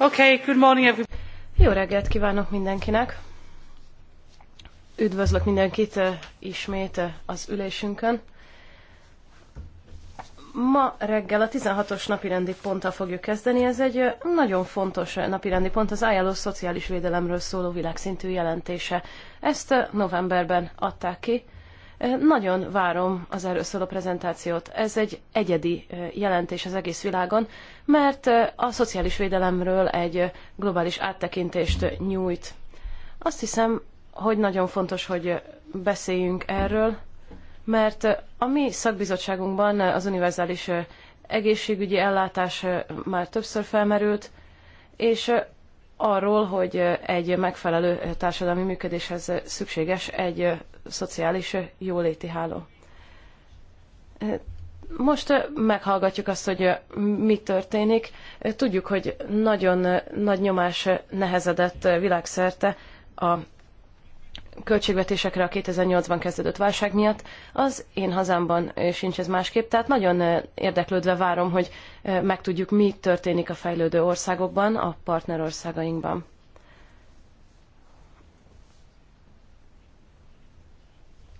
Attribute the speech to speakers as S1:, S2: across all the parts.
S1: Okay, good morning everybody. Jó reggelt kívánok mindenkinek! Üdvözlök mindenkit eh, ismét eh, az ülésünkön. Ma reggel a 16-os napirendi ponttal fogjuk kezdeni. Ez egy eh, nagyon fontos napirendi pont, az ILO szociális védelemről szóló világszintű jelentése. Ezt novemberben adták ki, nagyon várom az erről szóló prezentációt. Ez egy egyedi jelentés az egész világon, mert a szociális védelemről egy globális áttekintést nyújt. Azt hiszem, hogy nagyon fontos, hogy beszéljünk erről, mert a mi szakbizottságunkban az univerzális egészségügyi ellátás már többször felmerült, és arról, hogy egy megfelelő társadalmi működéshez szükséges egy szociális jóléti háló. Most meghallgatjuk azt, hogy mi történik. Tudjuk, hogy nagyon nagy nyomás nehezedett világszerte a költségvetésekre a 2008-ban kezdődött válság miatt, az én hazámban sincs ez másképp, tehát nagyon érdeklődve várom, hogy megtudjuk, mi történik a fejlődő országokban, a partnerországainkban.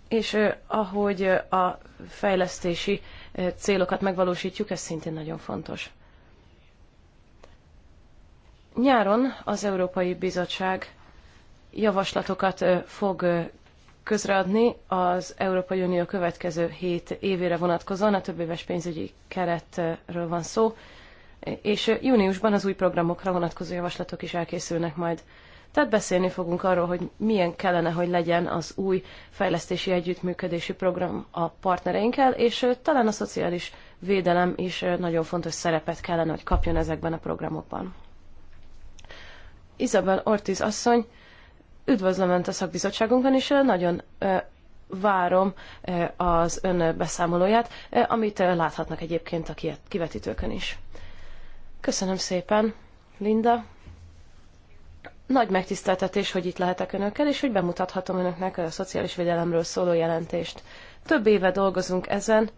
S1: És ahogy a fejlesztési célokat megvalósítjuk, ez szintén nagyon fontos. Nyáron az Európai Bizottság javaslatokat fog közreadni az Európai Unió következő hét évére vonatkozóan, a több éves pénzügyi keretről van szó, és júniusban az új programokra vonatkozó javaslatok is elkészülnek majd. Tehát beszélni fogunk arról, hogy milyen kellene, hogy legyen az új fejlesztési együttműködési program a partnereinkkel, és talán a szociális védelem is nagyon fontos szerepet kellene, hogy kapjon ezekben a programokban. Isabel Ortiz asszony Üdvözlöm Önt a szakbizottságunkon, és nagyon várom az Ön beszámolóját, amit láthatnak egyébként a kivetítőkön is. Köszönöm szépen, Linda. Nagy megtiszteltetés, hogy itt lehetek Önökkel, és hogy bemutathatom Önöknek a szociális védelemről szóló jelentést. Több éve dolgozunk ezen,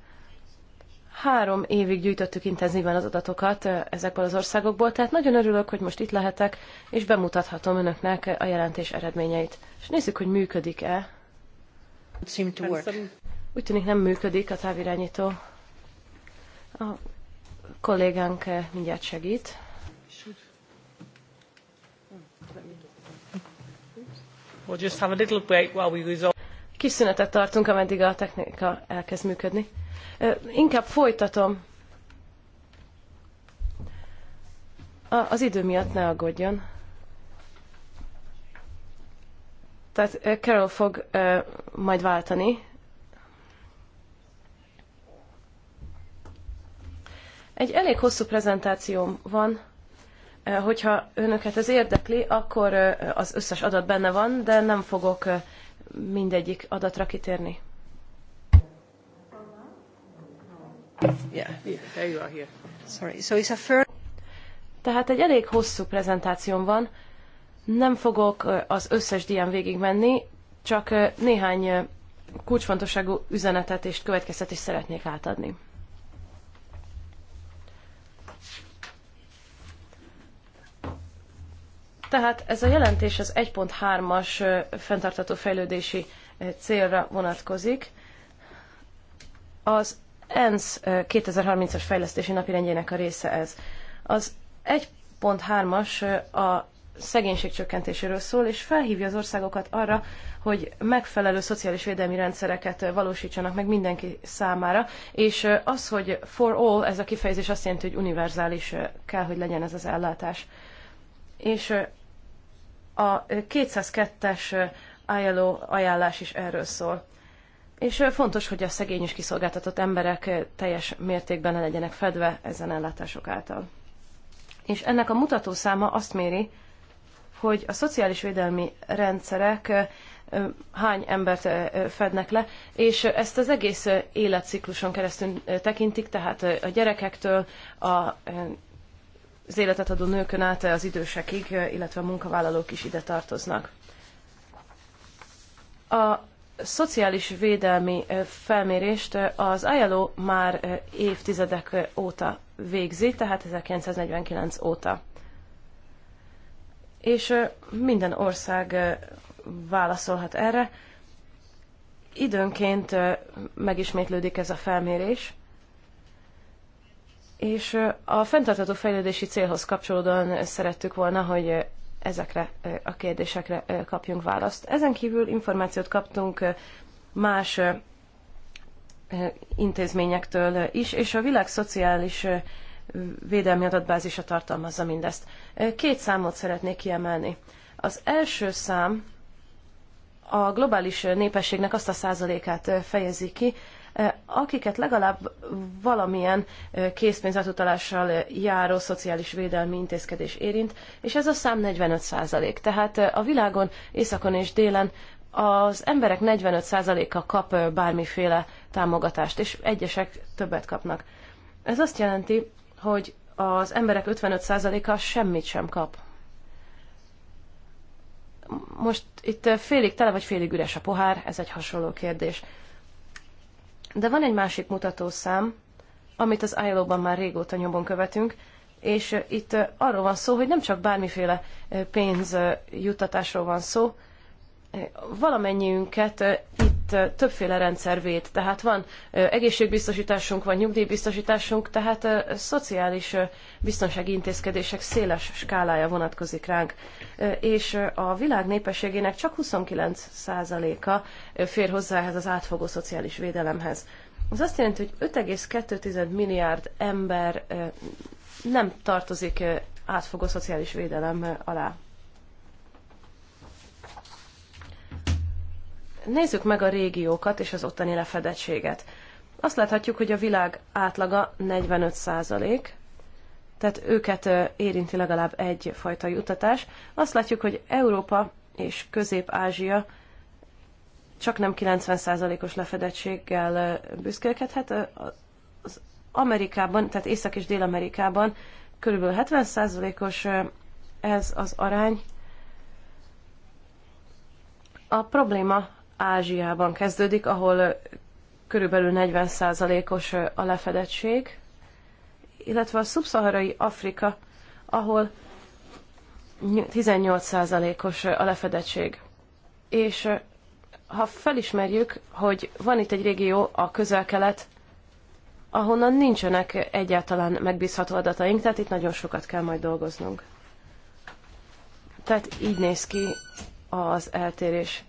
S1: Három évig gyűjtöttük intenzíven az adatokat ezekből az országokból, tehát nagyon örülök, hogy most itt lehetek, és bemutathatom önöknek a jelentés eredményeit. És nézzük, hogy működik-e. Úgy tűnik nem működik a távirányító. A kollégánk mindjárt segít.
S2: We'll just have a little break while we resolve.
S1: Kis szünetet tartunk, ameddig a technika elkezd működni. Inkább folytatom. A, az idő miatt ne aggódjon. Tehát Carol fog ö, majd váltani. Egy elég hosszú prezentációm van, hogyha önöket ez érdekli, akkor az összes adat benne van, de nem fogok mindegyik adatra kitérni. Tehát egy elég hosszú prezentációm van, nem fogok az összes dián végigmenni, csak néhány kulcsfontosságú üzenetet és következtetést szeretnék átadni. Tehát ez a jelentés az 1.3-as fenntartató fejlődési célra vonatkozik. Az ENSZ 2030-as fejlesztési napirendjének a része ez. Az 1.3-as a szegénység csökkentéséről szól, és felhívja az országokat arra, hogy megfelelő szociális védelmi rendszereket valósítsanak meg mindenki számára, és az, hogy for all, ez a kifejezés azt jelenti, hogy univerzális kell, hogy legyen ez az ellátás. És a 202-es ILO ajánlás is erről szól. És fontos, hogy a szegény és kiszolgáltatott emberek teljes mértékben ne legyenek fedve ezen ellátások által. És ennek a mutatószáma azt méri, hogy a szociális védelmi rendszerek hány embert fednek le, és ezt az egész életcikluson keresztül tekintik, tehát a gyerekektől a az életet adó nőkön át az idősekig, illetve a munkavállalók is ide tartoznak. A szociális védelmi felmérést az ILO már évtizedek óta végzi, tehát 1949 óta. És minden ország válaszolhat erre. Időnként megismétlődik ez a felmérés, és a fenntartható fejlődési célhoz kapcsolódóan szerettük volna, hogy ezekre a kérdésekre kapjunk választ. Ezen kívül információt kaptunk más intézményektől is, és a világ szociális védelmi adatbázisa tartalmazza mindezt. Két számot szeretnék kiemelni. Az első szám a globális népességnek azt a százalékát fejezi ki, akiket legalább valamilyen készpénzátutalással járó szociális védelmi intézkedés érint, és ez a szám 45%. Tehát a világon, északon és délen az emberek 45%-a kap bármiféle támogatást, és egyesek többet kapnak. Ez azt jelenti, hogy az emberek 55%-a semmit sem kap. Most itt félig tele vagy félig üres a pohár, ez egy hasonló kérdés. De van egy másik mutatószám, amit az ILO-ban már régóta nyomon követünk, és itt arról van szó, hogy nem csak bármiféle pénz juttatásról van szó, valamennyiünket Hát, többféle rendszer véd. Tehát van egészségbiztosításunk, van nyugdíjbiztosításunk, tehát szociális biztonsági intézkedések széles skálája vonatkozik ránk. És a világ népességének csak 29%-a fér hozzá ehhez az átfogó szociális védelemhez. Az azt jelenti, hogy 5,2 milliárd ember nem tartozik átfogó szociális védelem alá. Nézzük meg a régiókat és az ottani lefedettséget. Azt láthatjuk, hogy a világ átlaga 45 százalék, tehát őket érinti legalább egyfajta jutatás. Azt látjuk, hogy Európa és Közép-Ázsia csak nem 90 százalékos lefedettséggel büszkélkedhet. Az Amerikában, tehát Észak- és Dél-Amerikában kb. 70 százalékos ez az arány. A probléma Ázsiában kezdődik, ahol körülbelül 40%-os a lefedettség, illetve a szubszaharai Afrika, ahol 18%-os a lefedettség. És ha felismerjük, hogy van itt egy régió, a közel-kelet, ahonnan nincsenek egyáltalán megbízható adataink, tehát itt nagyon sokat kell majd dolgoznunk. Tehát így néz ki az eltérés.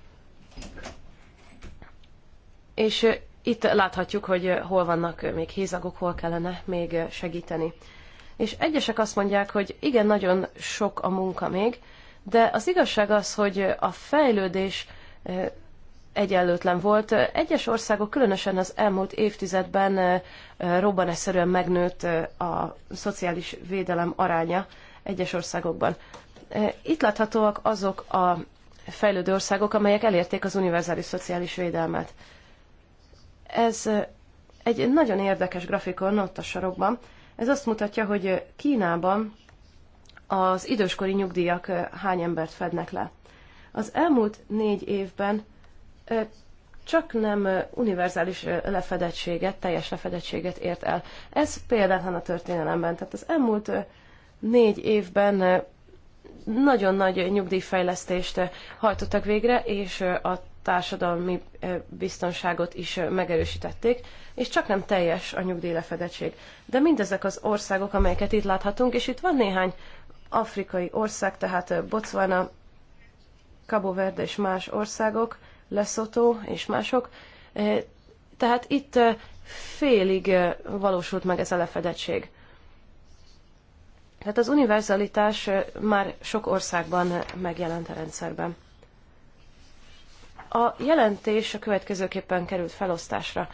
S1: És itt láthatjuk, hogy hol vannak még hézagok, hol kellene még segíteni. És egyesek azt mondják, hogy igen, nagyon sok a munka még, de az igazság az, hogy a fejlődés egyenlőtlen volt. Egyes országok különösen az elmúlt évtizedben robbanesszerűen megnőtt a szociális védelem aránya egyes országokban. Itt láthatóak azok a fejlődő országok, amelyek elérték az univerzális szociális védelmet. Ez egy nagyon érdekes grafikon ott a sarokban. Ez azt mutatja, hogy Kínában az időskori nyugdíjak hány embert fednek le. Az elmúlt négy évben csak nem univerzális lefedettséget, teljes lefedettséget ért el. Ez példátlan a történelemben. Tehát az elmúlt négy évben nagyon nagy nyugdíjfejlesztést hajtottak végre, és a társadalmi biztonságot is megerősítették, és csak nem teljes a nyugdíjlefedettség. De mindezek az országok, amelyeket itt láthatunk, és itt van néhány afrikai ország, tehát Botswana, Cabo Verde és más országok, Lesotho és mások, tehát itt félig valósult meg ez a lefedettség. Tehát az univerzalitás már sok országban megjelent a rendszerben. A jelentés a következőképpen került felosztásra.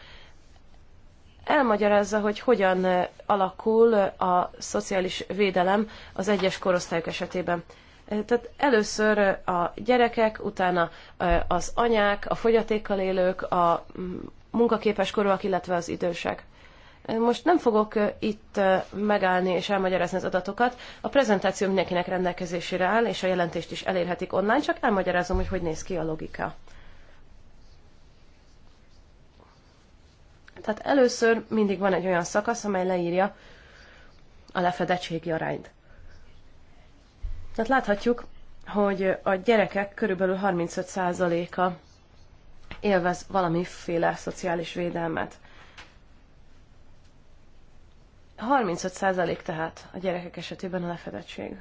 S1: Elmagyarázza, hogy hogyan alakul a szociális védelem az egyes korosztályok esetében. E, tehát először a gyerekek, utána e, az anyák, a fogyatékkal élők, a munkaképes korúak, illetve az idősek. E, most nem fogok itt megállni és elmagyarázni az adatokat. A prezentáció mindenkinek rendelkezésére áll, és a jelentést is elérhetik online, csak elmagyarázom, hogy hogy néz ki a logika. Tehát először mindig van egy olyan szakasz, amely leírja a lefedettségi arányt. Tehát láthatjuk, hogy a gyerekek körülbelül 35%-a élvez valamiféle szociális védelmet. 35% tehát a gyerekek esetében a lefedettség.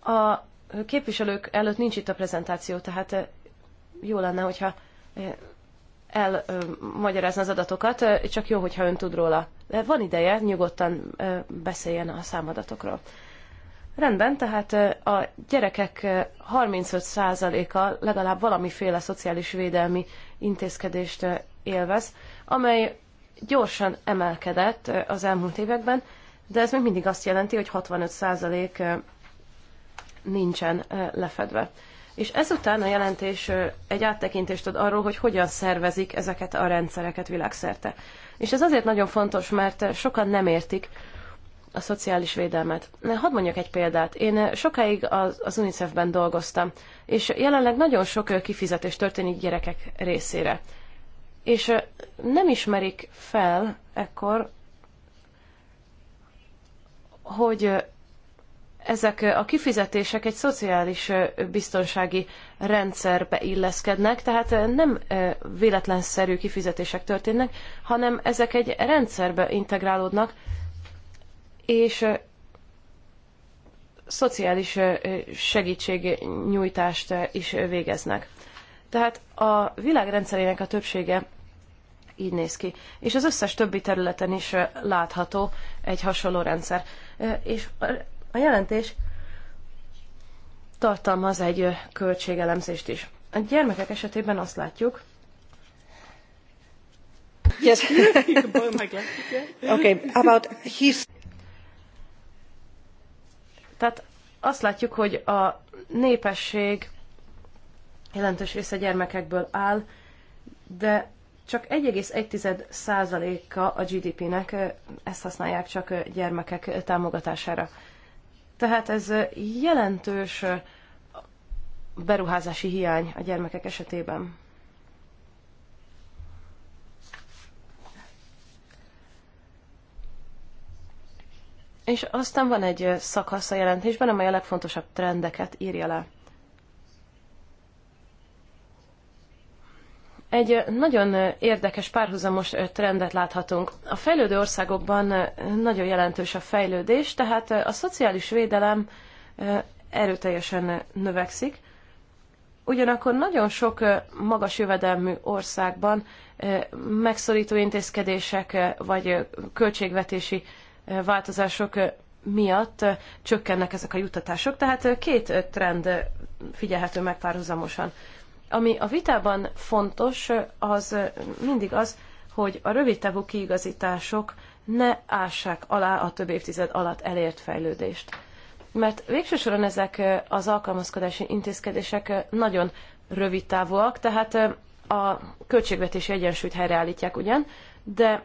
S1: A képviselők előtt nincs itt a prezentáció, tehát eh, jó lenne, hogyha eh, elmagyarázna az adatokat, eh, csak jó, hogyha ön tud róla. De van ideje, nyugodtan beszéljen a számadatokról. Rendben, tehát a gyerekek 35%-a legalább valamiféle szociális védelmi intézkedést élvez, amely gyorsan emelkedett az elmúlt években, de ez még mindig azt jelenti, hogy 65% nincsen lefedve. És ezután a jelentés egy áttekintést ad arról, hogy hogyan szervezik ezeket a rendszereket világszerte. És ez azért nagyon fontos, mert sokan nem értik a szociális védelmet. Hadd mondjak egy példát. Én sokáig az, UNICEF-ben dolgoztam, és jelenleg nagyon sok kifizetés történik gyerekek részére. És nem ismerik fel ekkor, hogy ezek a kifizetések egy szociális biztonsági rendszerbe illeszkednek, tehát nem véletlenszerű kifizetések történnek, hanem ezek egy rendszerbe integrálódnak, és szociális segítségnyújtást is végeznek. Tehát a világ rendszerének a többsége így néz ki. És az összes többi területen is látható egy hasonló rendszer. És a jelentés tartalmaz egy költségelemzést is. A gyermekek esetében azt látjuk,
S2: Yes.
S1: Okay, about his... Tehát azt látjuk, hogy a népesség jelentős része gyermekekből áll, de csak 1,1%-a a, a GDP-nek ezt használják csak gyermekek támogatására. Tehát ez jelentős beruházási hiány a gyermekek esetében. És aztán van egy szakasz a jelentésben, amely a legfontosabb trendeket írja le. egy nagyon érdekes párhuzamos trendet láthatunk. A fejlődő országokban nagyon jelentős a fejlődés, tehát a szociális védelem erőteljesen növekszik, ugyanakkor nagyon sok magas jövedelmű országban megszorító intézkedések vagy költségvetési változások miatt csökkennek ezek a juttatások, tehát két trend figyelhető meg párhuzamosan. Ami a vitában fontos, az mindig az, hogy a rövidtávú kiigazítások ne ássák alá a több évtized alatt elért fejlődést. Mert végső soron ezek az alkalmazkodási intézkedések nagyon rövidtávúak, tehát a költségvetési egyensúlyt helyreállítják ugyan, de,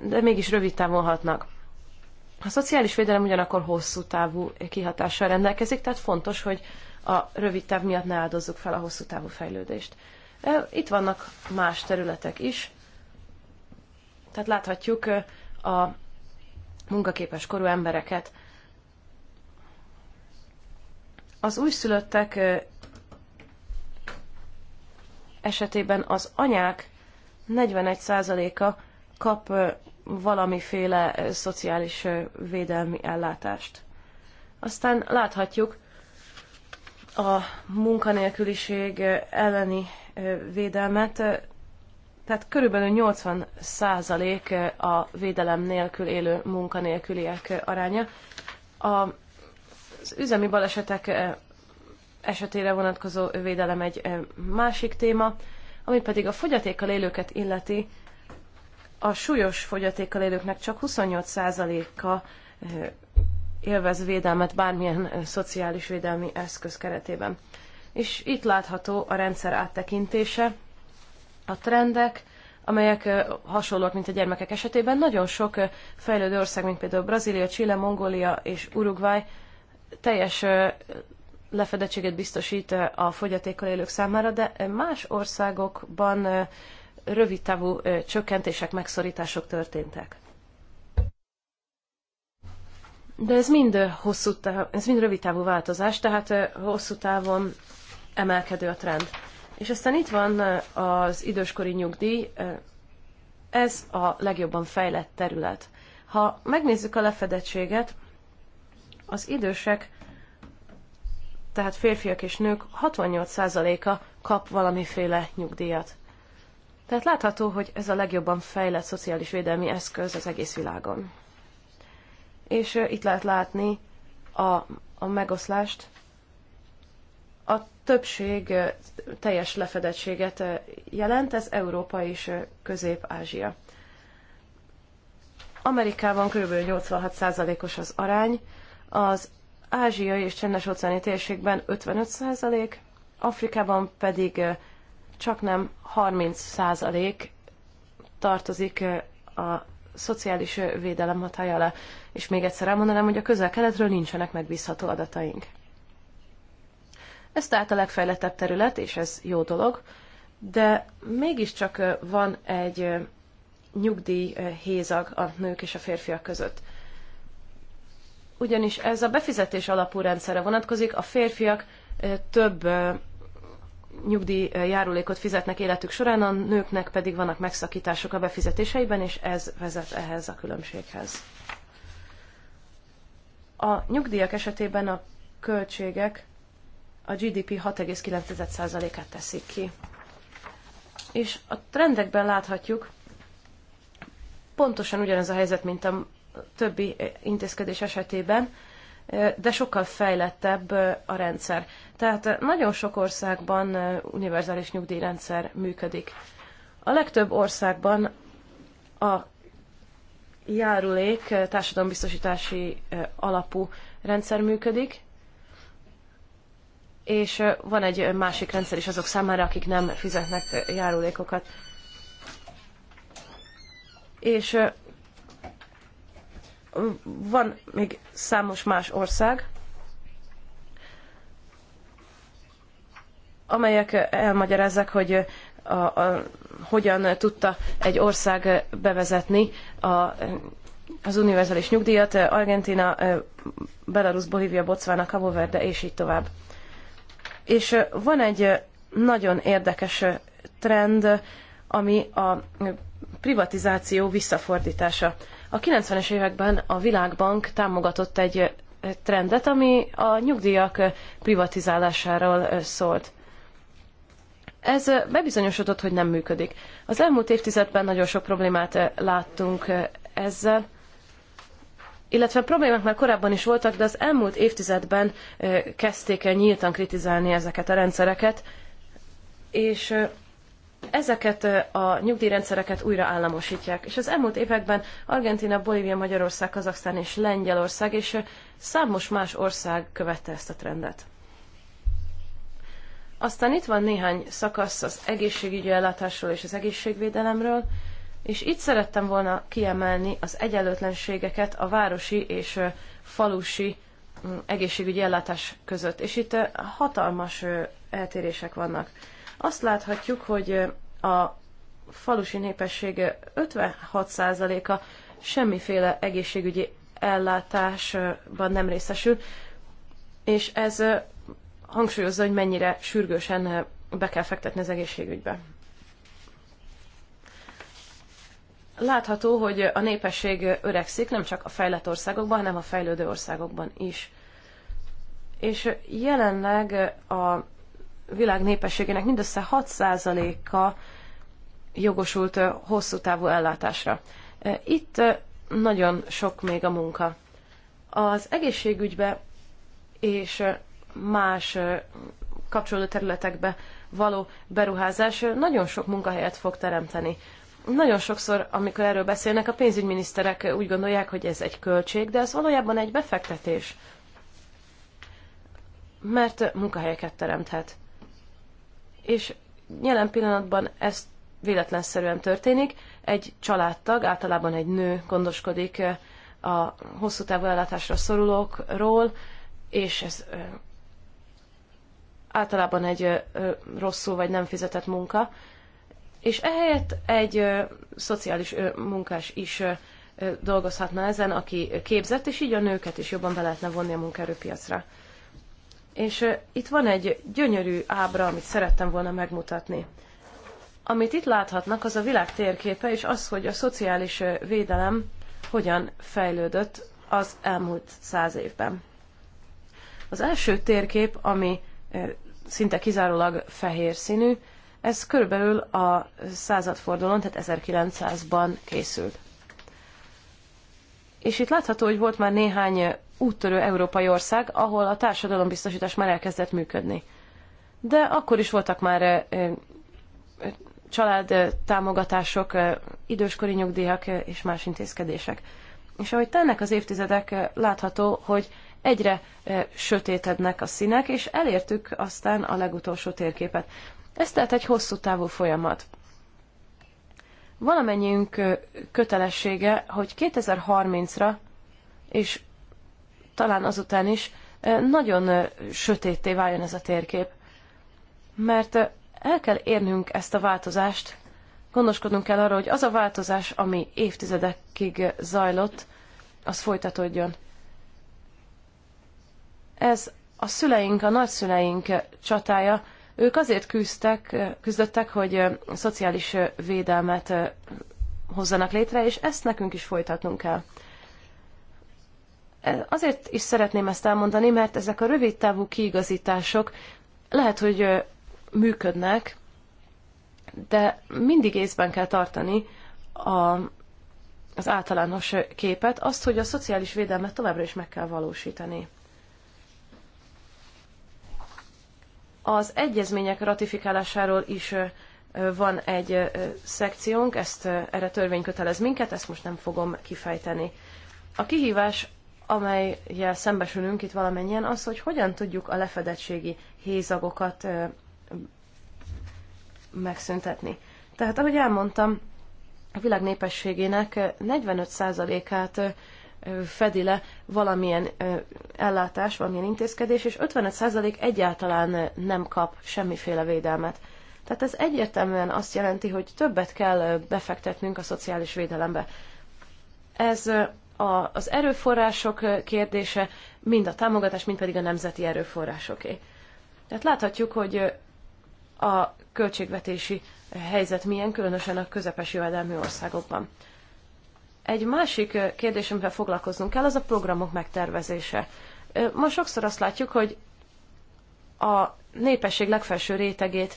S1: de mégis rövid távon hatnak. A szociális védelem ugyanakkor hosszú távú kihatással rendelkezik, tehát fontos, hogy a rövid táv miatt ne áldozzuk fel a hosszú távú fejlődést. Itt vannak más területek is. Tehát láthatjuk a munkaképes korú embereket. Az újszülöttek esetében az anyák 41%-a kap valamiféle szociális védelmi ellátást. Aztán láthatjuk, a munkanélküliség elleni védelmet, tehát körülbelül 80 százalék a védelem nélkül élő munkanélküliek aránya. Az üzemi balesetek esetére vonatkozó védelem egy másik téma, ami pedig a fogyatékkal élőket illeti, a súlyos fogyatékkal élőknek csak 28 százaléka élvez védelmet bármilyen szociális védelmi eszköz keretében. És itt látható a rendszer áttekintése, a trendek, amelyek hasonlók, mint a gyermekek esetében. Nagyon sok fejlődő ország, mint például Brazília, Chile, Mongólia és Uruguay teljes lefedettséget biztosít a fogyatékkal élők számára, de más országokban rövidtávú csökkentések, megszorítások történtek. De ez mind, hosszú táv, ez mind rövid távú változás, tehát eh, hosszú távon emelkedő a trend. És aztán itt van eh, az időskori nyugdíj, eh, ez a legjobban fejlett terület. Ha megnézzük a lefedettséget, az idősek, tehát férfiak és nők 68%-a kap valamiféle nyugdíjat. Tehát látható, hogy ez a legjobban fejlett szociális védelmi eszköz az egész világon és itt lehet látni a, a megoszlást. A többség teljes lefedettséget jelent, ez Európa és Közép-Ázsia. Amerikában kb. 86%-os az arány, az ázsiai és csendes-óceáni térségben 55%, Afrikában pedig csak nem 30% tartozik a szociális védelem hatája alá és még egyszer elmondanám, hogy a közel-keletről nincsenek megbízható adataink. Ez tehát a legfejlettebb terület, és ez jó dolog, de mégiscsak van egy nyugdíj hézag a nők és a férfiak között. Ugyanis ez a befizetés alapú rendszerre vonatkozik, a férfiak több nyugdíjjárulékot fizetnek életük során, a nőknek pedig vannak megszakítások a befizetéseiben, és ez vezet ehhez a különbséghez. A nyugdíjak esetében a költségek a GDP 6,9%-át teszik ki. És a trendekben láthatjuk, pontosan ugyanez a helyzet, mint a többi intézkedés esetében, de sokkal fejlettebb a rendszer. Tehát nagyon sok országban univerzális nyugdíjrendszer működik. A legtöbb országban a járulék társadalombiztosítási alapú rendszer működik, és van egy másik rendszer is azok számára, akik nem fizetnek járulékokat. És van még számos más ország, amelyek elmagyarázzák, hogy a, a, hogyan tudta egy ország bevezetni a, az univerzális nyugdíjat, Argentina, Belarus, Bolívia, Botswana, Cabo Verde, és így tovább. És van egy nagyon érdekes trend, ami a privatizáció visszafordítása. A 90-es években a Világbank támogatott egy trendet, ami a nyugdíjak privatizálásáról szólt. Ez bebizonyosodott, hogy nem működik. Az elmúlt évtizedben nagyon sok problémát láttunk ezzel, illetve problémák már korábban is voltak, de az elmúlt évtizedben kezdték el nyíltan kritizálni ezeket a rendszereket, és ezeket a nyugdíjrendszereket újra államosítják. És az elmúlt években Argentina, Bolívia, Magyarország, Kazaksztán és Lengyelország és számos más ország követte ezt a trendet. Aztán itt van néhány szakasz az egészségügyi ellátásról és az egészségvédelemről, és itt szerettem volna kiemelni az egyenlőtlenségeket a városi és falusi egészségügyi ellátás között. És itt hatalmas eltérések vannak. Azt láthatjuk, hogy a falusi népesség 56%-a semmiféle egészségügyi ellátásban nem részesül, és ez hangsúlyozza, hogy mennyire sürgősen eh, be kell fektetni az egészségügybe. Látható, hogy a népesség öregszik nem csak a fejlett országokban, hanem a fejlődő országokban is. És jelenleg a világ népességének mindössze 6%-a jogosult eh, hosszú távú ellátásra. Eh, itt nagyon sok még a munka. Az egészségügybe és más kapcsolódó területekbe való beruházás nagyon sok munkahelyet fog teremteni. Nagyon sokszor, amikor erről beszélnek, a pénzügyminiszterek úgy gondolják, hogy ez egy költség, de ez valójában egy befektetés. Mert munkahelyeket teremthet. És jelen pillanatban ezt véletlenszerűen történik. Egy családtag, általában egy nő gondoskodik a hosszú távú ellátásra szorulókról, és ez általában egy rosszul vagy nem fizetett munka, és ehelyett egy szociális munkás is dolgozhatna ezen, aki képzett, és így a nőket is jobban be lehetne vonni a munkaerőpiacra. És itt van egy gyönyörű ábra, amit szerettem volna megmutatni. Amit itt láthatnak, az a világ térképe, és az, hogy a szociális védelem hogyan fejlődött az elmúlt száz évben. Az első térkép, ami szinte kizárólag fehér színű. Ez körülbelül a századfordulón, tehát 1900-ban készült. És itt látható, hogy volt már néhány úttörő európai ország, ahol a társadalombiztosítás már elkezdett működni. De akkor is voltak már család támogatások, időskori nyugdíjak és más intézkedések. És ahogy tennek az évtizedek, látható, hogy egyre eh, sötétednek a színek, és elértük aztán a legutolsó térképet. Ez tehát egy hosszú távú folyamat. Valamennyiünk eh, kötelessége, hogy 2030-ra, és talán azután is, eh, nagyon sötétté váljon ez a térkép. Mert el kell érnünk ezt a változást, gondoskodnunk kell arra, hogy az a változás, ami évtizedekig zajlott, az folytatódjon. Ez a szüleink, a nagyszüleink csatája. Ők azért küzdtek, küzdöttek, hogy szociális védelmet hozzanak létre, és ezt nekünk is folytatnunk kell. E, azért is szeretném ezt elmondani, mert ezek a rövidtávú kiigazítások lehet, hogy működnek, de mindig észben kell tartani a, az általános képet, azt, hogy a szociális védelmet továbbra is meg kell valósítani. Az egyezmények ratifikálásáról is van egy szekciónk, ezt erre törvény kötelez minket, ezt most nem fogom kifejteni. A kihívás, amelyel szembesülünk itt valamennyien, az, hogy hogyan tudjuk a lefedettségi hézagokat megszüntetni. Tehát, ahogy elmondtam, a világ népességének 45%-át fedi le valamilyen ellátás, valamilyen intézkedés, és 55% egyáltalán nem kap semmiféle védelmet. Tehát ez egyértelműen azt jelenti, hogy többet kell befektetnünk a szociális védelembe. Ez a, az erőforrások kérdése, mind a támogatás, mind pedig a nemzeti erőforrásoké. Tehát láthatjuk, hogy a költségvetési helyzet milyen, különösen a közepes jövedelmi országokban. Egy másik kérdés, amivel foglalkoznunk kell, az a programok megtervezése. Ma sokszor azt látjuk, hogy a népesség legfelső rétegét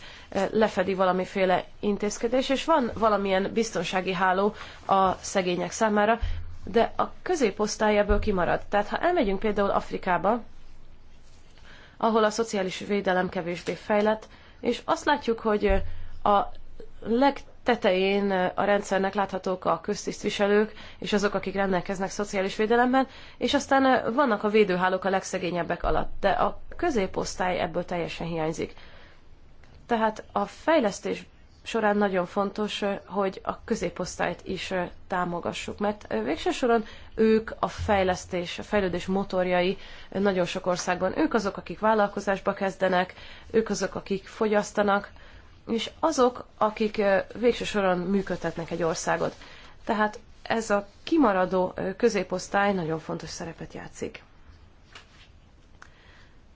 S1: lefedi valamiféle intézkedés, és van valamilyen biztonsági háló a szegények számára, de a középosztály ebből kimarad. Tehát ha elmegyünk például Afrikába, ahol a szociális védelem kevésbé fejlett, és azt látjuk, hogy a leg tetején a rendszernek láthatók a köztisztviselők és azok, akik rendelkeznek szociális védelemben, és aztán vannak a védőhálók a legszegényebbek alatt, de a középosztály ebből teljesen hiányzik. Tehát a fejlesztés során nagyon fontos, hogy a középosztályt is támogassuk, mert végső soron ők a fejlesztés, a fejlődés motorjai nagyon sok országban. Ők azok, akik vállalkozásba kezdenek, ők azok, akik fogyasztanak, és azok, akik végső soron működtetnek egy országot. Tehát ez a kimaradó középosztály nagyon fontos szerepet játszik.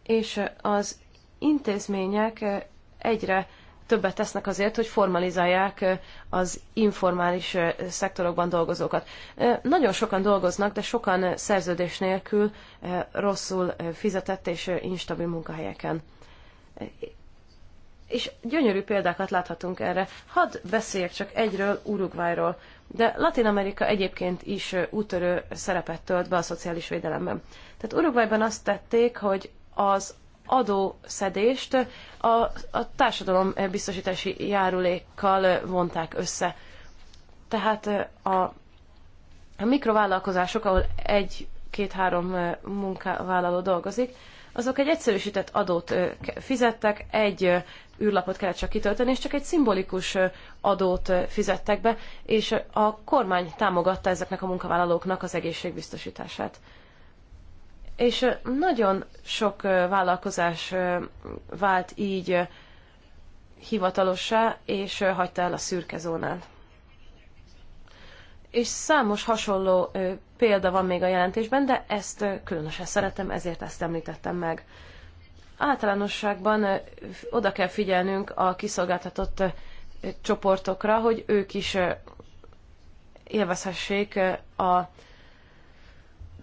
S1: És az intézmények egyre többet tesznek azért, hogy formalizálják az informális szektorokban dolgozókat. Nagyon sokan dolgoznak, de sokan szerződés nélkül rosszul fizetett és instabil munkahelyeken és gyönyörű példákat láthatunk erre. Hadd beszéljek csak egyről, Uruguayról, de Latin Amerika egyébként is útörő szerepet tölt be a szociális védelemben. Tehát Uruguayban azt tették, hogy az adószedést a, a társadalom biztosítási járulékkal vonták össze. Tehát a, a mikrovállalkozások, ahol egy, két, három munkavállaló dolgozik, azok egy egyszerűsített adót fizettek, egy űrlapot kellett csak kitölteni, és csak egy szimbolikus adót fizettek be, és a kormány támogatta ezeknek a munkavállalóknak az egészségbiztosítását. És nagyon sok vállalkozás vált így hivatalossá, és hagyta el a szürke zónát és számos hasonló példa van még a jelentésben, de ezt különösen szeretem, ezért ezt említettem meg. Általánosságban oda kell figyelnünk a kiszolgáltatott csoportokra, hogy ők is élvezhessék a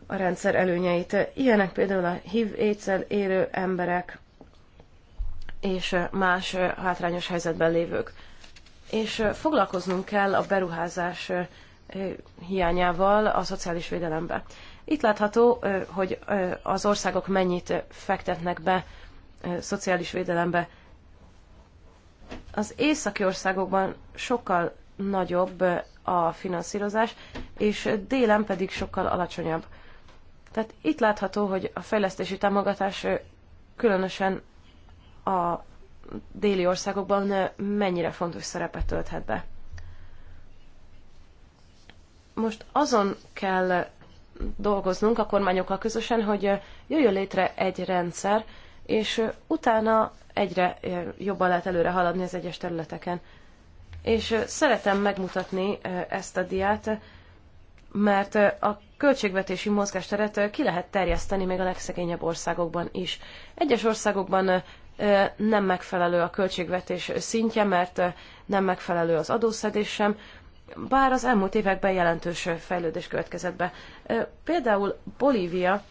S1: a rendszer előnyeit. Ilyenek például a hiv étszel élő emberek és más hátrányos helyzetben lévők. És foglalkoznunk kell a beruházás hiányával a szociális védelembe. Itt látható, hogy az országok mennyit fektetnek be szociális védelembe. Az északi országokban sokkal nagyobb a finanszírozás, és délen pedig sokkal alacsonyabb. Tehát itt látható, hogy a fejlesztési támogatás különösen a déli országokban mennyire fontos szerepet tölthet be most azon kell dolgoznunk a kormányokkal közösen, hogy eh, jöjjön létre egy rendszer, és eh, utána egyre eh, jobban lehet előre haladni az egyes területeken. És szeretem megmutatni ezt a diát, mert a költségvetési mozgásteret ki lehet terjeszteni még a legszegényebb országokban is. Egyes országokban nem megfelelő a költségvetés szintje, mert nem megfelelő az adószedés sem, bár az elmúlt években jelentős fejlődés következett be. Például Bolívia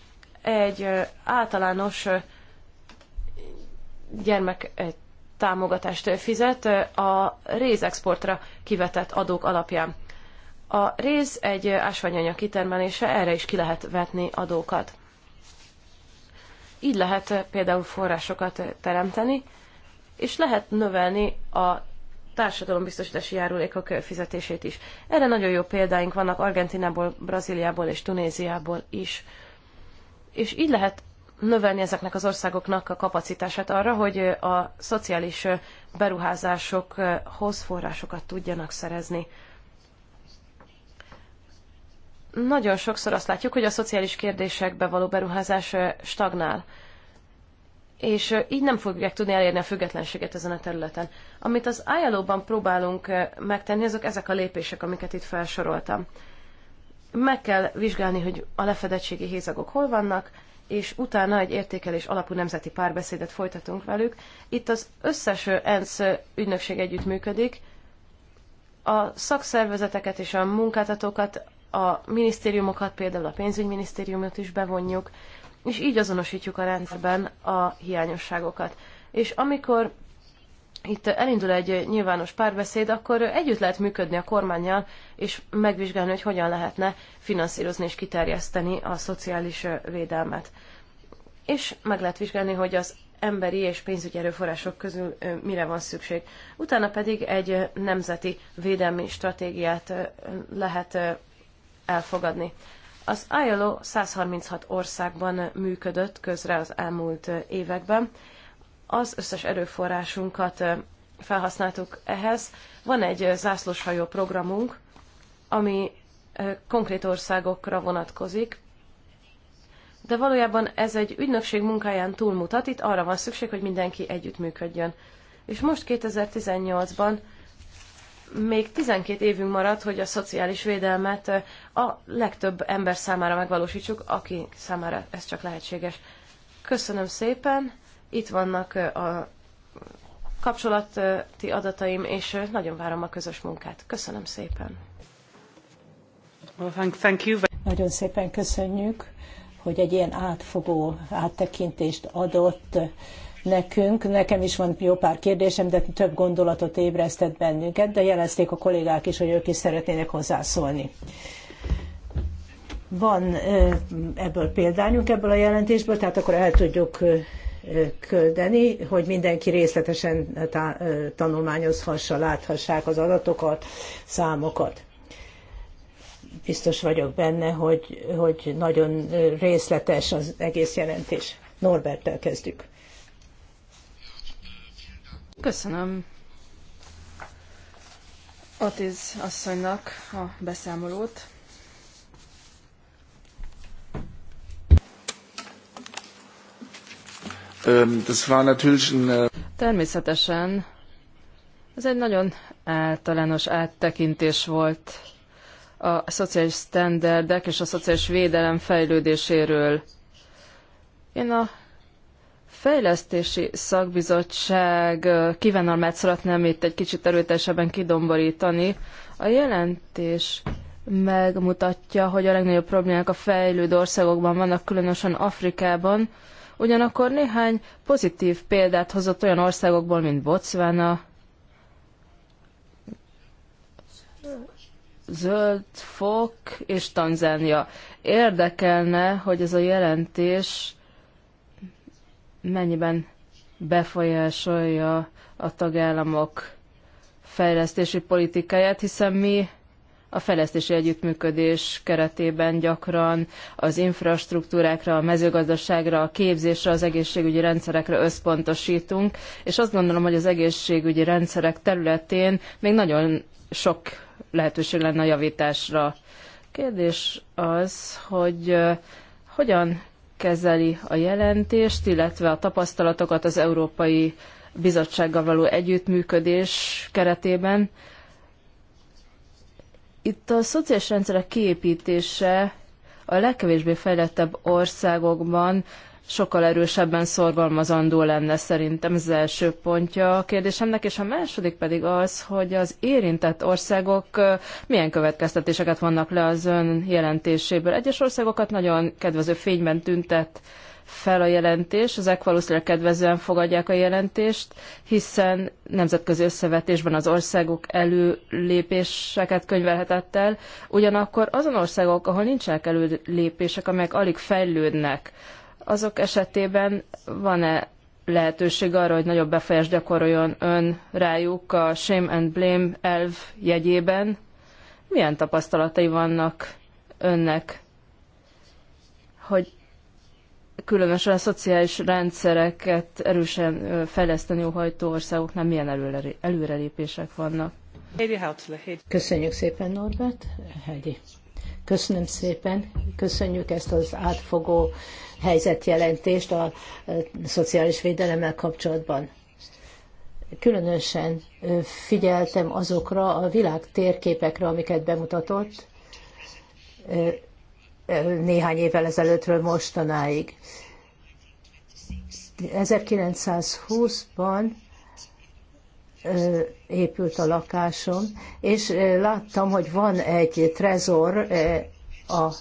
S1: egy általános gyermek támogatást fizet a rézexportra kivetett adók alapján. A réz egy ásványanyag kitermelése, erre is ki lehet vetni adókat. Így lehet például forrásokat teremteni, és lehet növelni a társadalombiztosítási járulékok fizetését is. Erre nagyon jó példáink vannak Argentinából, Brazíliából és Tunéziából is. És így lehet növelni ezeknek az országoknak a kapacitását arra, hogy a szociális beruházásokhoz forrásokat tudjanak szerezni. Nagyon sokszor azt látjuk, hogy a szociális kérdésekbe való beruházás stagnál és így nem fogják tudni elérni a függetlenséget ezen a területen. Amit az ILO-ban próbálunk megtenni, azok ezek a lépések, amiket itt felsoroltam. Meg kell vizsgálni, hogy a lefedettségi hézagok hol vannak, és utána egy értékelés alapú nemzeti párbeszédet folytatunk velük. Itt az összes ENSZ ügynökség együttműködik, a szakszervezeteket és a munkáltatókat, a minisztériumokat, például a pénzügyminisztériumot is bevonjuk, és így azonosítjuk a rendszerben a hiányosságokat. És amikor itt elindul egy nyilvános párbeszéd, akkor együtt lehet működni a kormányjal, és megvizsgálni, hogy hogyan lehetne finanszírozni és kiterjeszteni a szociális védelmet. És meg lehet vizsgálni, hogy az emberi és pénzügyi erőforrások közül mire van szükség. Utána pedig egy nemzeti védelmi stratégiát lehet elfogadni. Az ILO 136 országban működött közre az elmúlt években. Az összes erőforrásunkat felhasználtuk ehhez. Van egy zászlóshajó programunk, ami konkrét országokra vonatkozik, de valójában ez egy ügynökség munkáján túlmutat, itt arra van szükség, hogy mindenki együttműködjön. És most 2018-ban még 12 évünk maradt, hogy a szociális védelmet a legtöbb ember számára megvalósítsuk, aki számára ez csak lehetséges. Köszönöm szépen, itt vannak a kapcsolati adataim, és nagyon várom a közös munkát. Köszönöm szépen.
S3: Well, thank you. Nagyon szépen köszönjük, hogy egy ilyen átfogó áttekintést adott nekünk. Nekem is van jó pár kérdésem, de több gondolatot ébresztett bennünket, de jelezték a kollégák is, hogy ők is szeretnének hozzászólni. Van ebből példányunk ebből a jelentésből, tehát akkor el tudjuk küldeni, hogy mindenki részletesen tanulmányozhassa, láthassák az adatokat, számokat biztos vagyok benne, hogy, hogy nagyon részletes az egész jelentés. Norberttel kezdjük. Köszönöm
S4: Otiz asszonynak a beszámolót.
S2: Ähm, das war natürlich äh,
S4: Természetesen ez egy nagyon általános áttekintés volt a szociális sztenderdek és a szociális védelem fejlődéséről. Én a fejlesztési szakbizottság kívánalmát szeretném itt egy kicsit erőteljesebben kidomborítani. A jelentés megmutatja, hogy a legnagyobb problémák a fejlődő országokban vannak, különösen Afrikában. Ugyanakkor néhány pozitív példát hozott olyan országokból, mint Botswana, zöld fok és Tanzánia. Érdekelne, hogy ez a jelentés mennyiben befolyásolja a tagállamok fejlesztési politikáját, hiszen mi a fejlesztési együttműködés keretében gyakran az infrastruktúrákra, a mezőgazdaságra, a képzésre, az egészségügyi rendszerekre összpontosítunk, és azt gondolom, hogy az egészségügyi rendszerek területén még nagyon sok lehetőség lenne a javításra. Kérdés az, hogy eh, hogyan kezeli a jelentést, illetve a tapasztalatokat az Európai Bizottsággal való együttműködés keretében. Itt a szociális rendszerek kiépítése a legkevésbé fejlettebb országokban sokkal erősebben szorgalmazandó lenne szerintem ez az első pontja a kérdésemnek, és a második pedig az, hogy az érintett országok milyen következtetéseket vannak le az ön jelentéséből. Egyes országokat nagyon kedvező fényben tüntet fel a jelentés, ezek valószínűleg kedvezően fogadják a jelentést, hiszen nemzetközi összevetésben az országok előlépéseket könyvelhetett el, ugyanakkor azon országok, ahol nincsenek előlépések, amelyek alig fejlődnek, azok esetében van-e lehetőség arra, hogy nagyobb befolyást gyakoroljon ön rájuk a shame and blame elv jegyében? Milyen tapasztalatai vannak önnek, hogy különösen a szociális rendszereket erősen fejleszteni óhajtó országoknál milyen előre, előrelépések
S3: vannak? Köszönjük szépen, Norbert. Hegyi. Köszönöm szépen. Köszönjük ezt az átfogó helyzetjelentést a szociális védelemmel kapcsolatban. Különösen figyeltem azokra a világ térképekre, amiket bemutatott néhány évvel ezelőttről mostanáig. 1920-ban épült a lakásom, és láttam, hogy van egy trezor a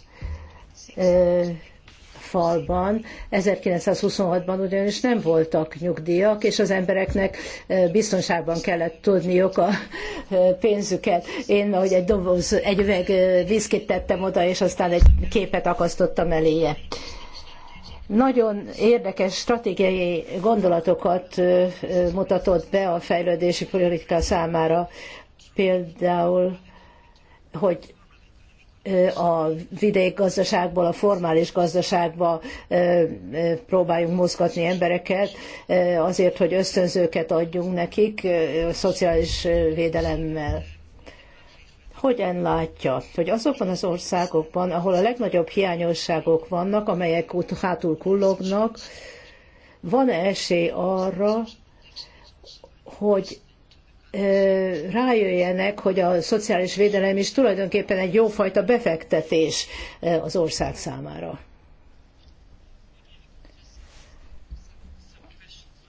S3: falban. 1926-ban ugyanis nem voltak nyugdíjak, és az embereknek biztonságban kellett tudniuk a pénzüket. Én, ahogy egy doboz, egy üveg viszkit tettem oda, és aztán egy képet akasztottam eléje nagyon érdekes stratégiai gondolatokat mutatott be a fejlődési politika számára, például, hogy a vidék gazdaságból, a formális gazdaságba próbáljunk mozgatni embereket, azért, hogy ösztönzőket adjunk nekik szociális védelemmel. Hogyan látja, hogy azokban az országokban, ahol a legnagyobb hiányosságok vannak, amelyek hátul kullognak, van -e esély arra, hogy rájöjjenek, hogy a szociális védelem is tulajdonképpen egy jófajta befektetés az ország számára.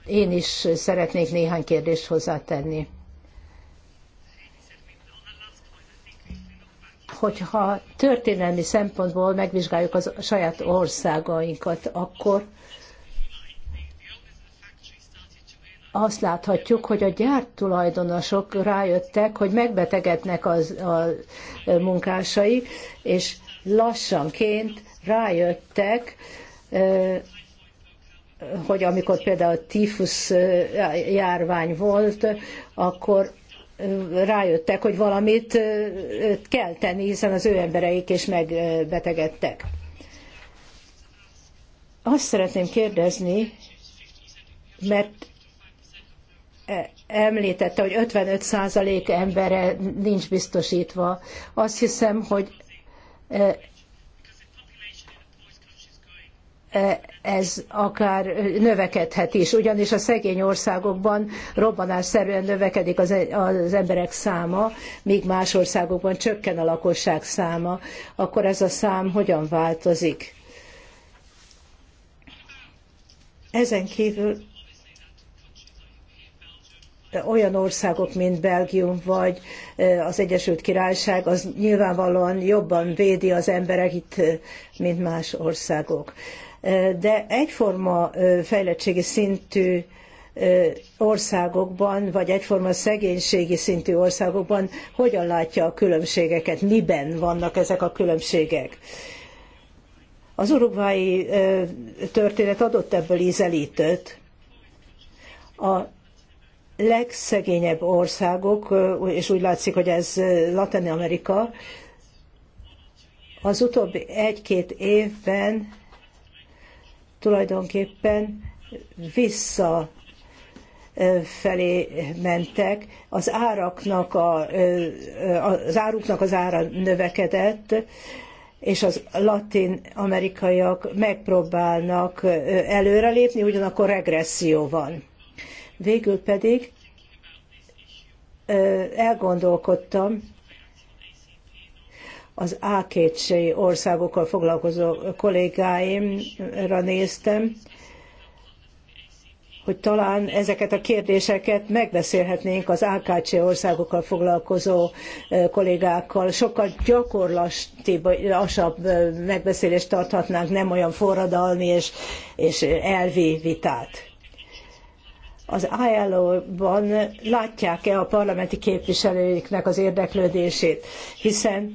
S3: Én is szeretnék néhány kérdést hozzátenni. Hogyha történelmi szempontból megvizsgáljuk a saját országainkat, akkor azt láthatjuk, hogy a gyártulajdonosok rájöttek, hogy megbetegednek az, a munkásai, és lassanként rájöttek, hogy amikor például tífusz járvány volt, akkor rájöttek, hogy valamit kell tenni, hiszen az ő embereik is megbetegedtek. Azt szeretném kérdezni, mert említette, hogy 55% embere nincs biztosítva. Azt hiszem, hogy e, e, ez akár növekedhet is, ugyanis a szegény országokban robbanásszerűen növekedik az, e, az emberek száma, míg más országokban csökken a lakosság száma, akkor ez a szám hogyan változik? Ezen kívül olyan országok, mint Belgium vagy az Egyesült Királyság, az nyilvánvalóan jobban védi az embereit, mint más országok. De egyforma fejlettségi szintű országokban, vagy egyforma szegénységi szintű országokban hogyan látja a különbségeket, miben vannak ezek a különbségek. Az uruguayi történet adott ebből ízelítőt. A legszegényebb országok, és úgy látszik, hogy ez Latin Amerika, az utóbbi egy-két évben tulajdonképpen vissza felé mentek, az áraknak a, az áruknak az ára növekedett, és az latin amerikaiak megpróbálnak előrelépni, ugyanakkor regresszió van. Végül pedig elgondolkodtam az a 2 országokkal foglalkozó kollégáimra néztem, hogy talán ezeket a kérdéseket megbeszélhetnénk az AKC országokkal foglalkozó kollégákkal. Sokkal gyakorlatilasabb megbeszélést tarthatnánk, nem olyan forradalmi és, és elvi vitát az ILO-ban látják-e a parlamenti képviselőiknek az érdeklődését, hiszen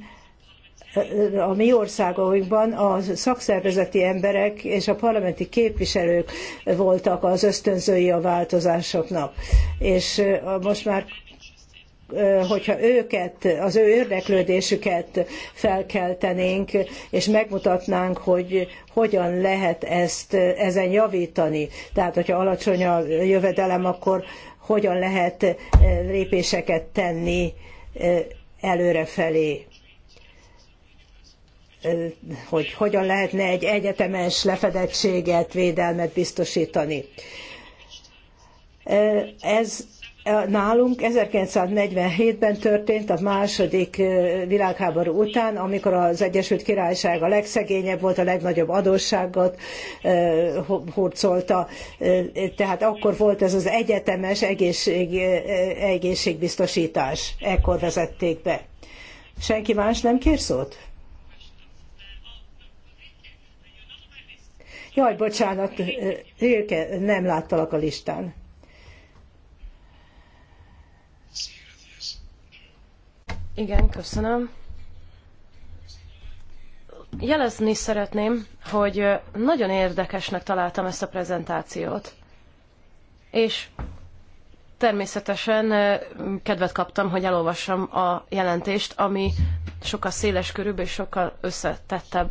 S3: a mi országainkban a szakszervezeti emberek és a parlamenti képviselők voltak az ösztönzői a változásoknak. És most már hogyha őket, az ő érdeklődésüket felkeltenénk, és megmutatnánk, hogy hogyan lehet ezt, ezen javítani. Tehát, hogyha alacsony a jövedelem, akkor hogyan lehet lépéseket tenni előrefelé hogy hogyan lehetne egy egyetemes lefedettséget, védelmet biztosítani. Ez Nálunk 1947-ben történt a második világháború után, amikor az Egyesült Királyság a legszegényebb volt, a legnagyobb adósságot hurcolta. Tehát akkor volt ez az egyetemes egészség, egészségbiztosítás. Ekkor vezették be. Senki más nem kér szót? Jaj, bocsánat, Rilke, nem láttalak a listán. Igen, köszönöm.
S1: Jelezni szeretném, hogy nagyon érdekesnek találtam ezt a prezentációt. És természetesen kedvet kaptam, hogy elolvassam a jelentést, ami sokkal széles körülbelül és sokkal összetettebb.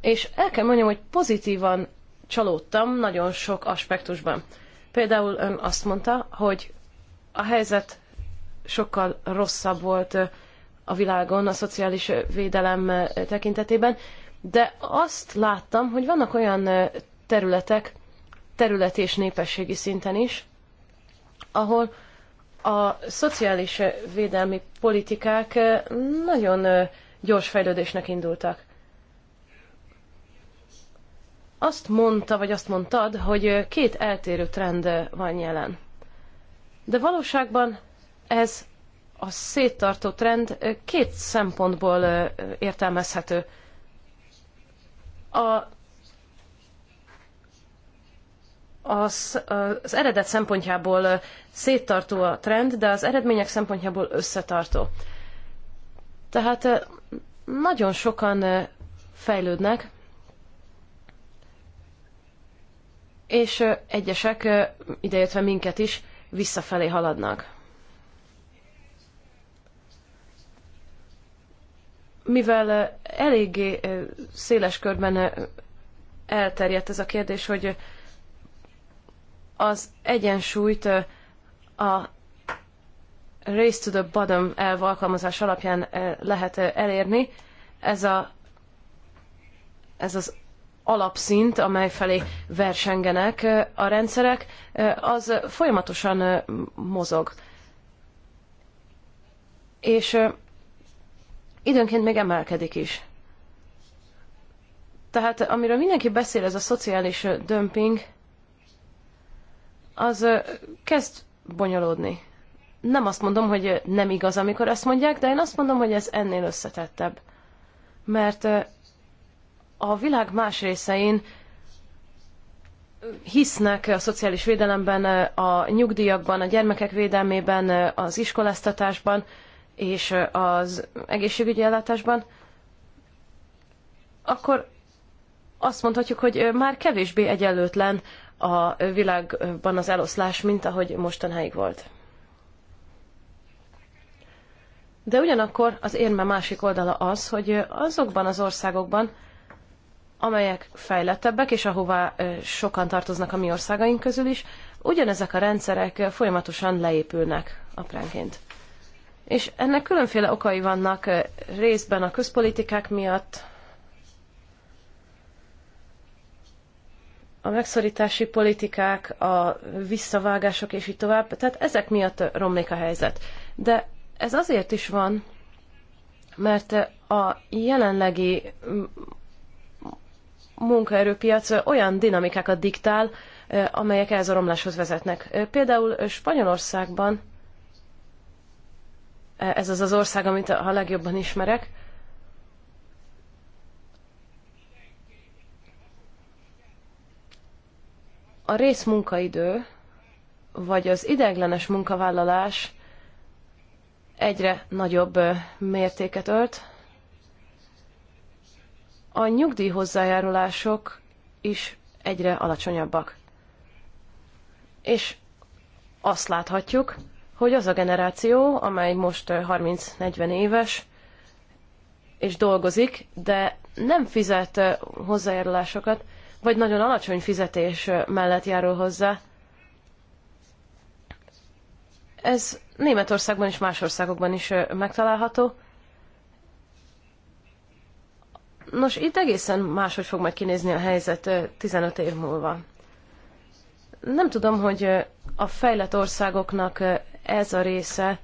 S1: És el kell mondjam, hogy pozitívan csalódtam nagyon sok aspektusban. Például ön azt mondta, hogy a helyzet sokkal rosszabb volt a világon a szociális védelem tekintetében, de azt láttam, hogy vannak olyan területek, terület és népességi szinten is, ahol a szociális védelmi politikák nagyon gyors fejlődésnek indultak. Azt mondta, vagy azt mondtad, hogy két eltérő trend van jelen. De valóságban ez a széttartó trend két szempontból értelmezhető. A, az, az eredet szempontjából széttartó a trend, de az eredmények szempontjából összetartó. Tehát nagyon sokan fejlődnek, és egyesek, ideértve minket is, visszafelé haladnak. mivel eh, eléggé eh, széles körben eh, elterjedt ez a kérdés, hogy az egyensúlyt a Race to the Bottom elv alkalmazás alapján lehet elérni. Ez, a, ez az alapszint, amely felé versengenek a rendszerek, az folyamatosan mozog. És időnként még emelkedik is. Tehát amiről mindenki beszél, ez a szociális dömping, az kezd bonyolódni. Nem azt mondom, hogy nem igaz, amikor ezt mondják, de én azt mondom, hogy ez ennél összetettebb. Mert a világ más részein hisznek a szociális védelemben, a nyugdíjakban, a gyermekek védelmében, az iskoláztatásban, és az egészségügyi ellátásban, akkor azt mondhatjuk, hogy már kevésbé egyenlőtlen a világban az eloszlás, mint ahogy mostanáig volt. De ugyanakkor az érme másik oldala az, hogy azokban az országokban, amelyek fejlettebbek, és ahová sokan tartoznak a mi országaink közül is, ugyanezek a rendszerek folyamatosan leépülnek apránként. És ennek különféle okai vannak részben a közpolitikák miatt, a megszorítási politikák, a visszavágások és így tovább. Tehát ezek miatt romlik a helyzet. De ez azért is van, mert a jelenlegi munkaerőpiac olyan dinamikákat diktál, amelyek ehhez a romláshoz vezetnek. Például Spanyolországban ez az az ország, amit a legjobban ismerek. A részmunkaidő, vagy az ideiglenes munkavállalás egyre nagyobb mértéket ölt. A nyugdíjhozzájárulások is egyre alacsonyabbak. És azt láthatjuk, hogy az a generáció, amely most 30-40 éves, és dolgozik, de nem fizet hozzájárulásokat, vagy nagyon alacsony fizetés mellett járul hozzá. Ez Németországban és más országokban is megtalálható. Nos, itt egészen máshogy fog majd kinézni a helyzet 15 év múlva. Nem tudom, hogy a fejlett országoknak ez a része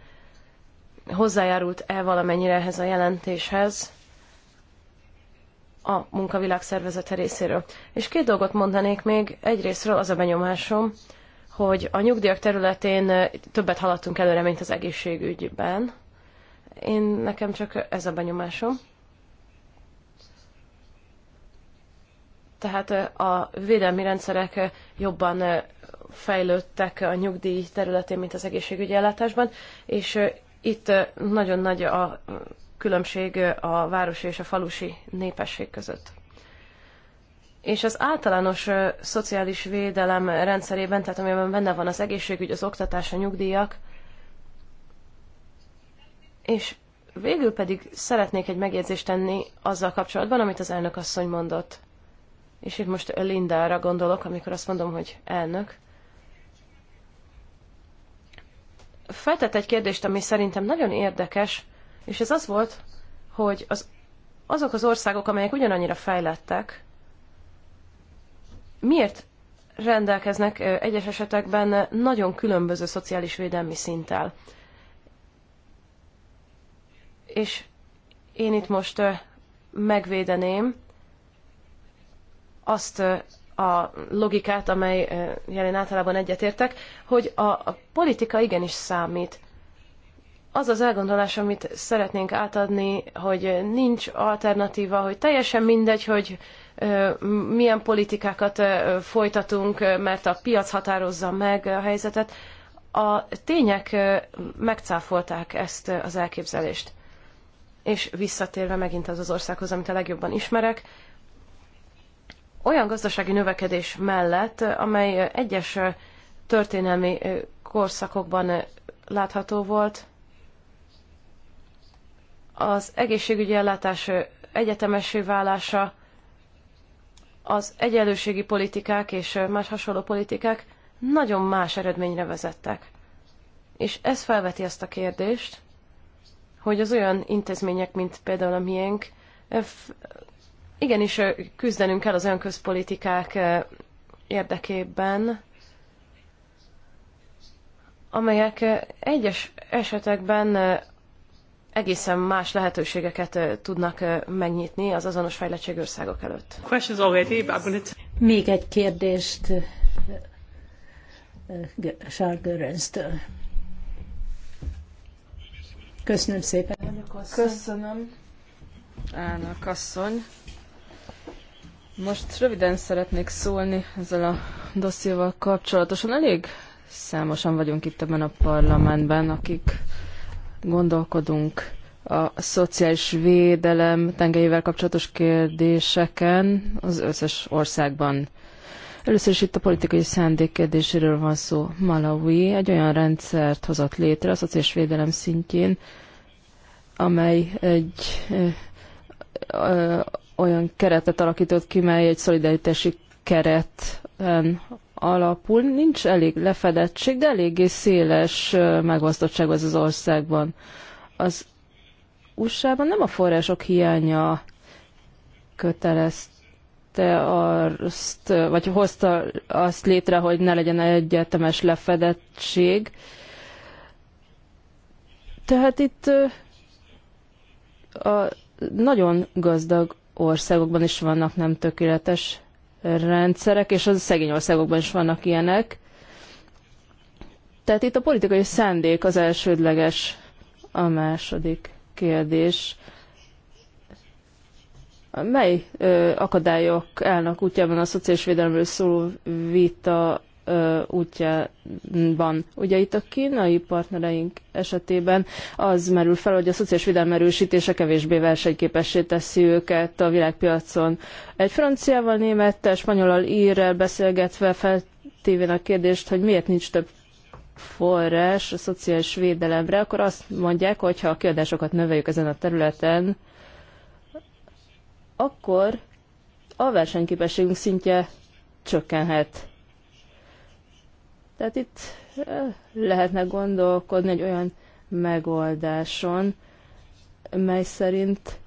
S1: hozzájárult-e valamennyire ehhez a jelentéshez a munkavilág szervezete részéről. És két dolgot mondanék még. Egyrésztről az a benyomásom, hogy a nyugdíjak területén többet haladtunk előre, mint az egészségügyben. Én nekem csak ez a benyomásom. Tehát a védelmi rendszerek jobban fejlődtek a nyugdíj területén, mint az egészségügyi ellátásban, és itt nagyon nagy a különbség a városi és a falusi népesség között. És az általános szociális védelem rendszerében, tehát amiben benne van az egészségügy, az oktatás, a nyugdíjak, és végül pedig szeretnék egy megjegyzést tenni azzal kapcsolatban, amit az elnök asszony mondott. És itt most Lindára gondolok, amikor azt mondom, hogy elnök. feltett egy kérdést, ami szerintem nagyon érdekes, és ez az volt, hogy az, azok az országok, amelyek ugyanannyira fejlettek, miért rendelkeznek egyes esetekben nagyon különböző szociális védelmi szinttel. És én itt most megvédeném azt a logikát, amely jelen általában egyetértek, hogy a, a politika igenis számít. Az az elgondolás, amit szeretnénk átadni, hogy nincs alternatíva, hogy teljesen mindegy, hogy milyen politikákat folytatunk, mert a piac határozza meg a helyzetet. A tények megcáfolták ezt az elképzelést. És visszatérve megint az az országhoz, amit a legjobban ismerek, olyan gazdasági növekedés mellett, amely egyes történelmi korszakokban látható volt, az egészségügyi ellátás egyetemessé válása, az egyenlőségi politikák és más hasonló politikák nagyon más eredményre vezettek. És ez felveti azt a kérdést, hogy az olyan intézmények, mint például a miénk, igenis küzdenünk kell az önközpolitikák érdekében, amelyek egyes esetekben egészen más lehetőségeket tudnak megnyitni az azonos fejlettség országok előtt.
S3: Még egy kérdést Charles Köszönöm szépen. Köszönöm.
S4: Elnök asszony. Most röviden szeretnék szólni ezzel a dossziéval kapcsolatosan. Elég számosan vagyunk itt ebben a parlamentben, akik gondolkodunk a szociális védelem tengelyével kapcsolatos kérdéseken az összes országban. Először is itt a politikai szándék kérdéséről van szó. Malawi egy olyan rendszert hozott létre a szociális védelem szintjén, amely egy olyan keretet alakított ki, mely egy szolidaritási kereten alapul. Nincs elég lefedettség, de eléggé széles megosztottság az az országban. Az USA-ban nem a források hiánya kötelezte azt, vagy hozta azt létre, hogy ne legyen egyetemes lefedettség. Tehát itt a nagyon gazdag országokban is vannak nem tökéletes rendszerek, és az szegény országokban is vannak ilyenek. Tehát itt a politikai szándék az elsődleges, a második kérdés. Mely ö, akadályok állnak útjában a szociális védelemről szóló vita útjában. Ugye itt a kínai partnereink esetében az merül fel, hogy a szociális védelem erősítése kevésbé versenyképessé teszi őket a világpiacon. Egy franciával, némettel, spanyolal, írrel beszélgetve feltévén a kérdést, hogy miért nincs több forrás a szociális védelemre, akkor azt mondják, hogy ha a kiadásokat növeljük ezen a területen, akkor a versenyképességünk szintje csökkenhet. Tehát itt lehetne gondolkodni egy olyan megoldáson, mely szerint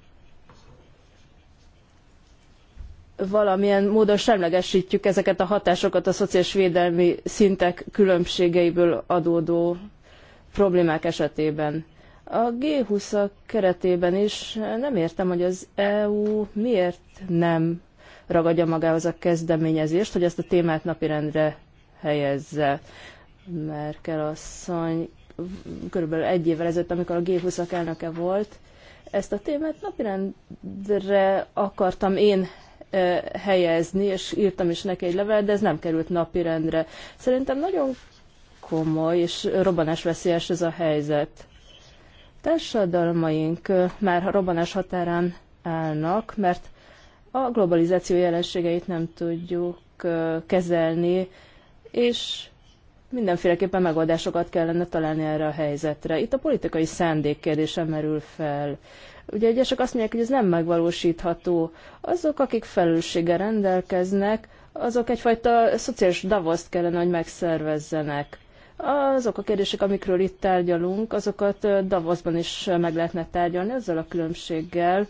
S4: valamilyen módon semlegesítjük ezeket a hatásokat a szociális védelmi szintek különbségeiből adódó problémák esetében. A g 20 keretében is nem értem, hogy az EU miért nem ragadja magához a kezdeményezést, hogy ezt a témát napirendre helyezze. Merkel asszony körülbelül egy évvel ezelőtt, amikor a G20-ak elnöke volt, ezt a témát napirendre akartam én helyezni, és írtam is neki egy levelet, de ez nem került napirendre. Szerintem nagyon komoly és robbanásveszélyes ez a helyzet. Társadalmaink már a robbanás határán állnak, mert a globalizáció jelenségeit nem tudjuk kezelni, és mindenféleképpen megoldásokat kellene találni erre a helyzetre. Itt a politikai szándék kérdése merül fel. Ugye egyesek azt mondják, hogy ez nem megvalósítható. Azok, akik felelősséggel rendelkeznek, azok egyfajta szociális davoszt kellene, hogy megszervezzenek. Azok a kérdések, amikről itt tárgyalunk, azokat Davosban is meg lehetne tárgyalni, ezzel a különbséggel,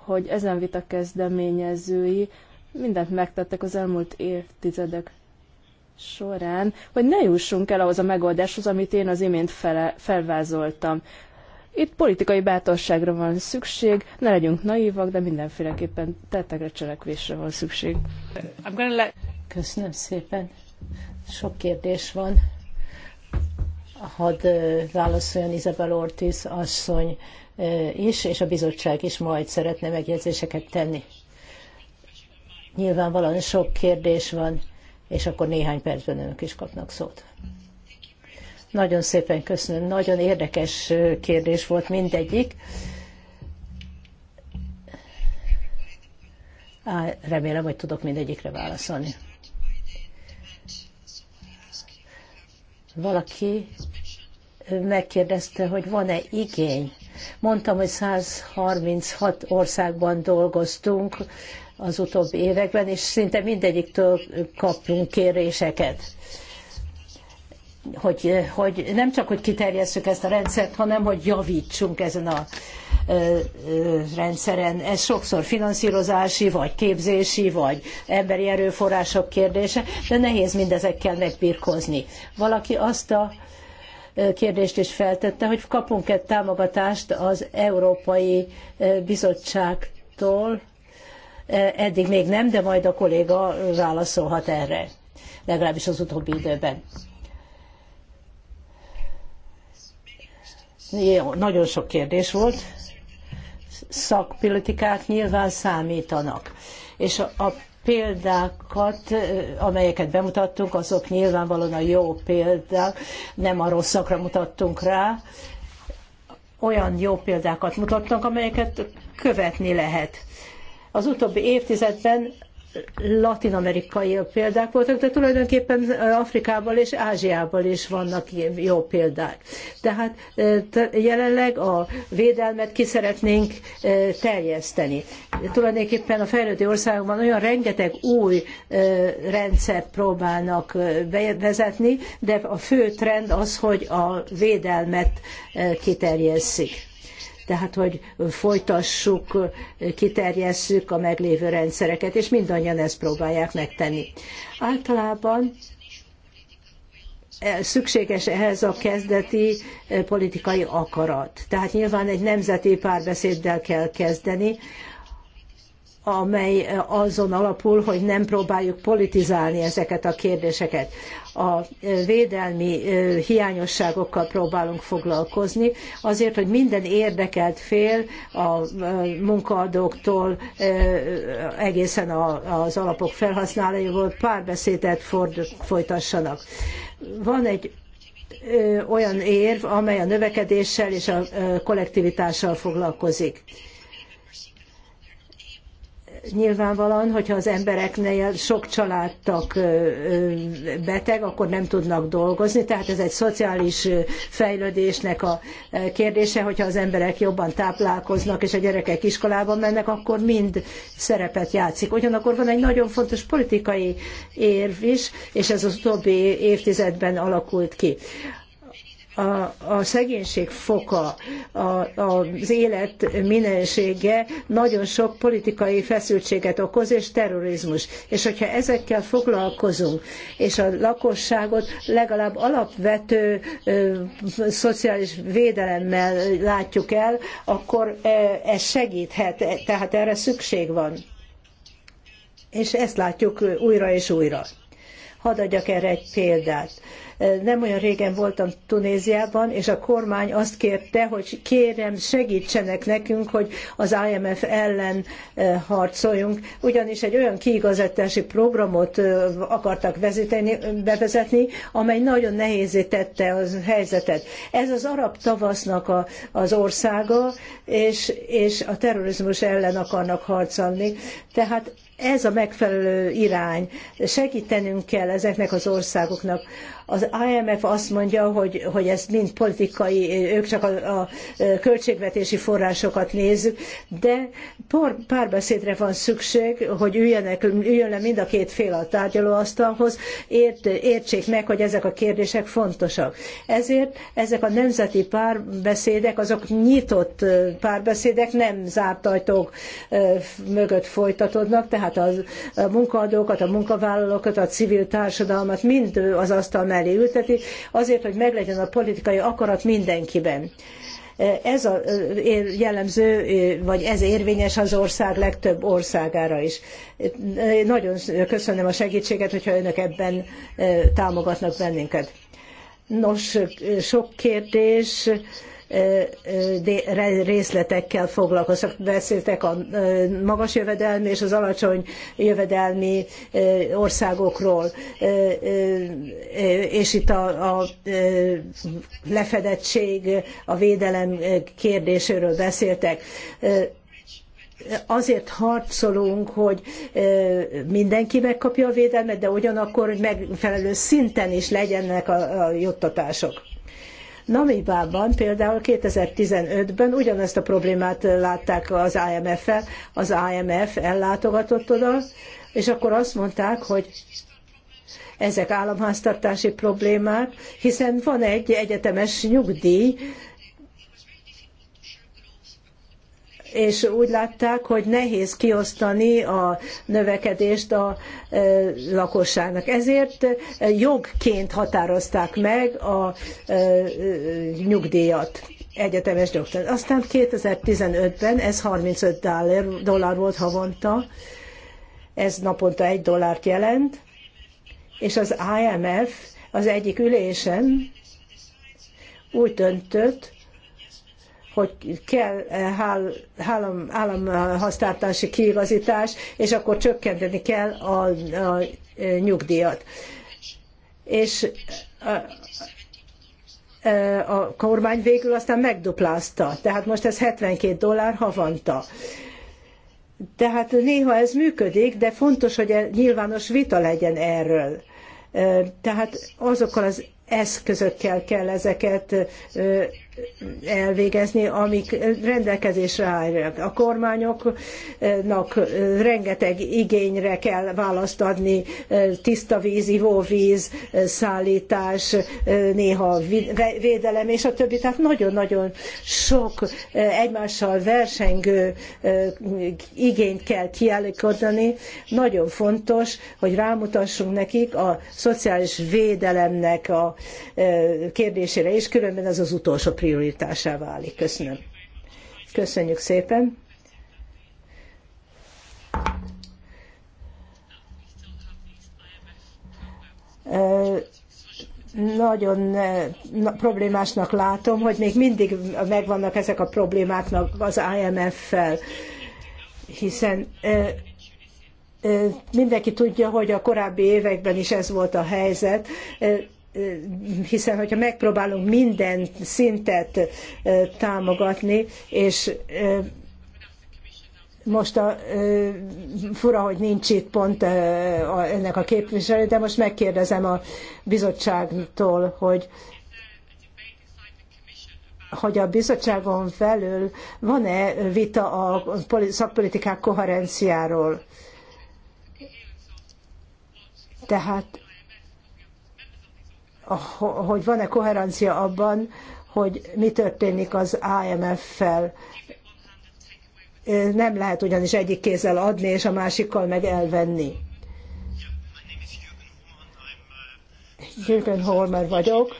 S4: hogy ezen vita kezdeményezői mindent megtettek az elmúlt évtizedek során, hogy ne jussunk el ahhoz a megoldáshoz, amit én az imént fele, felvázoltam. Itt politikai bátorságra van szükség, ne legyünk naívak, de mindenféleképpen tettekre, cselekvésre van szükség.
S3: Köszönöm szépen. Sok kérdés van. Hadd válaszoljon Izabel Ortiz asszony is, és a bizottság is majd szeretne megjegyzéseket tenni. Nyilvánvalóan sok kérdés van és akkor néhány percben önök is kapnak szót. Nagyon szépen köszönöm. Nagyon érdekes kérdés volt mindegyik. Remélem, hogy tudok mindegyikre válaszolni. Valaki megkérdezte, hogy van-e igény. Mondtam, hogy 136 országban dolgoztunk, az utóbbi években, és szinte mindegyiktől kapunk kéréseket. Hogy, hogy nem csak, hogy kiterjesszük ezt a rendszert, hanem, hogy javítsunk ezen a rendszeren. Ez sokszor finanszírozási, vagy képzési, vagy emberi erőforrások kérdése, de nehéz mindezekkel megbirkózni. Valaki azt a kérdést is feltette, hogy kapunk-e támogatást az Európai Bizottságtól, Eddig még nem, de majd a kolléga válaszolhat erre, legalábbis az utóbbi időben. Jó, nagyon sok kérdés volt. Szakpolitikák nyilván számítanak. És a, a példákat, amelyeket bemutattunk, azok nyilvánvalóan a jó példák, nem a rosszakra mutattunk rá. Olyan jó példákat mutatnak, amelyeket követni lehet. Az utóbbi évtizedben latin-amerikai példák voltak, de tulajdonképpen Afrikából és Ázsiából is vannak jó példák. Tehát jelenleg a védelmet ki szeretnénk terjeszteni. Tulajdonképpen a fejlődő országokban olyan rengeteg új rendszert próbálnak bevezetni, de a fő trend az, hogy a védelmet kiterjesszik tehát hogy folytassuk, kiterjesszük a meglévő rendszereket, és mindannyian ezt próbálják megtenni. Általában eh, szükséges ehhez a kezdeti eh, politikai akarat. Tehát nyilván egy nemzeti párbeszéddel kell kezdeni, amely azon alapul, hogy nem próbáljuk politizálni ezeket a kérdéseket. A védelmi hiányosságokkal próbálunk foglalkozni, azért, hogy minden érdekelt fél a munkaadóktól egészen az alapok felhasználóival párbeszédet folytassanak. Van egy olyan érv, amely a növekedéssel és a kollektivitással foglalkozik nyilvánvalóan, hogyha az embereknél sok családtag beteg, akkor nem tudnak dolgozni, tehát ez egy szociális fejlődésnek a kérdése, hogyha az emberek jobban táplálkoznak, és a gyerekek iskolába mennek, akkor mind szerepet játszik. Ugyanakkor van egy nagyon fontos politikai érv is, és ez az utóbbi évtizedben alakult ki a, a szegénység foka, a, az élet minősége nagyon sok politikai feszültséget okoz, és terrorizmus. És hogyha ezekkel foglalkozunk, és a lakosságot legalább alapvető ö, szociális védelemmel látjuk el, akkor ö, ez segíthet, tehát erre szükség van. És ezt látjuk újra és újra. Hadd adjak erre egy példát nem olyan régen voltam Tunéziában, és a kormány azt kérte, hogy kérem segítsenek nekünk, hogy az IMF ellen eh, harcoljunk, ugyanis egy olyan kiigazítási programot eh, akartak vezetni, bevezetni, amely nagyon nehézé tette az helyzetet. Ez az arab tavasznak a, az országa, és, és a terrorizmus ellen akarnak harcolni. Tehát ez a megfelelő irány. Segítenünk kell ezeknek az országoknak. Az IMF azt mondja, hogy, hogy ez mind politikai, ők csak a, a költségvetési forrásokat nézzük, de por, párbeszédre van szükség, hogy üljenek, üljön le mind a két fél a tárgyalóasztalhoz, ért, értsék meg, hogy ezek a kérdések fontosak. Ezért ezek a nemzeti párbeszédek, azok nyitott párbeszédek, nem zárt ajtók mögött folytatódnak, tehát a munkaadókat, a munkavállalókat, a civil társadalmat mind az asztal mellé ülteti, azért, hogy meglegyen a politikai akarat mindenkiben. Ez a jellemző, vagy ez érvényes az ország legtöbb országára is. Nagyon köszönöm a segítséget, hogyha önök ebben támogatnak bennünket. Nos, sok kérdés részletekkel foglalkoztak. Beszéltek a magas jövedelmi és az alacsony jövedelmi országokról, és itt a, a lefedettség, a védelem kérdéséről beszéltek azért harcolunk, hogy mindenki megkapja a védelmet, de ugyanakkor megfelelő szinten is legyenek a, juttatások. Namibában például 2015-ben ugyanezt a problémát látták az IMF-el, az IMF ellátogatott oda, és akkor azt mondták, hogy ezek államháztartási problémák, hiszen van egy egyetemes nyugdíj, és úgy látták, hogy nehéz kiosztani a növekedést a e, lakosságnak. Ezért e, jogként határozták meg a e, nyugdíjat egyetemes gyógytár. Aztán 2015-ben ez 35 dollár, dollár volt havonta, ez naponta egy dollárt jelent, és az IMF az egyik ülésen úgy döntött, hogy kell eh, állam, államhasztártási kiigazítás, és akkor csökkenteni kell a, a eh, nyugdíjat. És a, eh, a kormány végül aztán megduplázta, tehát most ez 72 dollár havonta. Tehát néha ez működik, de fontos, hogy nyilvános vita legyen erről. Tehát azokkal az eszközökkel kell ezeket elvégezni, amik rendelkezésre állnak. A kormányoknak rengeteg igényre kell választ adni, tiszta víz, ivóvíz, szállítás, néha védelem és a többi. Tehát nagyon-nagyon sok egymással versengő igényt kell kiállítani. Nagyon fontos, hogy rámutassunk nekik a szociális védelemnek a kérdésére, és különben ez az utolsó prioritásá válik. Köszönöm. Köszönjük szépen. Nagyon problémásnak látom, hogy még mindig megvannak ezek a problémáknak az IMF-fel, hiszen mindenki tudja, hogy a korábbi években is ez volt a helyzet hiszen hogyha megpróbálunk minden szintet támogatni, és most a, fura, hogy nincs itt pont ennek a képviselő, de most megkérdezem a bizottságtól, hogy hogy a bizottságon belül van-e vita a szakpolitikák koherenciáról. Tehát hogy van-e koherencia abban, hogy mi történik az IMF-fel. Nem lehet ugyanis egyik kézzel adni, és a másikkal meg elvenni. Jürgen Holmer vagyok,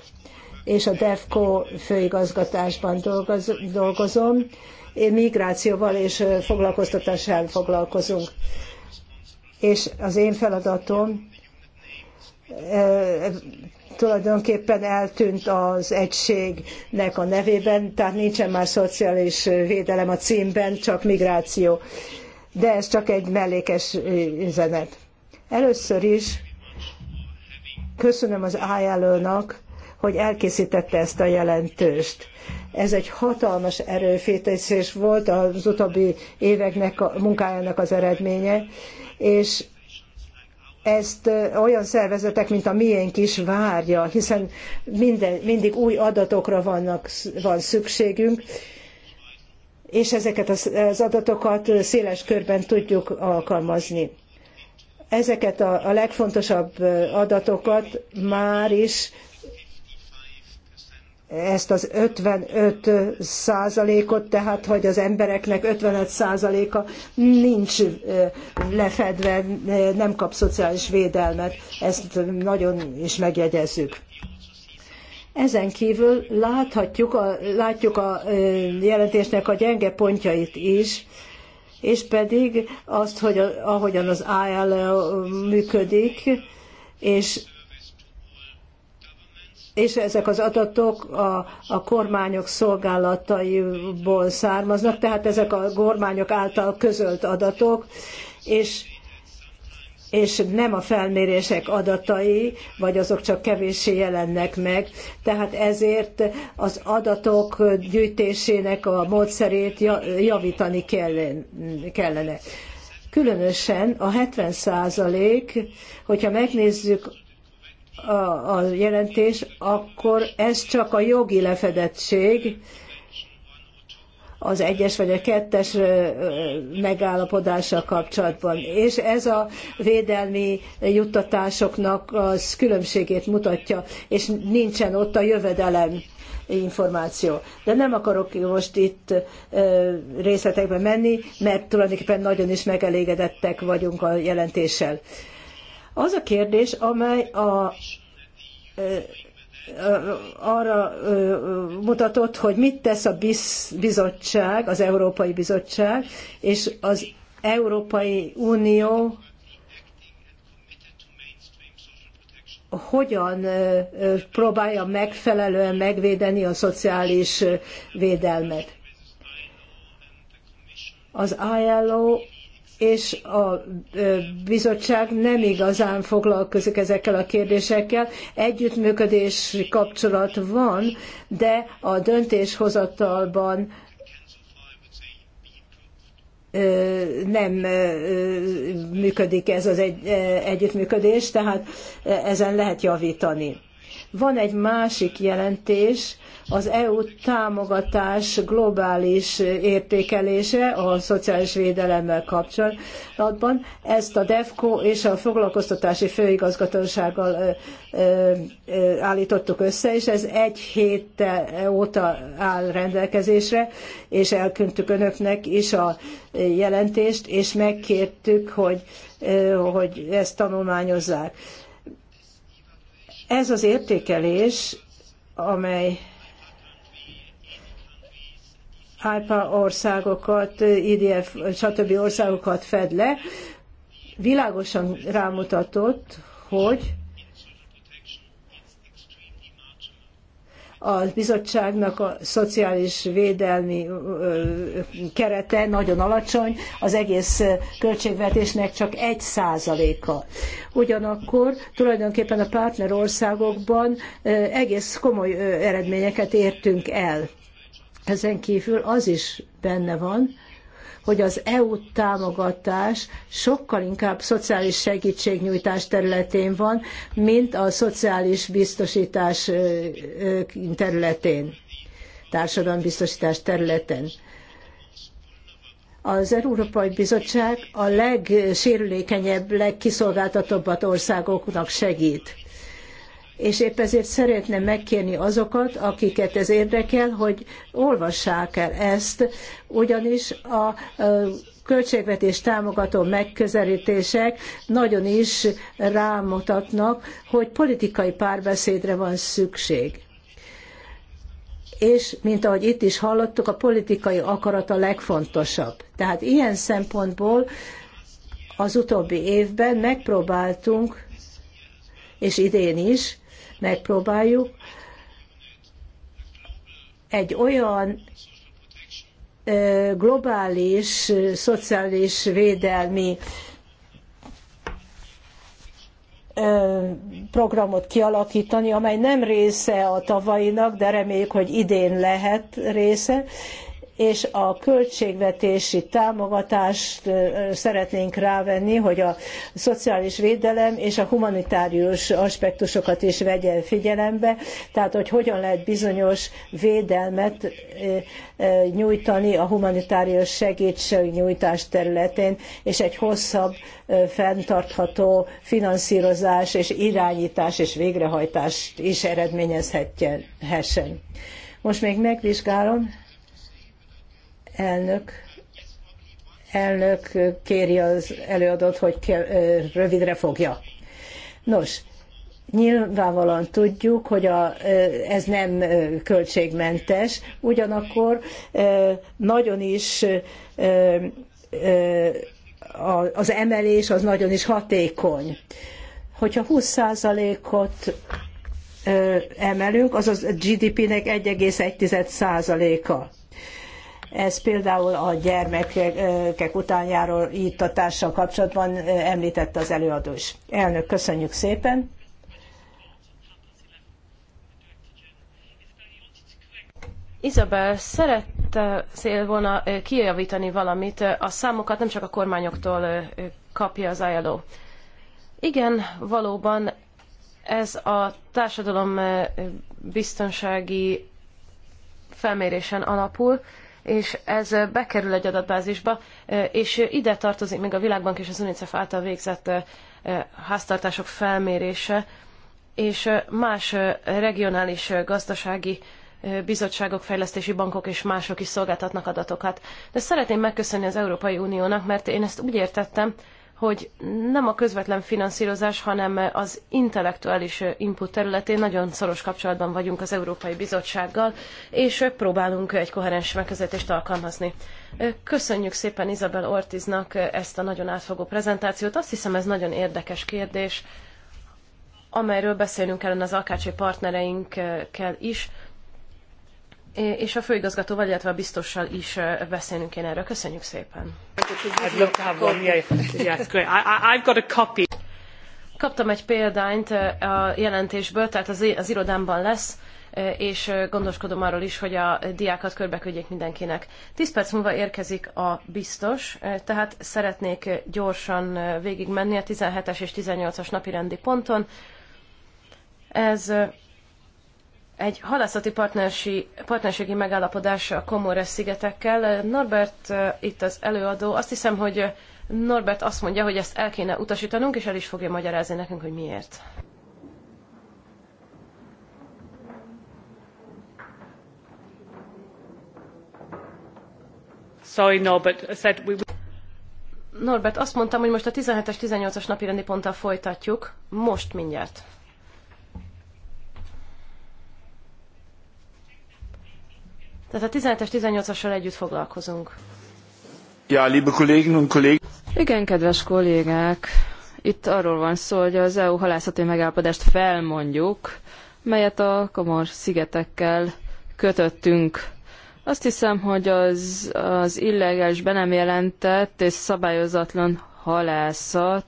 S3: és a DEFCO főigazgatásban dolgozom. Én migrációval és foglalkoztatással foglalkozunk. És az én feladatom tulajdonképpen eltűnt az egységnek a nevében, tehát nincsen már szociális védelem a címben, csak migráció. De ez csak egy mellékes üzenet. Először is köszönöm az ájálónak, hogy elkészítette ezt a jelentőst. Ez egy hatalmas erőfétezés volt az utóbbi éveknek a munkájának az eredménye, és ezt olyan szervezetek, mint a miénk is várja, hiszen minden, mindig új adatokra vannak, van szükségünk, és ezeket az adatokat széles körben tudjuk alkalmazni. Ezeket a, a legfontosabb adatokat már is ezt az 55 százalékot, tehát hogy az embereknek 55 százaléka nincs lefedve, nem kap szociális védelmet, ezt nagyon is megjegyezzük. Ezen kívül láthatjuk a, látjuk a jelentésnek a gyenge pontjait is, és pedig azt, hogy ahogyan az ILO működik, és és ezek az adatok a, a kormányok szolgálataiból származnak, tehát ezek a kormányok által közölt adatok, és és nem a felmérések adatai, vagy azok csak kevéssé jelennek meg. Tehát ezért az adatok gyűjtésének a módszerét javítani kellene. Különösen a 70 százalék, hogyha megnézzük a, jelentés, akkor ez csak a jogi lefedettség, az egyes vagy a kettes megállapodása kapcsolatban. És ez a védelmi juttatásoknak az különbségét mutatja, és nincsen ott a jövedelem információ. De nem akarok most itt részletekbe menni, mert tulajdonképpen nagyon is megelégedettek vagyunk a jelentéssel. Az a kérdés, amely a arra mutatott, hogy mit tesz a bizottság, az Európai Bizottság, és az Európai Unió hogyan próbálja megfelelően megvédeni a szociális védelmet. Az ILO és a bizottság nem igazán foglalkozik ezekkel a kérdésekkel. Együttműködési kapcsolat van, de a döntéshozatalban nem működik ez az egy, együttműködés, tehát ezen lehet javítani. Van egy másik jelentés, az EU támogatás globális értékelése a szociális védelemmel kapcsolatban. Ezt a DEFCO és a foglalkoztatási főigazgatósággal állítottuk össze, és ez egy héttel óta áll rendelkezésre, és elküldtük önöknek is a jelentést, és megkértük, hogy, hogy ezt tanulmányozzák ez az értékelés, amely IPA országokat, IDF, stb. országokat fed le, világosan rámutatott, hogy a bizottságnak a szociális védelmi kerete nagyon alacsony, az egész költségvetésnek csak egy százaléka. Ugyanakkor tulajdonképpen a partnerországokban egész komoly eredményeket értünk el. Ezen kívül az is benne van, hogy az EU támogatás sokkal inkább szociális segítségnyújtás területén van, mint a szociális biztosítás területén, társadalombiztosítás területen az Európai Bizottság a legsérülékenyebb, legkiszolgáltatottabb országoknak segít és épp ezért szeretném megkérni azokat, akiket ez érdekel, hogy olvassák el ezt, ugyanis a költségvetés támogató megközelítések nagyon is rámutatnak, hogy politikai párbeszédre van szükség. És, mint ahogy itt is hallottuk, a politikai akarat a legfontosabb. Tehát ilyen szempontból az utóbbi évben megpróbáltunk, és idén is, megpróbáljuk egy olyan globális, szociális védelmi programot kialakítani, amely nem része a tavainak, de reméljük, hogy idén lehet része, és a költségvetési támogatást szeretnénk rávenni, hogy a szociális védelem és a humanitárius aspektusokat is vegye figyelembe, tehát hogy hogyan lehet bizonyos védelmet nyújtani a humanitárius segítségnyújtás területén, és egy hosszabb, fenntartható finanszírozás és irányítás és végrehajtást is eredményezhessen. Most még megvizsgálom elnök elnök kéri az előadót, hogy rövidre fogja. Nos, nyilvánvalóan tudjuk, hogy a, ez nem költségmentes, ugyanakkor nagyon is az emelés az nagyon is hatékony. Hogyha 20%-ot emelünk, az a GDP-nek 1,1%-a. Ez például a gyermekek utánjáról ítatással kapcsolatban említette az előadó is. Elnök, köszönjük szépen! Izabel, szerettél
S1: volna kijavítani valamit, a számokat nem csak a kormányoktól kapja az ILO. Igen, valóban ez a társadalom biztonsági felmérésen alapul, és ez bekerül egy adatbázisba, eh, és ide tartozik még a Világbank és az UNICEF által végzett eh, háztartások felmérése, és eh, más regionális gazdasági bizottságok, fejlesztési bankok és mások is szolgáltatnak adatokat. De szeretném megköszönni az Európai Uniónak, mert én ezt úgy értettem, hogy nem a közvetlen finanszírozás, hanem az intellektuális input területén nagyon szoros kapcsolatban vagyunk az Európai Bizottsággal, és próbálunk egy koherens megközelítést alkalmazni. Köszönjük szépen Izabel Ortiznak ezt a nagyon átfogó prezentációt. Azt hiszem ez nagyon érdekes kérdés, amelyről beszélnünk kellene az alkácsi partnereinkkel is, és a főigazgatóval, illetve a biztossal is beszélnünk kéne erről. Köszönjük szépen! Kaptam egy példányt a jelentésből, tehát az, az irodámban lesz, és gondoskodom arról is, hogy a diákat körbeküldjék mindenkinek. Tíz perc múlva érkezik a biztos, tehát szeretnék gyorsan végigmenni a 17-es és 18-as napi rendi ponton. Ez egy halászati partnersi, partnerségi megállapodás a Komores szigetekkel. Norbert eh, itt az előadó, azt hiszem, hogy Norbert azt mondja, hogy ezt el kéne utasítanunk, és el is fogja magyarázni nekünk, hogy miért.
S2: Sorry, Norbert, I said we... Norbert,
S1: azt mondtam, hogy most a 17-es, 18-as napirendi ponttal folytatjuk, most mindjárt. Tehát a 17-es, 18-assal együtt
S4: foglalkozunk. Ja, liebe Kolleginnen und Kollegen. Igen, kedves kollégák, itt arról van szó, hogy az EU halászati megállapodást felmondjuk, melyet a Komor szigetekkel kötöttünk. Azt hiszem, hogy az, az illegális be nem jelentett és szabályozatlan halászat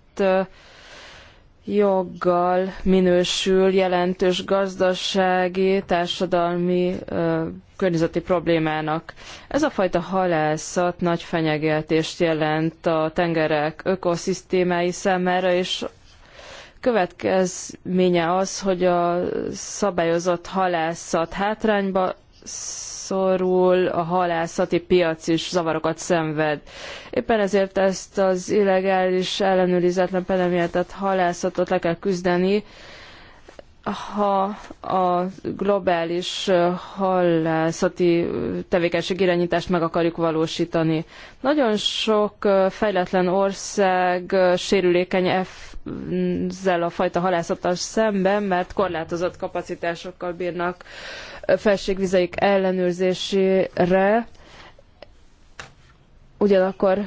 S4: joggal minősül jelentős gazdasági, társadalmi, környezeti problémának. Ez a fajta halászat nagy fenyegetést jelent a tengerek ökoszisztémái számára, és következménye az, hogy a szabályozott halászat hátrányba szorul, a halászati piac is zavarokat szenved. Éppen ezért ezt az illegális, ellenőrizetlen pelemjeltett halászatot le kell küzdeni, ha a globális halászati tevékenység irányítást meg akarjuk valósítani. Nagyon sok fejletlen ország sérülékeny ezzel a fajta halászattal szemben, mert korlátozott kapacitásokkal bírnak felségvizeik ellenőrzésére. Ugyanakkor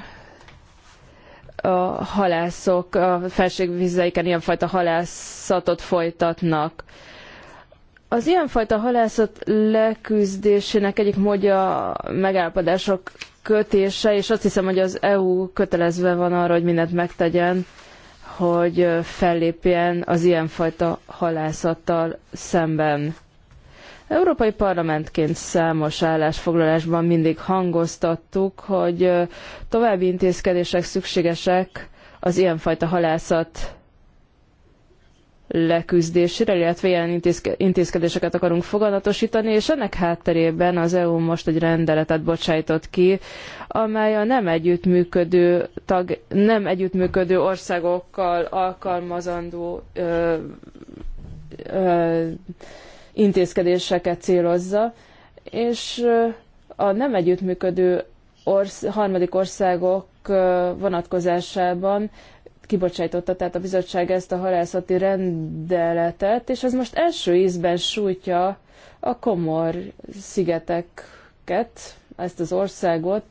S4: a halászok a felségvizeiken ilyenfajta halászatot folytatnak. Az ilyenfajta halászat leküzdésének egyik módja megállapodások kötése, és azt hiszem, hogy az EU kötelezve van arra, hogy mindent megtegyen hogy fellépjen az ilyenfajta halászattal szemben. Európai Parlamentként számos állásfoglalásban mindig hangoztattuk, hogy további intézkedések szükségesek az ilyenfajta halászat leküzdésére, illetve ilyen intézke, intézkedéseket akarunk foganatosítani, és ennek hátterében az EU most egy rendeletet bocsájtott ki, amely a nem együttműködő, tag, nem együttműködő országokkal alkalmazandó ö, ö, intézkedéseket célozza, és a nem együttműködő orsz, harmadik országok vonatkozásában kibocsájtotta tehát a bizottság ezt a halászati rendeletet, és ez most első ízben sújtja a komor szigeteket, ezt az országot.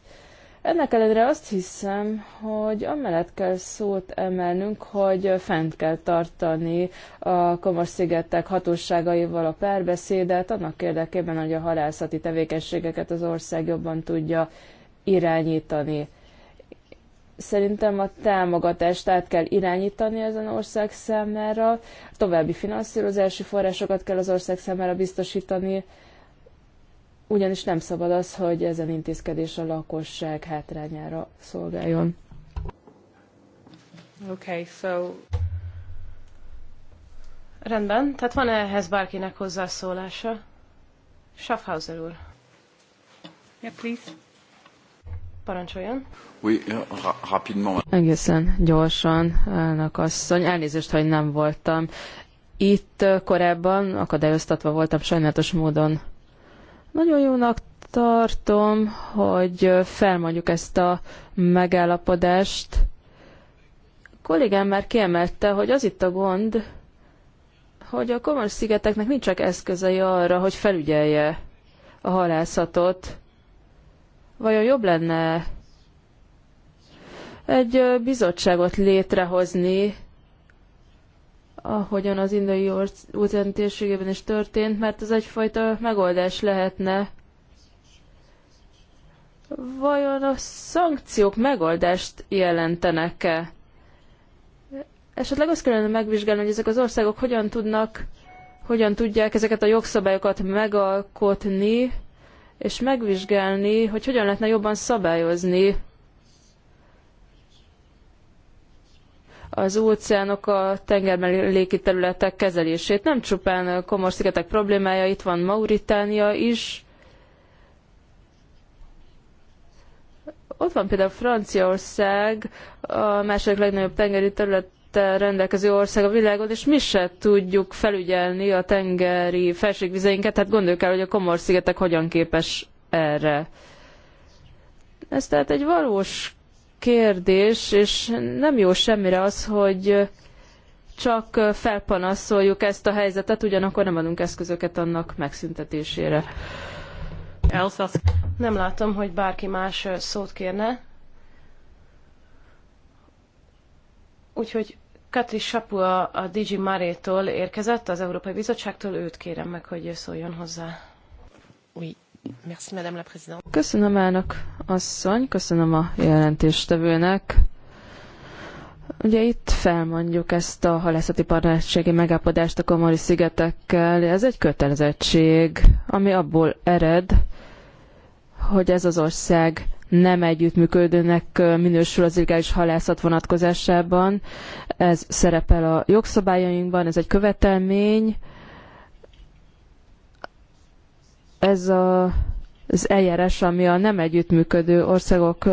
S4: Ennek ellenére azt hiszem, hogy amellett kell szót emelnünk, hogy fent kell tartani a komor szigetek hatóságaival a párbeszédet, annak érdekében, hogy a halászati tevékenységeket az ország jobban tudja irányítani Szerintem a támogatást át kell irányítani ezen ország számára, további finanszírozási forrásokat kell az ország számára biztosítani, ugyanis nem szabad az, hogy ezen intézkedés a lakosság hátrányára szolgáljon.
S2: Okay,
S1: so... Rendben, tehát van -e ehhez bárkinek hozzászólása? Schaffhauser úr. Yeah, please. Parancsoljon.
S2: Euh,
S4: Egészen gyorsan, elnök asszony. Elnézést, hogy nem voltam. Itt korábban akadályoztatva voltam sajnálatos módon. Nagyon jónak tartom, hogy felmondjuk ezt a megállapodást. A kollégám már kiemelte, hogy az itt a gond, hogy a komoly szigeteknek nincsenek eszközei arra, hogy felügyelje a halászatot, Vajon jobb lenne egy bizottságot létrehozni, ahogyan az indiai óceán is történt, mert ez egyfajta megoldás lehetne. Vajon a szankciók megoldást jelentenek-e? Esetleg azt kellene megvizsgálni, hogy ezek az országok hogyan tudnak, hogyan tudják ezeket a jogszabályokat megalkotni, és megvizsgálni, hogy hogyan lehetne jobban szabályozni az óceánok a tengerben léki területek kezelését. Nem csupán komor szigetek problémája, itt van Mauritánia is. Ott van például Franciaország, a második legnagyobb tengeri terület területtel rendelkező ország a világon, és mi se tudjuk felügyelni a tengeri felségvizeinket, tehát gondoljuk el, hogy a Komor-szigetek hogyan képes erre. Ez tehát egy valós kérdés, és nem jó semmire az, hogy csak felpanaszoljuk ezt a helyzetet, ugyanakkor nem adunk eszközöket annak megszüntetésére. Nem látom, hogy bárki
S1: más szót kérne. Úgyhogy Katris sapu a DG Marétól érkezett, az Európai Bizottságtól, őt kérem meg, hogy szóljon hozzá. Oui. Merci, Madame la Présidente.
S4: Köszönöm elnök asszony, köszönöm a jelentéstevőnek. Ugye itt felmondjuk ezt a halászati partnerségi megállapodást a komori szigetekkel. Ez egy kötelezettség, ami abból ered, hogy ez az ország nem együttműködőnek minősül az illegális halászat vonatkozásában. Ez szerepel a jogszabályainkban, ez egy követelmény. Ez a az eljárás, ami a nem együttműködő országok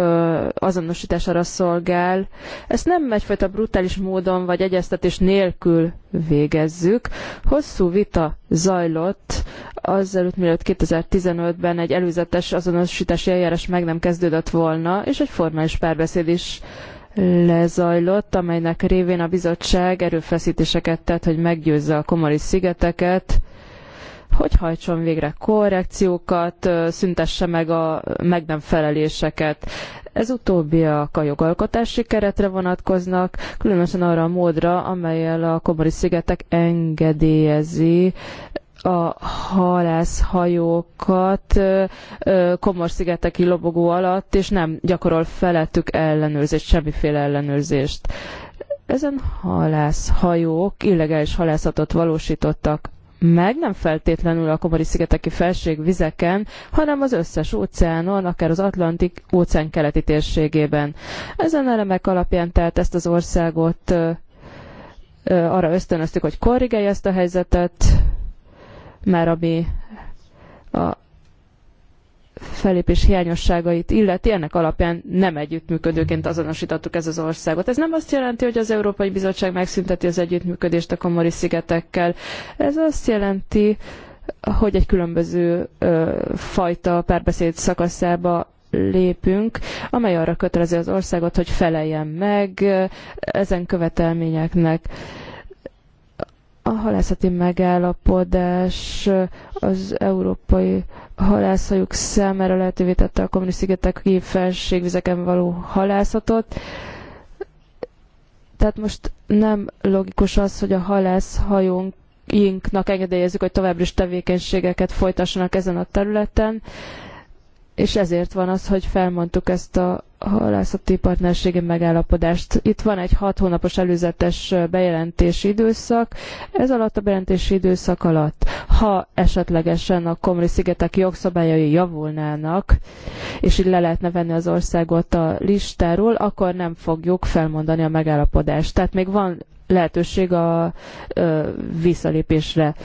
S4: azonosítására szolgál, ezt nem egyfajta brutális módon vagy egyeztetés nélkül végezzük. Hosszú vita zajlott azelőtt, mielőtt 2015-ben egy előzetes azonosítási eljárás meg nem kezdődött volna, és egy formális párbeszéd is lezajlott, amelynek révén a bizottság erőfeszítéseket tett, hogy meggyőzze a komori szigeteket, hogy hajtson végre korrekciókat, szüntesse meg a meg nem feleléseket. Ez utóbbiak a jogalkotási keretre vonatkoznak, különösen arra a módra, amelyel a komori szigetek engedélyezi a halászhajókat Komor-szigeteki lobogó alatt, és nem gyakorol felettük ellenőrzést, semmiféle ellenőrzést. Ezen halászhajók illegális halászatot valósítottak meg, nem feltétlenül a Komori-szigeteki vizeken, hanem az összes óceánon, akár az Atlantik óceán keleti térségében. Ezen elemek alapján tehát ezt az országot arra ösztönöztük, hogy korrigálja ezt a helyzetet, mert ami a felépés hiányosságait illeti, ennek alapján nem együttműködőként azonosítottuk ez az országot. Ez nem azt jelenti, hogy az Európai Bizottság megszünteti az együttműködést a komori szigetekkel. Ez azt jelenti, hogy egy különböző ö, fajta párbeszéd szakaszába lépünk, amely arra kötelezi az országot, hogy feleljen meg ezen követelményeknek. Ö, a halászati megállapodás az európai halászhajók számára lehetővé tette a kommuniszigetek felségvizeken való halászatot. Tehát most nem logikus az, hogy a halászhajónk engedélyezzük, hogy továbbra is tevékenységeket folytassanak ezen a területen. Uh, és ezért van az, hogy felmondtuk ezt a halászati partnerségi megállapodást. Itt van egy hat hónapos előzetes bejelentési időszak. Ez alatt a bejelentési időszak alatt, ha esetlegesen a Komri-szigetek jogszabályai javulnának, és így le lehetne venni az országot a listáról, akkor nem fogjuk felmondani a megállapodást. Tehát még van lehetőség a visszalépésre.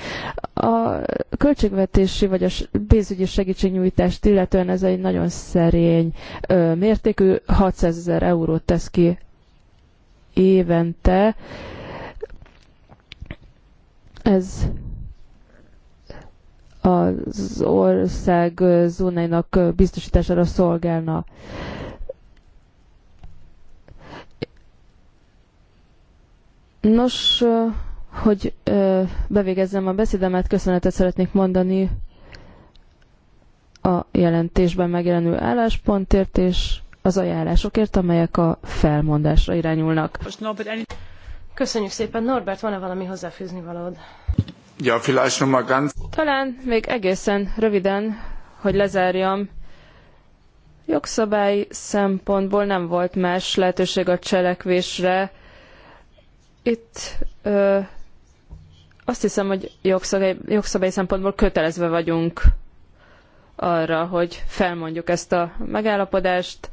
S4: A költségvetési vagy a pénzügyi segítségnyújtást illetően ez egy nagyon szerény mértékű, 600 ezer eurót tesz ki évente. Ez az ország zónáinak biztosítására szolgálna. Nos, hogy bevégezzem a beszédemet, köszönetet szeretnék mondani a jelentésben megjelenő álláspontért és az ajánlásokért, amelyek a felmondásra irányulnak. Köszönjük szépen. Norbert, van-e valami hozzáfűzni valód?
S2: Ja, vielleicht noch mal ganz...
S4: Talán még egészen röviden, hogy lezárjam. Jogszabály szempontból nem volt más lehetőség a cselekvésre, itt ö, azt hiszem, hogy jogszabály, jogszabályi szempontból kötelezve vagyunk arra, hogy felmondjuk ezt a megállapodást.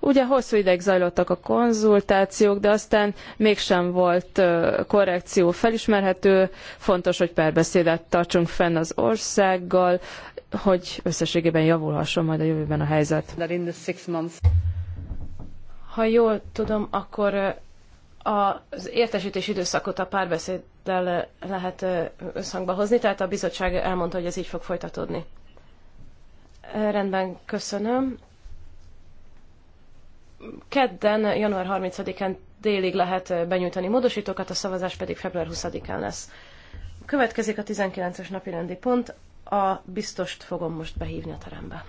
S4: Ugye hosszú ideig zajlottak a konzultációk, de aztán mégsem volt korrekció felismerhető. Fontos, hogy párbeszédet tartsunk fenn az országgal, hogy összességében javulhasson majd a jövőben a helyzet.
S1: Ha jól tudom, akkor az értesítés időszakot a párbeszéddel lehet összhangba hozni, tehát a bizottság elmondta, hogy ez így fog folytatódni. Rendben, köszönöm. Kedden, január 30-án délig lehet benyújtani módosítókat, a szavazás pedig február 20-án lesz. Következik a 19-es napi rendi pont, a biztost fogom most behívni a terembe.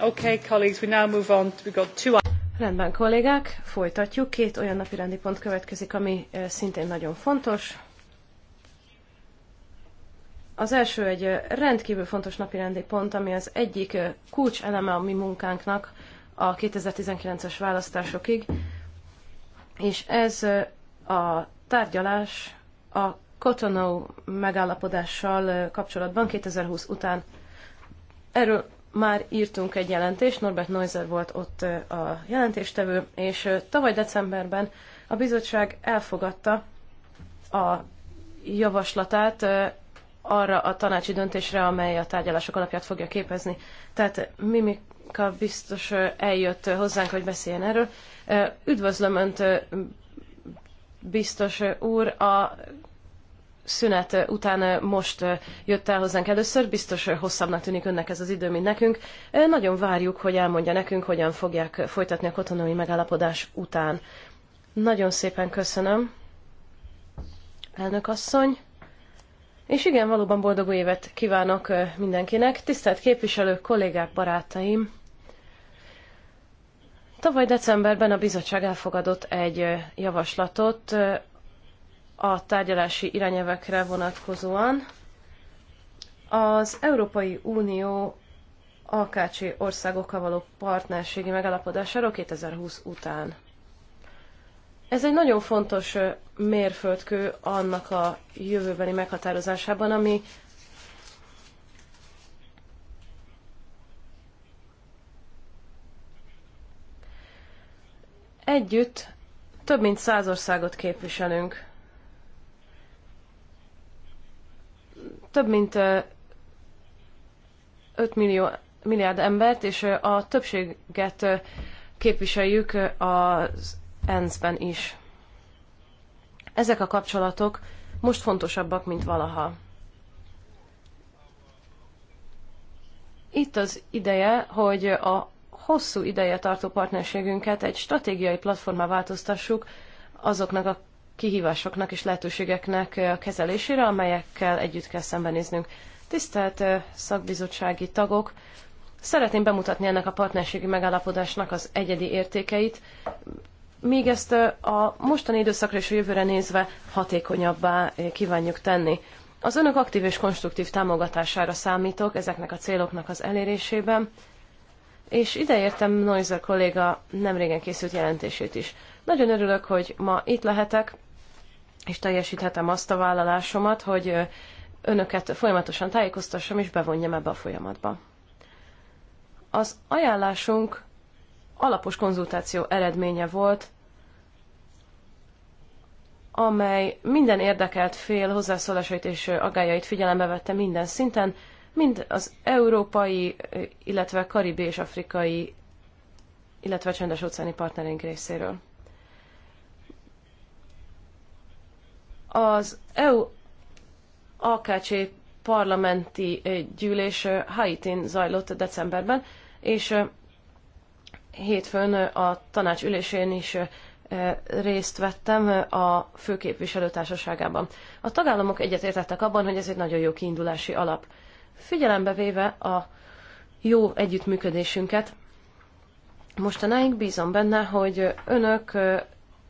S1: Okay, colleagues, we now move on. We've got two... Rendben, kollégák, folytatjuk. Két olyan napirendi pont következik, ami szintén nagyon fontos. Az első egy rendkívül fontos napirendi pont, ami az egyik kulcs eleme a mi munkánknak a 2019-es választásokig, és ez a tárgyalás a Cotonou megállapodással kapcsolatban 2020 után. Erről már írtunk egy jelentést, Norbert Neuser volt ott a jelentéstevő, és tavaly decemberben a bizottság elfogadta a javaslatát arra a tanácsi döntésre, amely a tárgyalások alapját fogja képezni. Tehát Mimika biztos eljött hozzánk, hogy beszéljen erről. Üdvözlöm Önt, biztos úr, a szünet után most jött el hozzánk először, biztos hosszabbnak tűnik önnek ez az idő, mint nekünk. Nagyon várjuk, hogy elmondja nekünk, hogyan fogják folytatni a kotonói megállapodás után. Nagyon szépen köszönöm, elnök asszony. És igen, valóban boldog új évet kívánok mindenkinek. Tisztelt képviselők, kollégák, barátaim! Tavaly decemberben a bizottság elfogadott egy javaslatot a tárgyalási irányelvekre vonatkozóan. Az Európai Unió AKC országokkal való partnerségi megalapodásáról 2020 után. Ez egy nagyon fontos mérföldkő annak a jövőbeni meghatározásában, ami együtt több mint száz országot képviselünk. több mint 5 millió, milliárd embert, és a többséget képviseljük az ENSZ-ben is. Ezek a kapcsolatok most fontosabbak, mint valaha. Itt az ideje, hogy a hosszú ideje tartó partnerségünket egy stratégiai platformá változtassuk azoknak a kihívásoknak és lehetőségeknek a kezelésére, amelyekkel együtt kell szembenéznünk. Tisztelt szakbizottsági tagok, szeretném bemutatni ennek a partnerségi megállapodásnak az egyedi értékeit, míg ezt a mostani időszakra és a jövőre nézve hatékonyabbá kívánjuk tenni. Az önök aktív és konstruktív támogatására számítok ezeknek a céloknak az elérésében, és ideértem Noizer kolléga nemrégen készült jelentését is. Nagyon örülök, hogy ma itt lehetek, és teljesíthetem azt a vállalásomat, hogy önöket folyamatosan tájékoztassam és bevonjam ebbe a folyamatba. Az ajánlásunk alapos konzultáció eredménye volt, amely minden érdekelt fél hozzászólásait és agályait figyelembe vette minden szinten, mind az európai, illetve karibi és afrikai, illetve csendes óceáni partnereink részéről. Az EU AKC parlamenti gyűlés Haitin zajlott decemberben, és hétfőn a tanács ülésén is részt vettem a főképviselő társaságában. A tagállamok egyetértettek abban, hogy ez egy nagyon jó kiindulási alap. Figyelembe véve a jó együttműködésünket, mostanáig bízom benne, hogy önök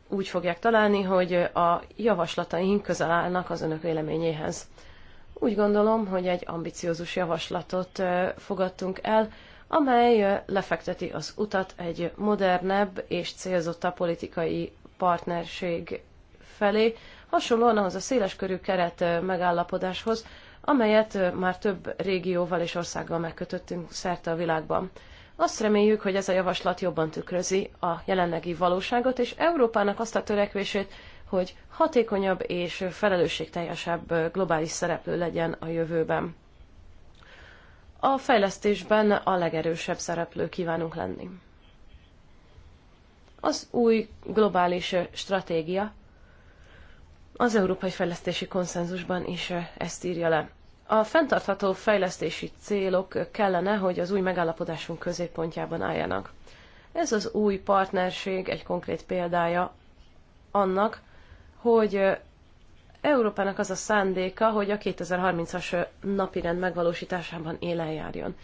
S1: úgy fogják találni, hogy a javaslataink közel állnak az önök véleményéhez. Úgy gondolom, hogy egy ambiciózus javaslatot fogadtunk el, amely lefekteti az utat egy modernebb és célzottabb politikai partnerség felé, hasonlóan ahhoz a széleskörű keret megállapodáshoz, amelyet már több régióval és országgal megkötöttünk szerte a világban. Azt reméljük, hogy ez a javaslat jobban tükrözi a jelenlegi valóságot, és Európának azt a törekvését, hogy hatékonyabb és felelősségteljesebb globális szereplő legyen a jövőben. A fejlesztésben a legerősebb szereplő kívánunk lenni. Az új globális stratégia az Európai Fejlesztési Konszenzusban is ezt írja le. A fenntartható fejlesztési célok kellene, hogy az új megállapodásunk középpontjában álljanak. Ez az új partnerség egy konkrét példája annak, hogy Európának az a szándéka, hogy a 2030-as napirend megvalósításában élen járjon.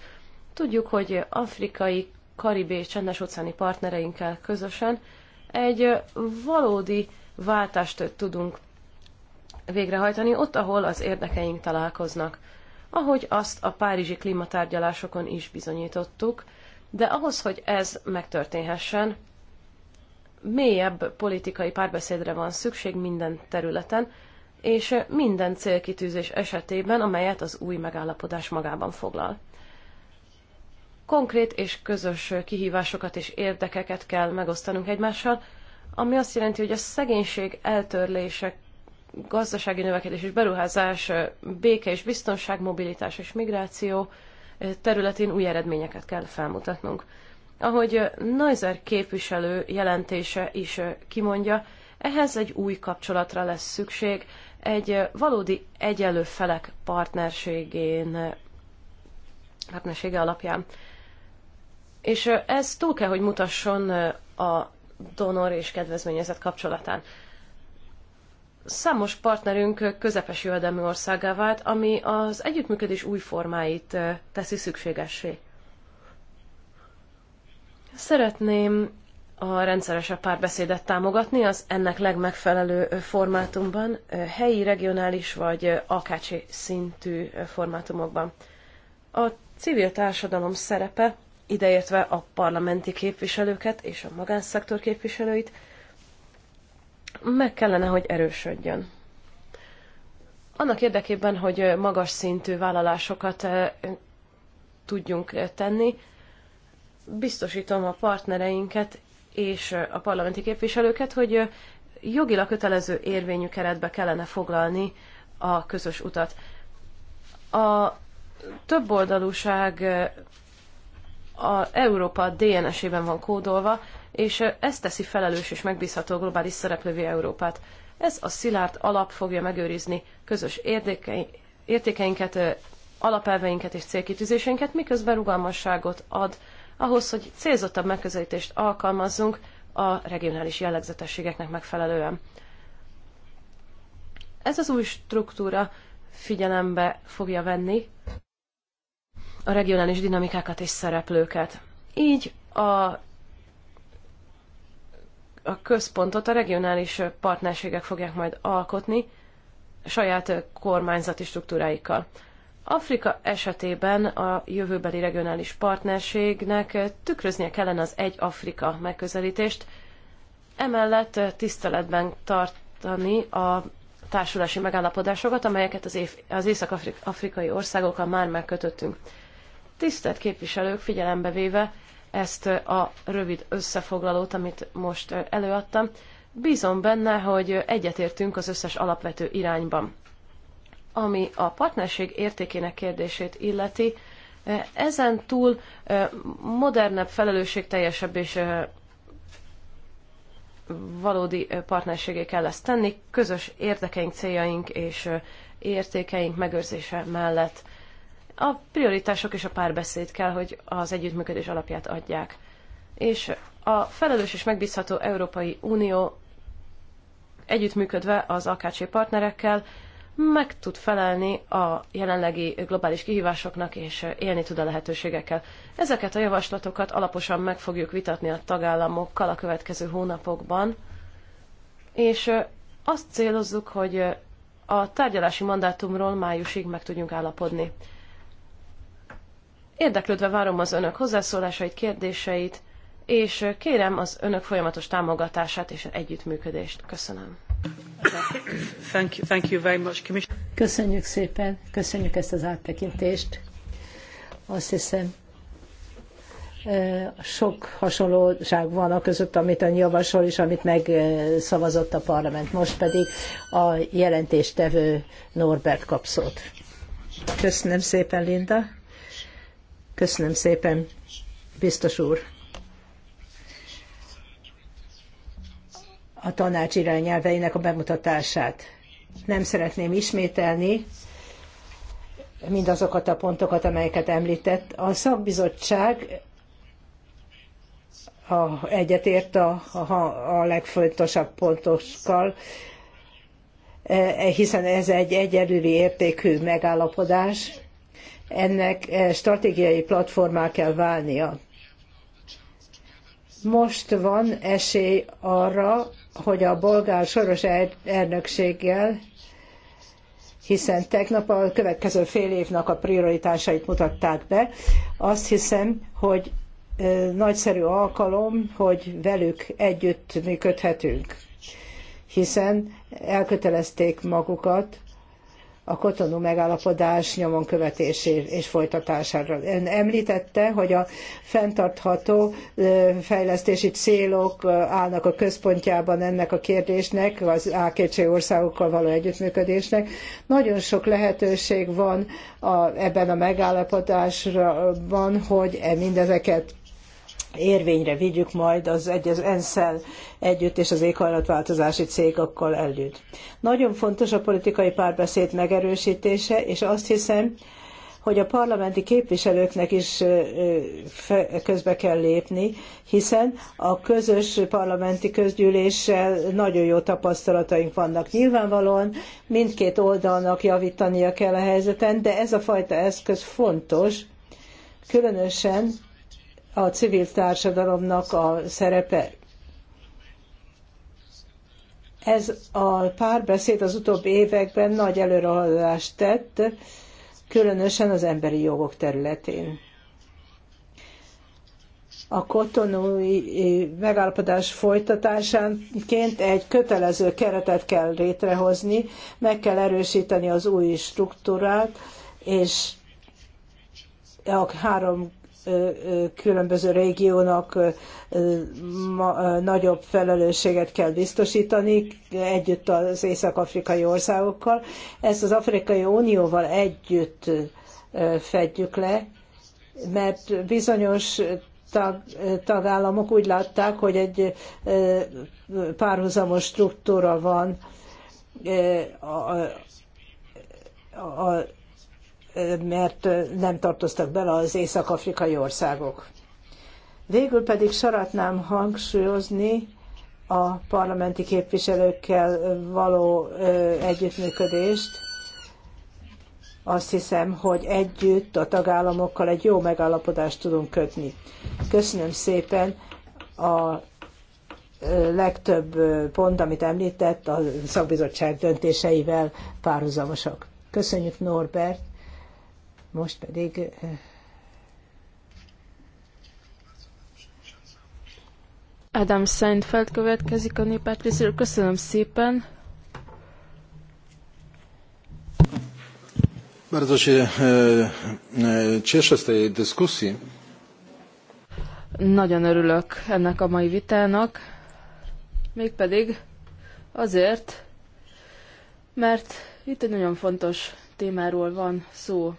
S1: Tudjuk, hogy afrikai, karibi és csendes óceáni partnereinkkel közösen egy valódi váltást tudunk végrehajtani ott, ahol az érdekeink találkoznak. Ahogy azt a párizsi klímatárgyalásokon is bizonyítottuk, de ahhoz, hogy ez megtörténhessen, mélyebb politikai párbeszédre van szükség minden területen, és minden célkitűzés esetében, amelyet az új megállapodás magában foglal. Konkrét és közös kihívásokat és érdekeket kell megosztanunk egymással, ami azt jelenti, hogy a szegénység eltörlése gazdasági növekedés és beruházás, béke és biztonság, mobilitás és migráció területén új eredményeket kell felmutatnunk. Ahogy Neuser képviselő jelentése is kimondja, ehhez egy új kapcsolatra lesz szükség, egy valódi egyenlő felek partnerségén, partnersége alapján. És ez túl kell, hogy mutasson a donor és kedvezményezett kapcsolatán. Számos partnerünk közepes jövedelmi országá vált, ami az együttműködés új formáit eh, teszi szükségessé. Szeretném a rendszeresebb párbeszédet támogatni az ennek legmegfelelő eh, formátumban, eh, helyi, regionális vagy akácsi szintű formátumokban. A civil társadalom szerepe, ideértve a parlamenti képviselőket és a magánszektor képviselőit, meg kellene, hogy erősödjön. Annak érdekében, hogy magas szintű vállalásokat tudjunk tenni, biztosítom a partnereinket és a parlamenti képviselőket, hogy jogilag kötelező érvényű keretbe kellene foglalni a közös utat. A többoldalúság a Európa DNS-ében van kódolva, és ez teszi felelős és megbízható globális szereplővé Európát. Ez a szilárd alap fogja megőrizni közös értékeinket, alapelveinket és célkitűzéseinket, miközben rugalmasságot ad ahhoz, hogy célzottabb megközelítést alkalmazzunk a regionális jellegzetességeknek megfelelően. Ez az új struktúra figyelembe fogja venni a regionális dinamikákat és szereplőket. Így a a központot a regionális partnerségek fogják majd alkotni saját kormányzati struktúráikkal. Afrika esetében a jövőbeli regionális partnerségnek tükröznie kellene az egy Afrika megközelítést, emellett tiszteletben tartani a társulási megállapodásokat, amelyeket az, év, az észak-afrikai országokkal már megkötöttünk. Tisztelt képviselők, figyelembe véve, ezt a rövid összefoglalót, amit most előadtam. Bízom benne, hogy egyetértünk az összes alapvető irányban. Ami a partnerség értékének kérdését illeti, ezen túl modernebb, felelősségteljesebb és valódi partnerségé kell ezt tenni, közös érdekeink, céljaink és értékeink megőrzése mellett. A prioritások és a párbeszéd kell, hogy az együttműködés alapját adják. És a felelős és megbízható Európai Unió együttműködve az AKC partnerekkel meg tud felelni a jelenlegi globális kihívásoknak, és élni tud a lehetőségekkel. Ezeket a javaslatokat alaposan meg fogjuk vitatni a tagállamokkal a következő hónapokban, és azt célozzuk, hogy a tárgyalási mandátumról májusig meg tudjunk állapodni. Érdeklődve várom az önök hozzászólásait, kérdéseit, és kérem az önök folyamatos támogatását és együttműködést. Köszönöm. Thank you, thank you very much,
S3: Köszönjük szépen, köszönjük ezt az áttekintést. Azt hiszem, sok hasonlóság van a között, amit ön javasol, és amit megszavazott a parlament. Most pedig a jelentéstevő Norbert kapszót. Köszönöm szépen, Linda. Köszönöm szépen, biztos úr. A tanács irányelveinek a bemutatását. Nem szeretném ismételni mindazokat a pontokat, amelyeket említett. A szakbizottság a, egyetért a, a, a legfontosabb pontokkal, e, hiszen ez egy egyelőri értékű megállapodás, ennek eh, stratégiai platformá kell válnia. Most van esély arra, hogy a bolgár soros elnökséggel, hiszen tegnap a következő fél évnek a prioritásait mutatták be, azt hiszem, hogy eh, nagyszerű alkalom, hogy velük együtt működhetünk, hiszen elkötelezték magukat a kotonú megállapodás nyomon követésére és folytatására. Ön említette, hogy a fenntartható fejlesztési célok állnak a központjában ennek a kérdésnek, az AKC országokkal való együttműködésnek. Nagyon sok lehetőség van a, ebben a megállapodásban, hogy e mindezeket érvényre vigyük majd az, egy, az ensz együtt és az éghajlatváltozási cégekkel együtt. Nagyon fontos a politikai párbeszéd megerősítése, és azt hiszem, hogy a parlamenti képviselőknek is közbe kell lépni, hiszen a közös parlamenti közgyűléssel nagyon jó tapasztalataink vannak. Nyilvánvalóan mindkét oldalnak javítania kell a helyzeten, de ez a fajta eszköz fontos, különösen a civil társadalomnak a szerepe. Ez a párbeszéd az utóbbi években nagy előrehaladást tett, különösen az emberi jogok területén. A kotonói eh, megállapodás folytatásánként egy kötelező keretet kell létrehozni, meg kell erősíteni az új struktúrát, és a három különböző régiónak nagyobb felelősséget kell biztosítani együtt az észak-afrikai országokkal. Ezt az Afrikai Unióval együtt fedjük le, mert bizonyos tag, tagállamok úgy látták, hogy egy párhuzamos struktúra van a, a, a mert nem tartoztak bele az észak-afrikai országok. Végül pedig szeretném hangsúlyozni a parlamenti képviselőkkel való együttműködést. Azt hiszem, hogy együtt a tagállamokkal egy jó megállapodást tudunk kötni. Köszönöm szépen a legtöbb pont, amit említett, a szakbizottság döntéseivel párhuzamosak. Köszönjük Norbert! Most pedig eh, Adam Seinfeld következik
S4: a néppárt részéről. Köszönöm szépen.
S2: Bardzo się eh, eh, cieszę z tej dyskusji.
S4: Nagyon örülök ennek a mai vitának, mégpedig azért, mert itt egy nagyon fontos témáról van szó.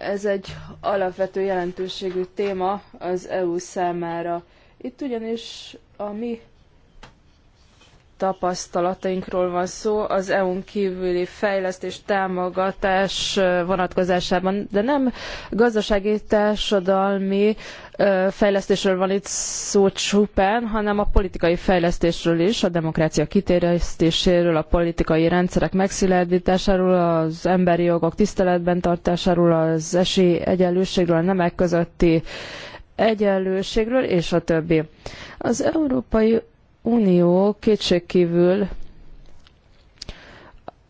S4: Ez egy alapvető jelentőségű téma az EU számára. Itt ugyanis a mi tapasztalatainkról van szó az EU-n kívüli fejlesztés támogatás vonatkozásában, de nem gazdasági társadalmi fejlesztésről van itt szó csupán, hanem a politikai fejlesztésről is, a demokrácia kiterjesztéséről, a politikai rendszerek megszilárdításáról, az emberi jogok tiszteletben tartásáról, az esélyegyenlőségről, a nemek közötti egyenlőségről, és a többi. Az Európai Unió kétségkívül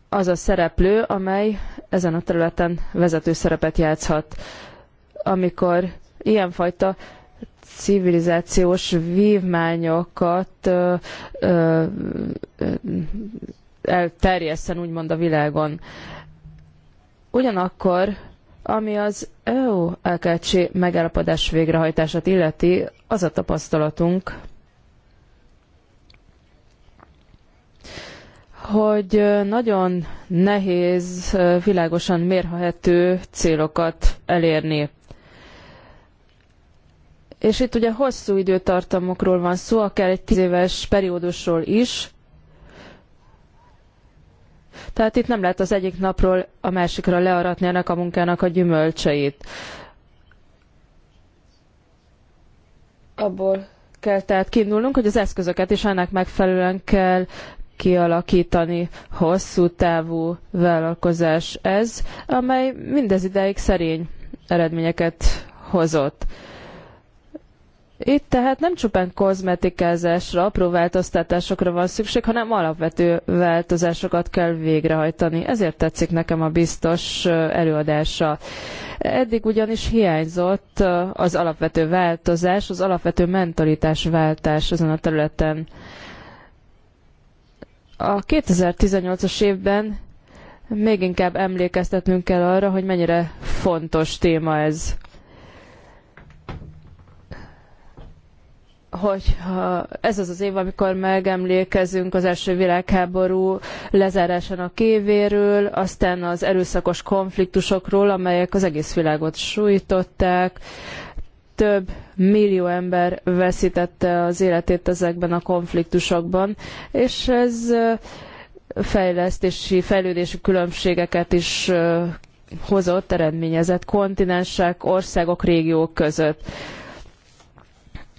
S4: az a szereplő, amely ezen a területen vezető szerepet játszhat. Amikor ilyenfajta civilizációs vívmányokat ö, ö, ö, elterjesszen úgymond a világon. Ugyanakkor, ami az EU-LKC megállapodás végrehajtását illeti, az a tapasztalatunk, hogy nagyon nehéz világosan mérhető célokat elérni. És itt ugye hosszú időtartamokról van szó, akár egy tíz éves periódusról is. Tehát itt nem lehet az egyik napról a másikra learatni ennek a munkának a gyümölcseit. Abból kell tehát kiindulnunk, hogy az eszközöket is ennek megfelelően kell kialakítani hosszú távú vállalkozás ez, amely mindez ideig szerény eredményeket hozott. Itt tehát nem csupán kozmetikázásra, apró változtatásokra van szükség, hanem alapvető változásokat kell végrehajtani. Ezért tetszik nekem a biztos előadása. Eddig ugyanis hiányzott az alapvető változás, az alapvető mentalitás váltás ezen a területen. A 2018-as évben még inkább emlékeztetnünk kell arra, hogy mennyire fontos téma ez. hogyha ez az az év, amikor megemlékezünk az első világháború lezárásának évéről, aztán az erőszakos konfliktusokról, amelyek az egész világot sújtották, több millió ember veszítette az életét ezekben a konfliktusokban, és ez fejlesztési, fejlődési különbségeket is hozott, eredményezett kontinensek, országok, régiók között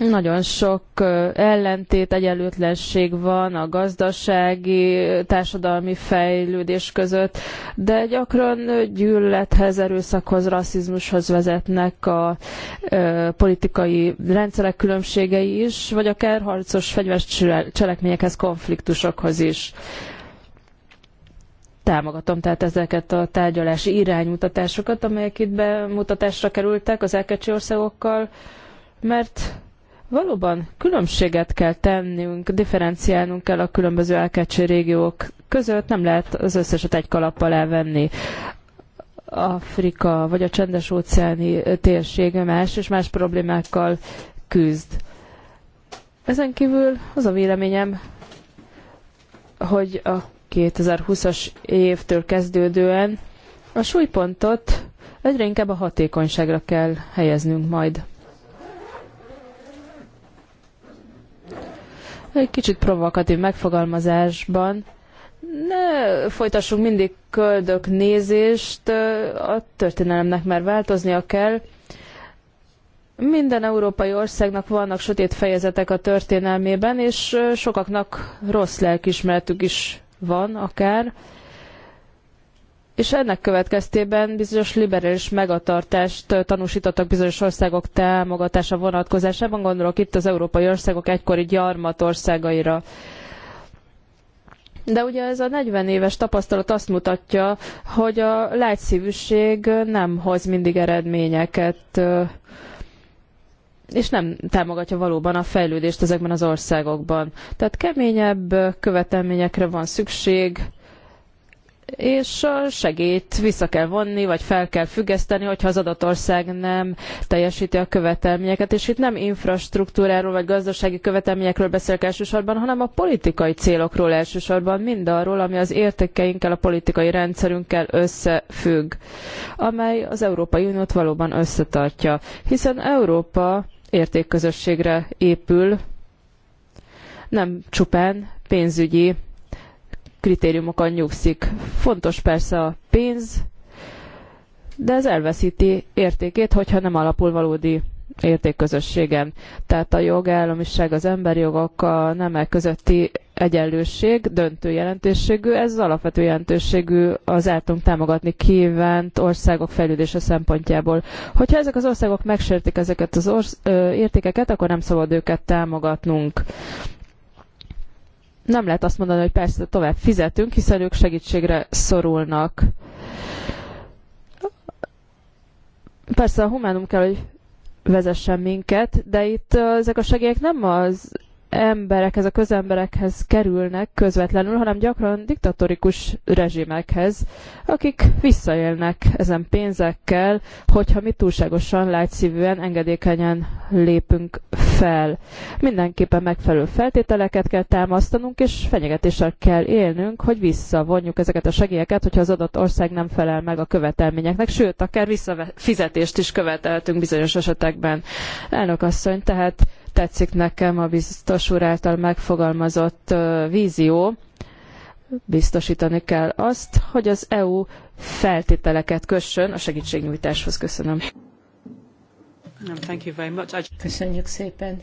S4: nagyon sok ellentét, egyenlőtlenség van a gazdasági, társadalmi fejlődés között, de gyakran gyűlölethez, erőszakhoz, rasszizmushoz vezetnek a politikai rendszerek különbségei is, vagy akár harcos fegyveres cselekményekhez, konfliktusokhoz is. Támogatom tehát ezeket a tárgyalási iránymutatásokat, amelyek itt bemutatásra kerültek az elkecsi országokkal, mert Valóban különbséget kell tennünk, differenciálnunk kell a különböző elkecsi régiók között, nem lehet az összeset egy kalap alá venni. Afrika vagy a csendes óceáni térsége más és más problémákkal küzd. Ezen kívül az a véleményem, hogy a 2020-as évtől kezdődően a súlypontot egyre inkább a hatékonyságra kell helyeznünk majd. egy kicsit provokatív megfogalmazásban ne folytassunk mindig köldök nézést, a történelemnek már változnia kell. Minden európai országnak vannak sötét fejezetek a történelmében, és sokaknak rossz lelkismeretük is van akár és ennek következtében bizonyos liberális megatartást tanúsítottak bizonyos országok támogatása vonatkozásában, gondolok itt az európai országok egykori gyarmatországaira. De ugye ez a 40 éves tapasztalat azt mutatja, hogy a lágyszívűség nem hoz mindig eredményeket, és nem támogatja valóban a fejlődést ezekben az országokban. Tehát keményebb követelményekre van szükség, és a segélyt vissza kell vonni, vagy fel kell függeszteni, hogyha az adott ország nem teljesíti a követelményeket. És itt nem infrastruktúráról vagy gazdasági követelményekről beszélek elsősorban, hanem a politikai célokról elsősorban, mindarról, ami az értékeinkkel, a politikai rendszerünkkel összefügg, amely az Európai Uniót valóban összetartja. Hiszen Európa értékközösségre épül, nem csupán pénzügyi kritériumokon nyugszik. Fontos persze a pénz, de ez elveszíti értékét, hogyha nem alapul valódi értékközösségen. Tehát a jogállamiság, az emberi jogok, a nemek közötti egyenlőség döntő jelentőségű, ez alapvető jelentőségű az általunk támogatni kívánt országok fejlődése szempontjából. Hogyha ezek az országok megsértik ezeket az orsz- ö, értékeket, akkor nem szabad őket támogatnunk. Nem lehet azt mondani, hogy persze tovább fizetünk, hiszen ők segítségre szorulnak. Persze a humánum kell, hogy vezessen minket, de itt ezek a segélyek nem az emberekhez, a közemberekhez kerülnek közvetlenül, hanem gyakran diktatórikus rezsimekhez, akik visszaélnek ezen pénzekkel, hogyha mi túlságosan látszívűen, engedékenyen lépünk fel. Mindenképpen megfelelő feltételeket kell támasztanunk, és fenyegetéssel kell élnünk, hogy visszavonjuk ezeket a segélyeket, hogyha az adott ország nem felel meg a követelményeknek, sőt, akár visszafizetést is követeltünk bizonyos esetekben. Elnök asszony, tehát tetszik nekem a biztos úr által megfogalmazott vízió. Biztosítani kell azt, hogy az EU feltételeket kössön a segítségnyújtáshoz. Köszönöm.
S2: Um,
S3: Köszönjük szépen.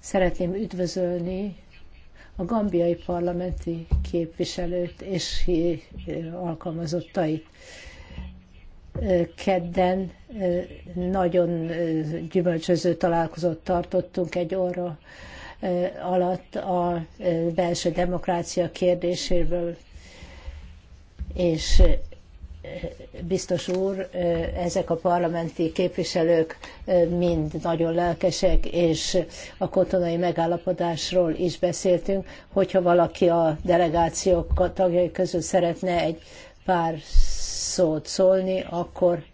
S3: Szeretném üdvözölni a gambiai parlamenti képviselőt és alkalmazottait kedden nagyon gyümölcsöző találkozót tartottunk egy óra alatt a belső demokrácia kérdéséről, és biztos úr, ezek a parlamenti képviselők mind nagyon lelkesek, és a kotonai megállapodásról is beszéltünk, hogyha valaki a delegációk tagjai közül szeretne egy pár szót szólni, akkor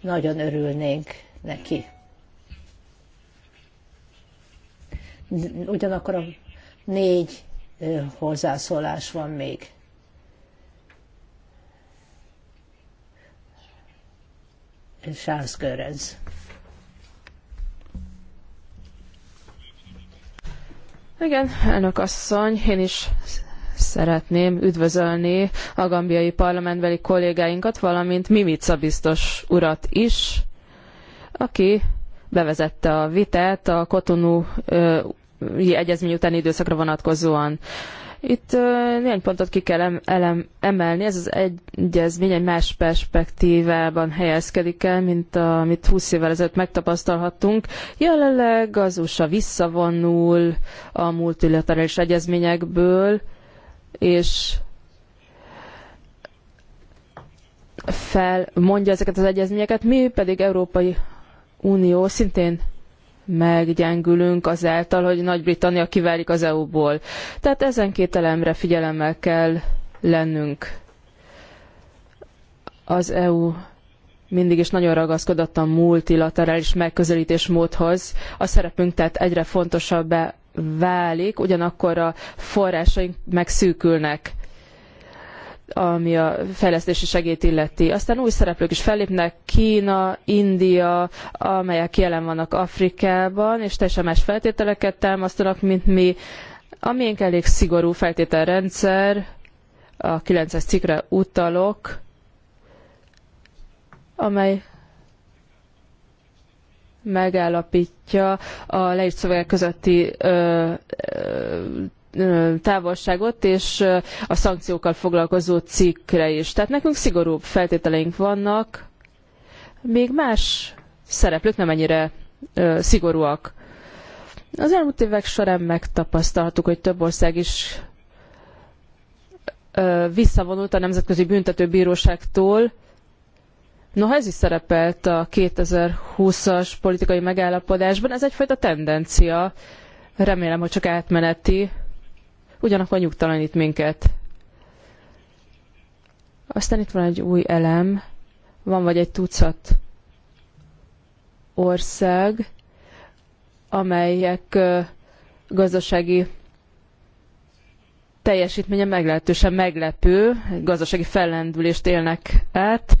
S3: nagyon örülnénk neki. Ugyanakkor a négy hozzászólás van még. Charles Görenz.
S4: Igen, elnök asszony, én is szeretném üdvözölni a gambiai parlamentbeli kollégáinkat, valamint Mimica biztos urat is, aki bevezette a vitát a Kotonú egyezmény utáni időszakra vonatkozóan. Itt néhány pontot ki kell em, elem, emelni, ez az egyezmény egy más perspektívában helyezkedik el, mint amit 20 évvel ezelőtt megtapasztalhattunk. Jelenleg az USA visszavonul a multilaterális egyezményekből, és felmondja ezeket az egyezményeket, mi pedig Európai Unió szintén meggyengülünk azáltal, hogy Nagy-Britannia kiválik az EU-ból. Tehát ezen két elemre figyelemmel kell lennünk. Az EU mindig is nagyon ragaszkodott a multilaterális megközelítésmódhoz. A szerepünk tehát egyre fontosabbá válik, ugyanakkor a forrásaink megszűkülnek ami a fejlesztési segélyt illeti. Aztán új szereplők is fellépnek, Kína, India, amelyek jelen vannak Afrikában, és teljesen más feltételeket támasztanak, mint mi. A miénk elég szigorú feltételrendszer, a 9-es cikkre utalok, amely megállapítja a leírt szövegek közötti ö, ö, távolságot, és a szankciókkal foglalkozó cikkre is. Tehát nekünk szigorúbb feltételeink vannak, még más szereplők nem ennyire ö, szigorúak. Az elmúlt évek során megtapasztalhattuk, hogy több ország is visszavonult a Nemzetközi Büntetőbíróságtól, Noha ez is szerepelt a 2020-as politikai megállapodásban, ez egyfajta tendencia, remélem, hogy csak átmeneti, ugyanakkor nyugtalanít minket. Aztán itt van egy új elem, van vagy egy tucat ország, amelyek gazdasági teljesítménye meglehetősen meglepő, gazdasági fellendülést élnek át.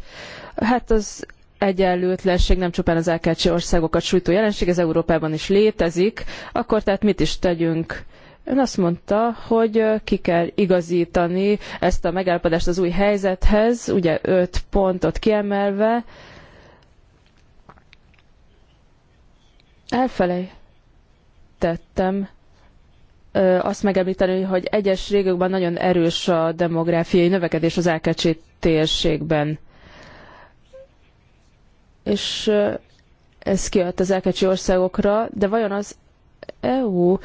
S4: Hát az egyenlőtlenség nem csupán az LKC országokat sújtó jelenség, ez Európában is létezik, akkor tehát mit is tegyünk? Ön azt mondta, hogy ki kell igazítani ezt a megállapodást az új helyzethez, ugye öt pontot kiemelve. Elfelejtettem azt megemlíteni, hogy egyes régiókban nagyon erős a demográfiai növekedés az LKC térségben és ez kijött az elkecsi országokra, de vajon az EU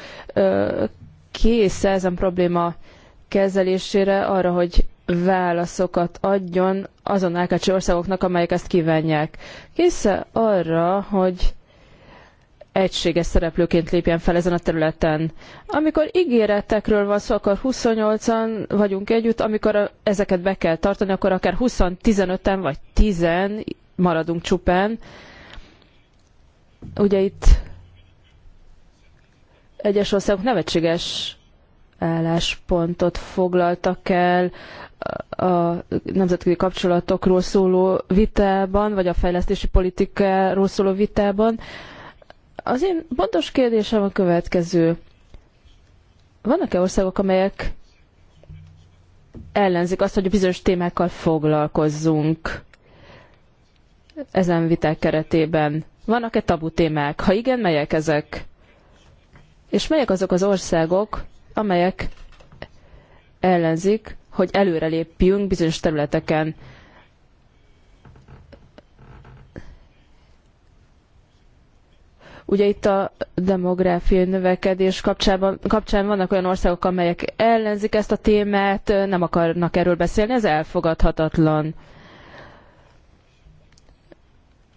S4: kész -e ezen probléma kezelésére arra, hogy válaszokat adjon azon elkecsi országoknak, amelyek ezt kívánják. kész -e arra, hogy egységes szereplőként lépjen fel ezen a területen. Amikor ígéretekről van szó, akkor 28-an vagyunk együtt, amikor ezeket be kell tartani, akkor akár 20-15-en vagy 10 maradunk csupán. Ugye itt egyes országok nevetséges álláspontot foglaltak el a nemzetközi kapcsolatokról szóló vitában, vagy a fejlesztési politikáról szóló vitában. Az én pontos kérdésem a következő. Vannak-e országok, amelyek ellenzik azt, hogy bizonyos témákkal foglalkozzunk? ezen viták keretében? Vannak-e tabu témák? Ha igen, melyek ezek? És melyek azok az országok, amelyek ellenzik, hogy előrelépjünk bizonyos területeken? Ugye itt a demográfiai növekedés kapcsán, kapcsán vannak olyan országok, amelyek ellenzik ezt a témát, nem akarnak erről beszélni, ez elfogadhatatlan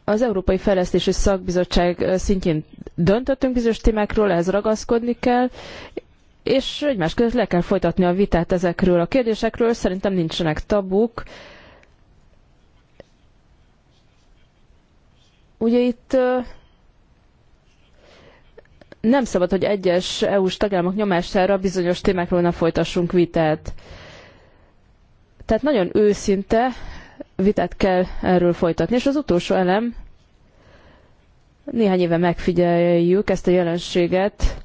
S4: az Európai Fejlesztési Szakbizottság szintjén döntöttünk bizonyos témákról, ehhez ragaszkodni kell, és egymás között le kell folytatni a vitát ezekről a kérdésekről. Szerintem nincsenek tabuk. Ugye itt nem szabad, hogy egyes EU-s tagállamok nyomására bizonyos témákról ne folytassunk vitát. Tehát nagyon őszinte vitát kell erről folytatni. És az utolsó elem, néhány éve megfigyeljük ezt a jelenséget,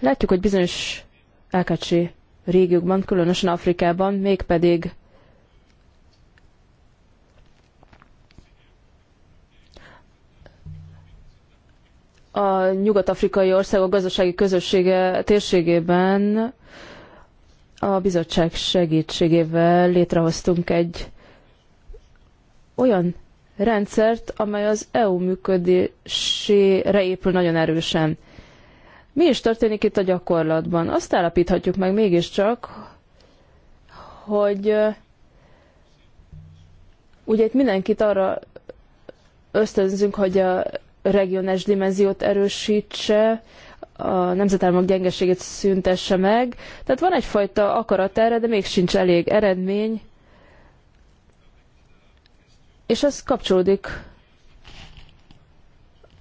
S4: látjuk, hogy bizonyos elkácsi régiókban, különösen Afrikában, mégpedig a nyugat-afrikai országok gazdasági közössége térségében a bizottság segítségével létrehoztunk egy olyan rendszert, amely az EU működésére épül nagyon erősen. Mi is történik itt a gyakorlatban? Azt állapíthatjuk meg mégiscsak, hogy ugye itt mindenkit arra ösztönzünk, hogy a regionális dimenziót erősítse, a nemzetállamok gyengeségét szüntesse meg. Tehát van egyfajta akarat erre, de még sincs elég eredmény. És ez kapcsolódik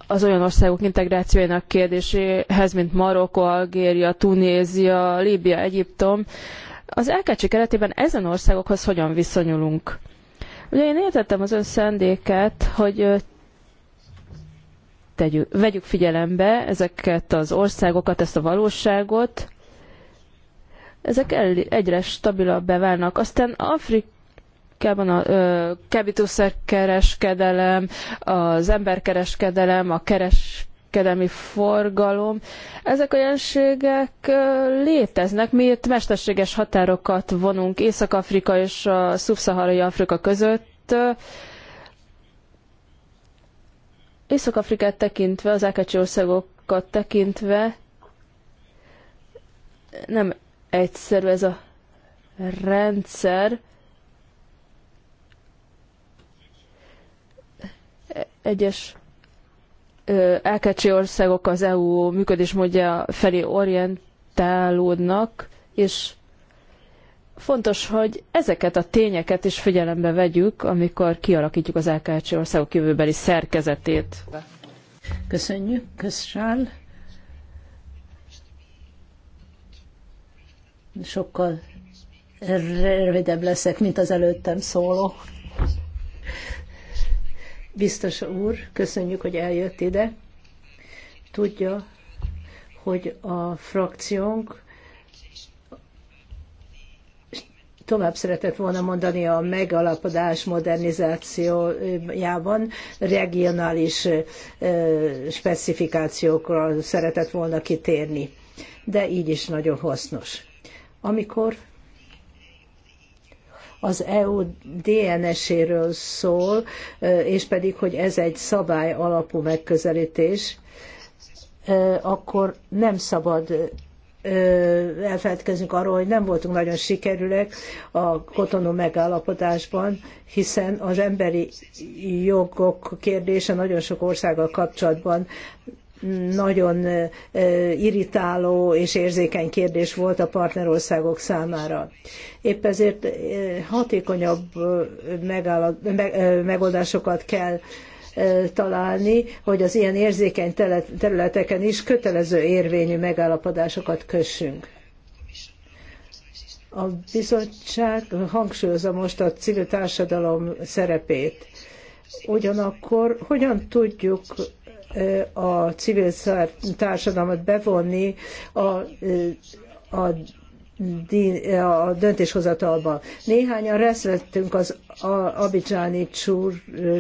S4: az olyan országok integrációjának kérdéséhez, mint Marokko, Algéria, Tunézia, Líbia, Egyiptom. Az LKC keretében ezen országokhoz hogyan viszonyulunk? Ugye én értettem az ön szendéket, hogy tegyük, vegyük figyelembe ezeket az országokat, ezt a valóságot, ezek el, egyre stabilabbá válnak. Aztán Afrika Kában a ö, kábítószerkereskedelem, az emberkereskedelem, a kereskedelmi forgalom. Ezek a jelenségek ö, léteznek. Mi itt mesterséges határokat vonunk Észak-Afrika és a szubszaharai Afrika között. Észak-Afrikát tekintve, az AKC országokat tekintve nem egyszerű ez a rendszer egyes elkecsi országok az EU működésmódja felé orientálódnak, és fontos, hogy ezeket a tényeket is figyelembe vegyük, amikor kialakítjuk az LKC országok jövőbeli szerkezetét.
S3: Köszönjük, köszönjük. Sokkal rövidebb leszek, mint az előttem szóló. Biztos úr, köszönjük, hogy eljött ide. Tudja, hogy a frakciónk tovább szeretett volna mondani a megalapodás modernizációjában regionális specifikációkra szeretett volna kitérni, de így is nagyon hasznos. Amikor az EU DNS-éről szól, és pedig, hogy ez egy szabály alapú megközelítés, akkor nem szabad elfeledkezünk arról, hogy nem voltunk nagyon sikerülek a kotonó megállapodásban, hiszen az emberi jogok kérdése nagyon sok országgal kapcsolatban nagyon irritáló és érzékeny kérdés volt a partnerországok számára. Épp ezért hatékonyabb megoldásokat kell találni, hogy az ilyen érzékeny területeken is kötelező érvényű megállapodásokat kössünk. A bizottság hangsúlyozza most a civil társadalom szerepét. Ugyanakkor hogyan tudjuk a civil társadalmat bevonni a, a a döntéshozatalba. Néhányan részt vettünk az abidzsáni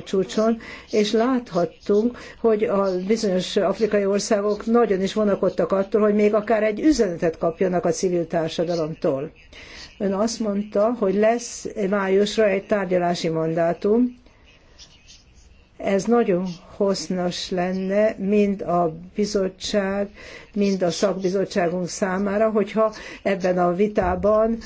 S3: csúcson, és láthattunk, hogy a bizonyos afrikai országok nagyon is vonakodtak attól, hogy még akár egy üzenetet kapjanak a civil társadalomtól. Ön azt mondta, hogy lesz májusra egy tárgyalási mandátum, ez nagyon hasznos lenne mind a bizottság, mind a szakbizottságunk számára, hogyha ebben a vitában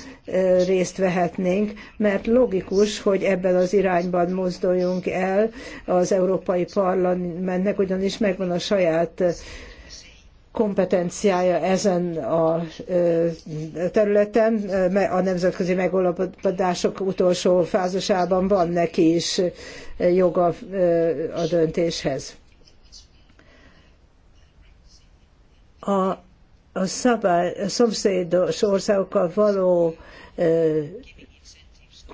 S3: részt vehetnénk, mert logikus, hogy ebben az irányban mozduljunk el az Európai Parlamentnek, ugyanis megvan a saját kompetenciája ezen a területen, a nemzetközi megoldások utolsó fázisában van neki is joga a döntéshez. A, a, szabály, a szomszédos országokkal való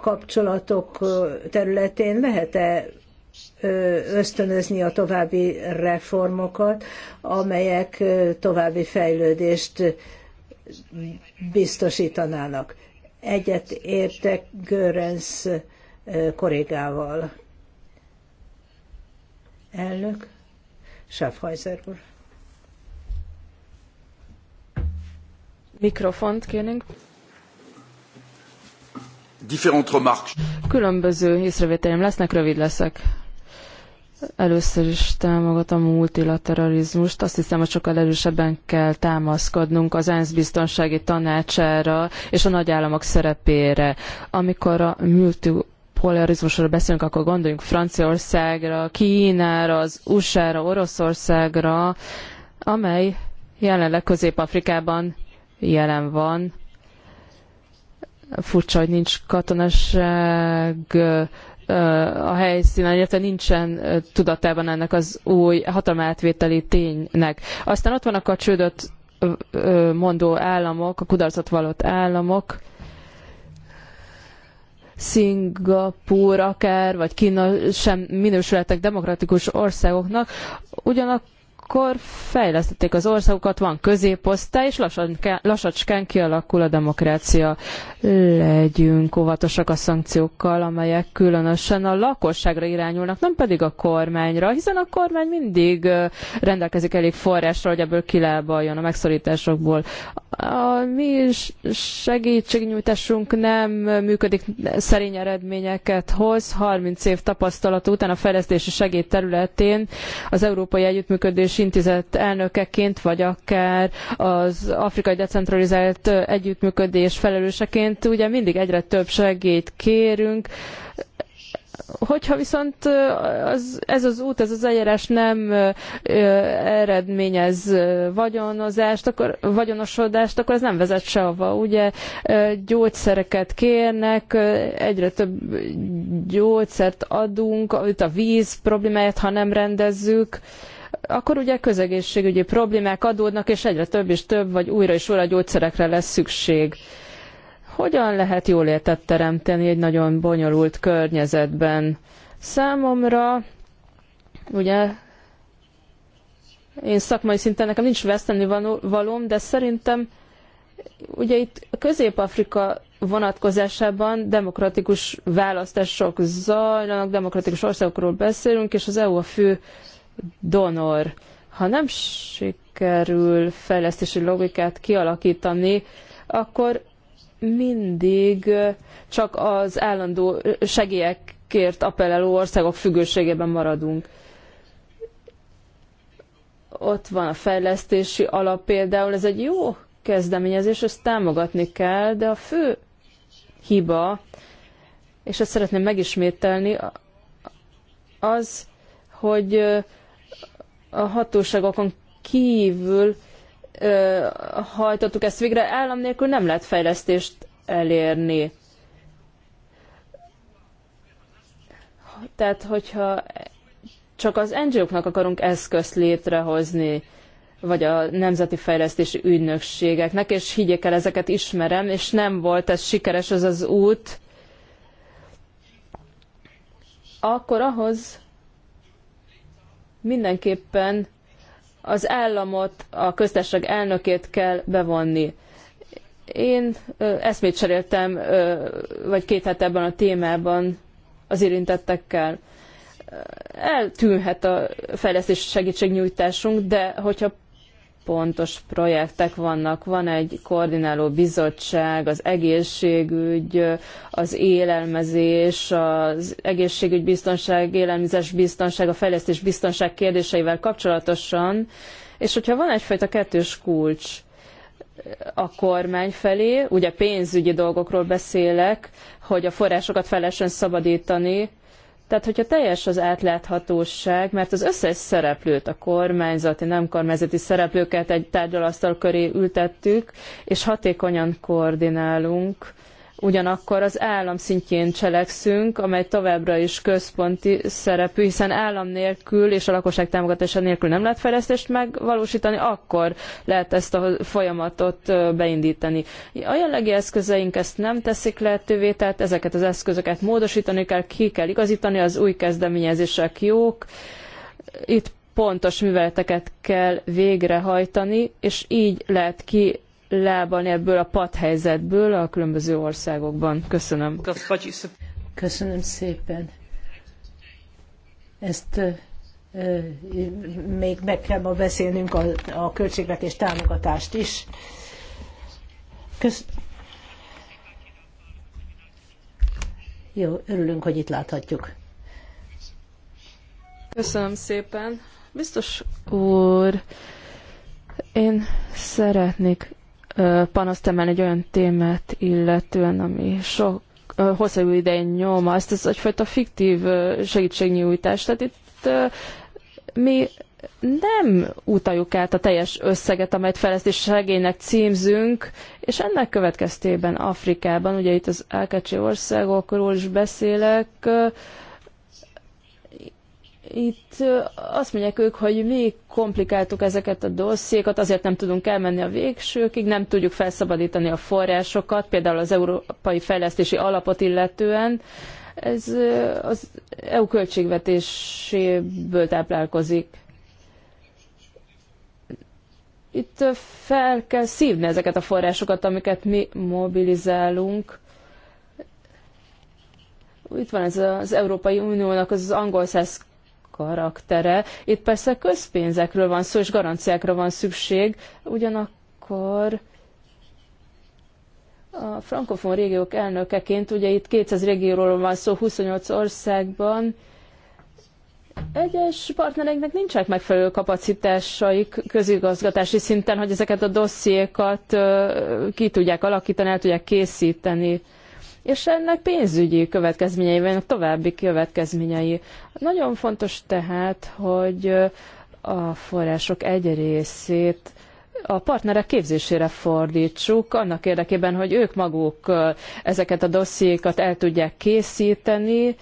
S3: kapcsolatok területén lehet-e ösztönözni a további reformokat, amelyek további fejlődést biztosítanának. Egyet értek Görens korrigával. Elnök, Schaffhäuser úr.
S4: Mikrofont kérünk. Különböző észrevételem lesznek, rövid leszek. Először is támogatom a multilateralizmust. Azt hiszem, hogy sokkal erősebben kell támaszkodnunk az ENSZ biztonsági tanácsára és a nagyállamok szerepére. Amikor a multipolarizmusról beszélünk, akkor gondoljunk Franciaországra, Kínára, az USA-ra, Oroszországra, amely jelenleg Közép-Afrikában jelen van. Furcsa, hogy nincs katonaság a helyszínen, illetve nincsen tudatában ennek az új hatalmátvételi ténynek. Aztán ott vannak a csődöt mondó államok, a kudarcot vallott államok, Szingapúr akár, vagy Kína sem minősülhetnek demokratikus országoknak, ugyanakkor akkor fejlesztették az országokat, van középosztály, és lassan, lassacskán kialakul a demokrácia. Legyünk óvatosak a szankciókkal, amelyek különösen a lakosságra irányulnak, nem pedig a kormányra, hiszen a kormány mindig rendelkezik elég forrásra, hogy ebből kilábaljon a megszorításokból. A mi segítségnyújtásunk nem működik szerény eredményeket hoz. 30 év tapasztalat után a fejlesztési segély területén az Európai Együttműködés Tudományos Intézet elnökeként, vagy akár az Afrikai Decentralizált Együttműködés felelőseként ugye mindig egyre több segélyt kérünk, Hogyha viszont az, ez az út, ez az eljárás nem ö, eredményez vagyonozást, akkor, vagyonosodást, akkor ez nem vezet sehova. Ugye gyógyszereket kérnek, egyre több gyógyszert adunk, itt a víz problémáját, ha nem rendezzük. Ö, akkor ugye közegészségügyi problémák adódnak, és egyre több és több, vagy újra és újra gyógyszerekre lesz szükség. Hogyan lehet jólétet teremteni egy nagyon bonyolult környezetben? Számomra, ugye én szakmai szinten nekem nincs veszteni valóm, de szerintem ugye itt Közép-Afrika vonatkozásában demokratikus választások zajlanak, demokratikus országokról beszélünk, és az EU a fő donor. Ha nem sikerül fejlesztési logikát kialakítani, akkor mindig csak az állandó segélyekért apeleló országok függőségében maradunk. Ott van a fejlesztési alap például, ez egy jó kezdeményezés, ezt támogatni kell, de a fő hiba, és ezt szeretném megismételni, az, hogy a hatóságokon kívül ö, hajtottuk ezt végre, állam nélkül nem lehet fejlesztést elérni. Tehát, hogyha csak az NGO-knak akarunk eszközt létrehozni, vagy a Nemzeti Fejlesztési Ügynökségeknek, és higgyék el, ezeket ismerem, és nem volt ez sikeres az az út, akkor ahhoz mindenképpen az államot, a köztársaság elnökét kell bevonni. Én eszmét cseréltem, vagy két hete ebben a témában az érintettekkel. Eltűnhet a fejlesztés segítségnyújtásunk, de hogyha pontos projektek vannak. Van egy koordináló bizottság, az egészségügy, az élelmezés, az egészségügy biztonság, élelmezés biztonság, a fejlesztés biztonság kérdéseivel kapcsolatosan. És hogyha van egyfajta kettős kulcs a kormány felé, ugye pénzügyi dolgokról beszélek, hogy a forrásokat fel lehessen szabadítani, tehát, hogyha teljes az átláthatóság, mert az összes szereplőt, a kormányzati, nem kormányzati szereplőket egy tárgyalasztal köré ültettük, és hatékonyan koordinálunk, Ugyanakkor az állam szintjén cselekszünk, amely továbbra is központi szerepű, hiszen állam nélkül és a lakosság támogatása nélkül nem lehet fejlesztést megvalósítani, akkor lehet ezt a folyamatot beindítani. A jelenlegi eszközeink ezt nem teszik lehetővé, tehát ezeket az eszközöket módosítani kell, ki kell igazítani, az új kezdeményezések jók. Itt pontos műveleteket kell végrehajtani, és így lehet ki lában ebből a padhelyzetből a különböző országokban. Köszönöm.
S3: Köszönöm szépen. Ezt ö, még meg kell ma beszélnünk a, a költségvetés támogatást is. Kösz... Jó, örülünk, hogy itt láthatjuk. Köszönöm szépen.
S4: Biztos úr, én szeretnék panaszt emelni egy olyan témát illetően, ami sok hosszú idején nyoma ezt az egyfajta fiktív segítségnyújtást Tehát itt mi nem utaljuk át a teljes összeget, amelyet fejlesztés segélynek címzünk, és ennek következtében Afrikában, ugye itt az AKC országokról is beszélek, itt azt mondják ők, hogy mi komplikáltuk ezeket a dossziékat, azért nem tudunk elmenni a végsőkig, nem tudjuk felszabadítani a forrásokat, például az Európai Fejlesztési Alapot illetően. Ez az EU költségvetéséből táplálkozik. Itt fel kell szívni ezeket a forrásokat, amiket mi mobilizálunk itt van ez az Európai Uniónak az angol száz karaktere. Itt persze közpénzekről van szó, és garanciákra van szükség, ugyanakkor a frankofon régiók elnökeként, ugye itt 200 régióról van szó 28 országban, egyes partnereinknek nincsenek megfelelő kapacitásaik közigazgatási szinten, hogy ezeket a dossziékat ki tudják alakítani, el tudják készíteni és ennek pénzügyi következményei, vannak további következményei. Nagyon fontos tehát, hogy a források egy részét a partnerek képzésére fordítsuk, annak érdekében, hogy ők maguk ezeket a dossziékat el tudják készíteni,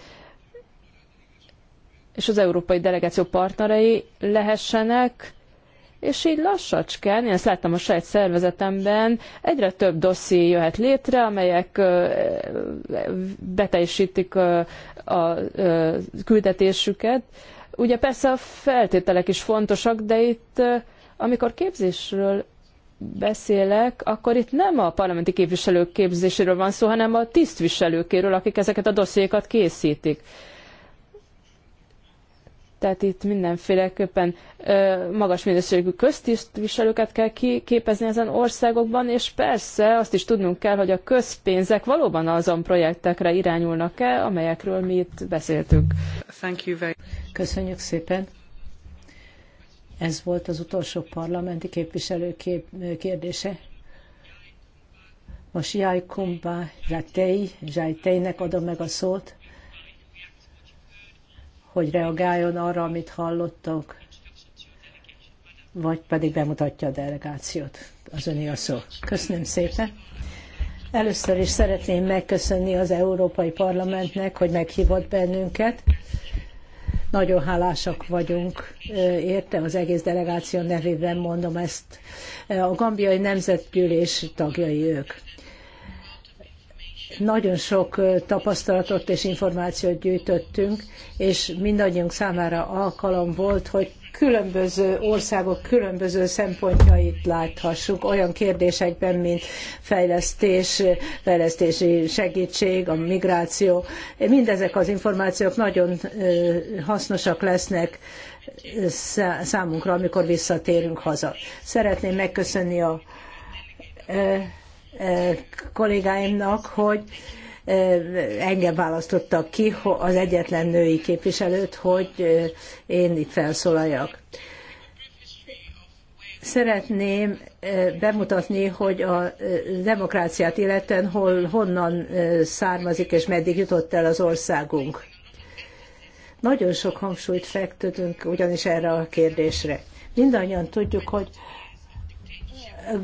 S4: és az európai delegáció partnerei lehessenek, és így lassacskán, én ezt láttam a saját szervezetemben, egyre több dosszi jöhet létre, amelyek beteljesítik a küldetésüket. Ugye persze a feltételek is fontosak, de itt amikor képzésről beszélek, akkor itt nem a parlamenti képviselők képzéséről van szó, hanem a tisztviselőkéről, akik ezeket a dossziékat készítik. Tehát itt mindenféleképpen magas minőségű köztisztviselőket kell képezni ezen országokban, és persze azt is tudnunk kell, hogy a közpénzek valóban azon projektekre irányulnak-e,
S3: amelyekről mi itt beszéltünk. Thank you very Köszönjük szépen. Ez volt az utolsó parlamenti képviselő kérdése. Most Jai Kumba Zsájtei, Zsájteinek adom meg a szót hogy reagáljon arra, amit hallottok, vagy pedig bemutatja a delegációt. Az öné a szó. Köszönöm szépen. Először is szeretném megköszönni az Európai Parlamentnek, hogy meghívott bennünket. Nagyon hálásak vagyunk, érte az egész delegáció nevében mondom ezt. A gambiai nemzetgyűlés tagjai ők. Nagyon sok tapasztalatot és információt gyűjtöttünk, és mindannyiunk számára alkalom volt, hogy különböző országok különböző szempontjait láthassuk olyan kérdésekben, mint fejlesztés, fejlesztési segítség, a migráció. Mindezek az információk nagyon hasznosak lesznek számunkra, amikor visszatérünk haza. Szeretném megköszönni a kollégáimnak, hogy engem választottak ki, az egyetlen női képviselőt, hogy én itt felszólaljak. Szeretném bemutatni, hogy a demokráciát illetően hol, honnan származik és meddig jutott el az országunk. Nagyon sok hangsúlyt fektetünk ugyanis erre a kérdésre. Mindannyian tudjuk, hogy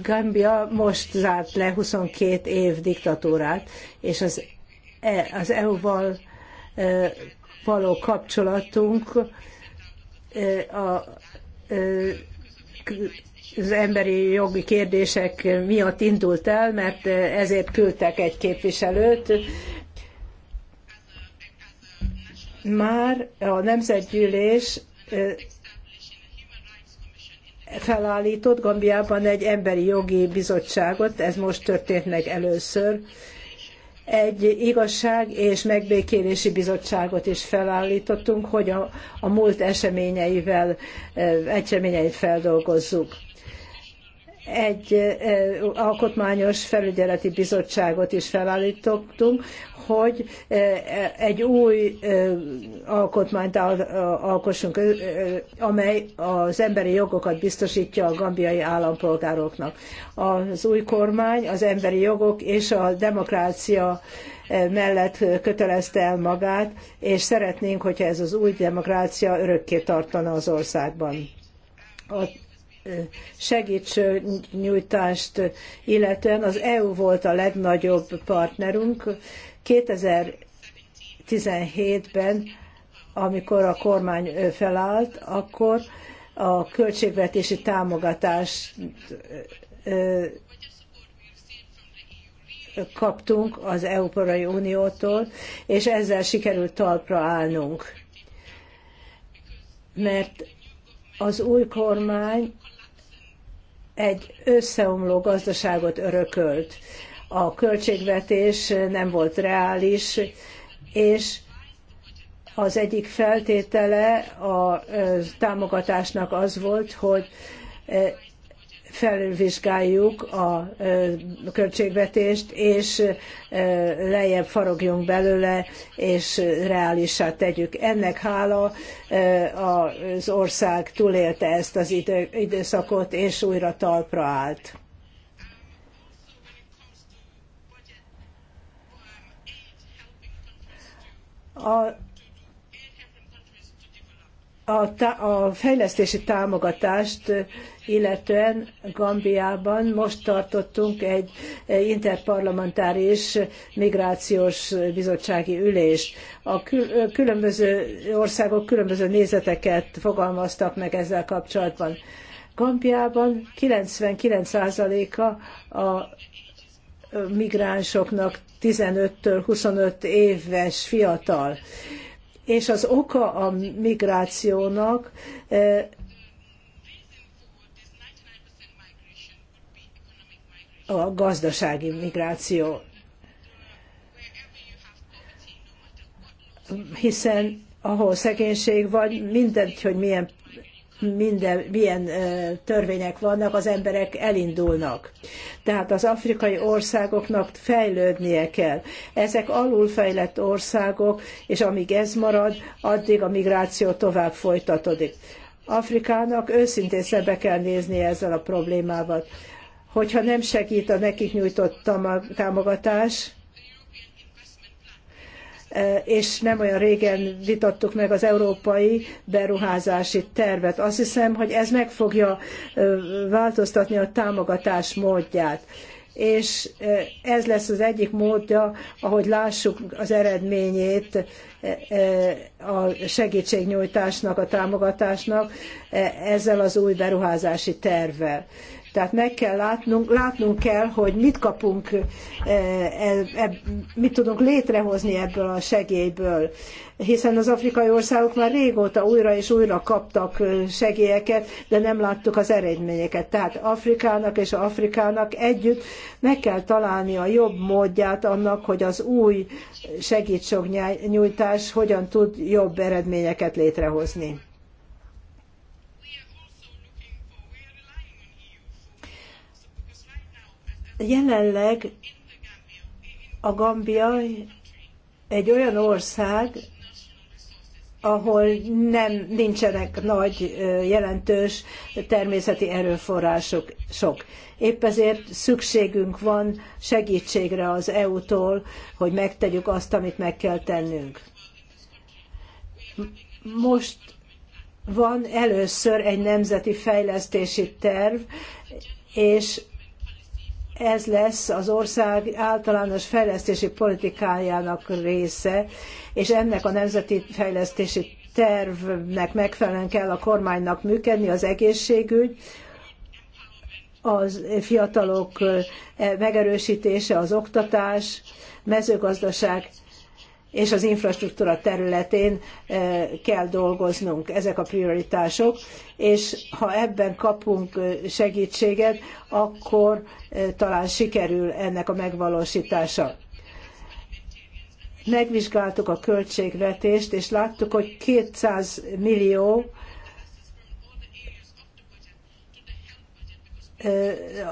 S3: Gambia most zárt le 22 év diktatúrát, és az, e, az EU-val e, való kapcsolatunk e, a, az emberi jogi kérdések miatt indult el, mert ezért küldtek egy képviselőt. Már a Nemzetgyűlés felállított Gambiában egy emberi jogi bizottságot, ez most történt meg először, egy igazság és megbékélési bizottságot is felállítottunk, hogy a, a múlt eseményeivel, eseményeit eh, feldolgozzuk egy alkotmányos felügyeleti bizottságot is felállítottunk, hogy egy új alkotmányt alkossunk, amely az emberi jogokat biztosítja a gambiai állampolgároknak. Az új kormány az emberi jogok és a demokrácia mellett kötelezte el magát, és szeretnénk, hogyha ez az új demokrácia örökké tartana az országban. A segítségnyújtást illetően az EU volt a legnagyobb partnerünk. 2017-ben, amikor a kormány felállt, akkor a költségvetési támogatást kaptunk az Európai Uniótól, és ezzel sikerült talpra állnunk. Mert az új kormány egy összeomló gazdaságot örökölt. A költségvetés nem volt reális, és az egyik feltétele a támogatásnak az volt, hogy felülvizsgáljuk a költségvetést, és lejjebb farogjunk belőle, és reálissá tegyük. Ennek hála az ország túlélte ezt az időszakot, és újra talpra állt. A a, a fejlesztési támogatást illetően Gambiában most tartottunk egy interparlamentáris migrációs bizottsági ülést. A különböző országok különböző nézeteket fogalmaztak meg ezzel kapcsolatban. Gambiában 99%-a a migránsoknak 15-től 25 éves fiatal és az oka a migrációnak e, a gazdasági migráció. Hiszen ahol szegénység vagy, mindegy, hogy milyen minden, milyen törvények vannak, az emberek elindulnak. Tehát az afrikai országoknak fejlődnie kell. Ezek alulfejlett országok, és amíg ez marad, addig a migráció tovább folytatódik. Afrikának őszintén szembe kell nézni ezzel a problémával. Hogyha nem segít a nekik nyújtott támogatás, és nem olyan régen vitattuk meg az európai beruházási tervet. Azt hiszem, hogy ez meg fogja változtatni a támogatás módját. És ez lesz az egyik módja, ahogy lássuk az eredményét a segítségnyújtásnak, a támogatásnak ezzel az új beruházási tervvel. Tehát meg kell látnunk, látnunk kell, hogy mit kapunk, eh, e, e, mit tudunk létrehozni ebből a segélyből. Hiszen az afrikai országok már régóta újra és újra kaptak eh, segélyeket, de nem láttuk az eredményeket. Tehát Afrikának és Afrikának együtt meg kell találni a jobb módját annak, hogy az új segítségnyújtás hogyan tud jobb eredményeket létrehozni. Jelenleg a Gambia egy olyan ország, ahol nem nincsenek nagy, jelentős természeti erőforrások sok. Épp ezért szükségünk van segítségre az EU-tól, hogy megtegyük azt, amit meg kell tennünk. Most van először egy nemzeti fejlesztési terv, és ez lesz az ország általános fejlesztési politikájának része, és ennek a nemzeti fejlesztési tervnek megfelelően kell a kormánynak működni, az egészségügy, az fiatalok eh, megerősítése, az oktatás, mezőgazdaság és az infrastruktúra területén e, kell dolgoznunk. Ezek a prioritások, és ha ebben kapunk e, segítséget, akkor e, talán sikerül ennek a megvalósítása. Megvizsgáltuk a költségvetést, és láttuk, hogy 200 millió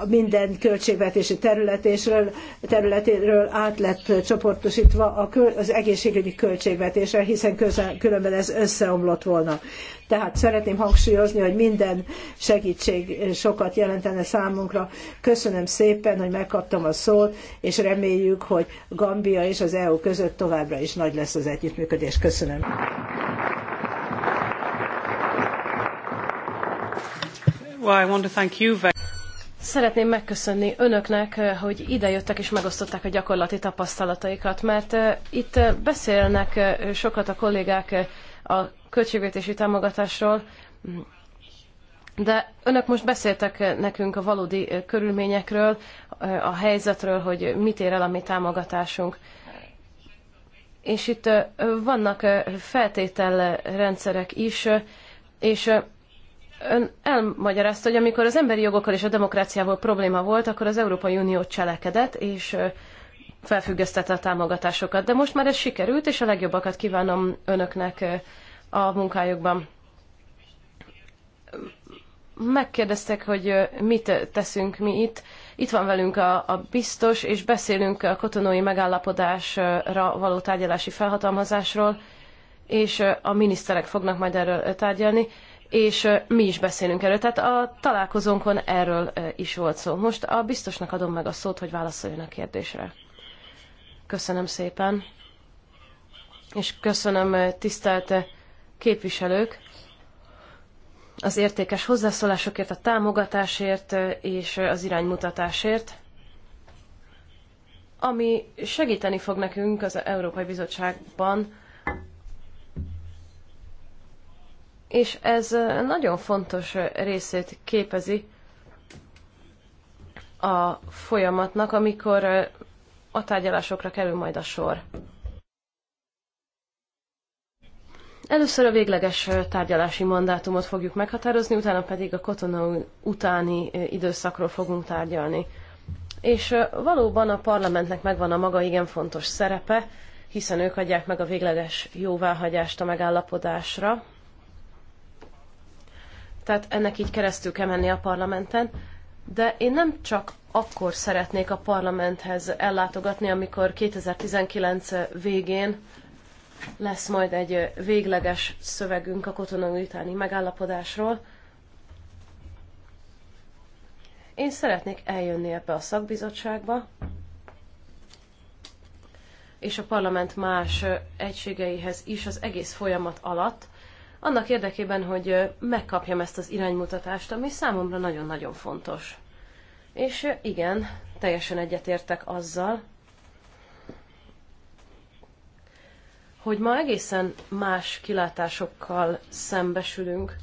S3: minden költségvetési területésről, területéről át lett csoportosítva az egészségügyi költségvetésre, hiszen közel, különben ez összeomlott volna. Tehát szeretném hangsúlyozni, hogy minden segítség sokat jelentene számunkra. Köszönöm szépen, hogy megkaptam a szót, és reméljük, hogy Gambia és az EU között továbbra is nagy lesz az együttműködés. Köszönöm.
S2: Well, I want to thank you very
S1: Szeretném megköszönni önöknek, eh, hogy idejöttek és megosztották a gyakorlati tapasztalataikat, mert eh, itt eh, beszélnek sokat a kollégák a költségvetési támogatásról, mm, de önök most beszéltek nekünk a valódi körülményekről, a helyzetről, hogy mit ér el a mi támogatásunk. És itt vannak feltételrendszerek is, és Ön elmagyarázta, hogy amikor az emberi jogokkal és a demokráciával probléma volt, akkor az Európai Unió cselekedett, és felfüggesztette a támogatásokat. De most már ez sikerült, és a legjobbakat kívánom önöknek a munkájukban. Megkérdeztek, hogy mit teszünk mi itt. Itt van velünk a, a biztos, és beszélünk a kotonói megállapodásra való tárgyalási felhatalmazásról, és a miniszterek fognak majd erről tárgyalni és mi is beszélünk erről. Tehát a találkozónkon erről is volt szó. Most a biztosnak adom meg a szót, hogy válaszoljon a kérdésre. Köszönöm szépen. És köszönöm tisztelt képviselők az értékes hozzászólásokért, a támogatásért és az iránymutatásért, ami segíteni fog nekünk az Európai Bizottságban és ez nagyon fontos részét képezi a folyamatnak, amikor a tárgyalásokra kerül majd a sor. Először a végleges tárgyalási mandátumot fogjuk meghatározni, utána pedig a Kotonó utáni időszakról fogunk tárgyalni. És valóban a parlamentnek megvan a maga igen fontos szerepe, hiszen ők adják meg a végleges jóváhagyást a megállapodásra, tehát ennek így keresztül kell menni a parlamenten, de én nem csak akkor szeretnék a parlamenthez ellátogatni, amikor 2019 végén lesz majd egy végleges szövegünk a kotonai utáni megállapodásról. Én szeretnék eljönni ebbe a szakbizottságba, és a parlament más egységeihez is az egész folyamat alatt, annak érdekében, hogy megkapjam ezt az iránymutatást, ami számomra nagyon-nagyon fontos. És igen, teljesen egyetértek azzal, hogy ma egészen más kilátásokkal szembesülünk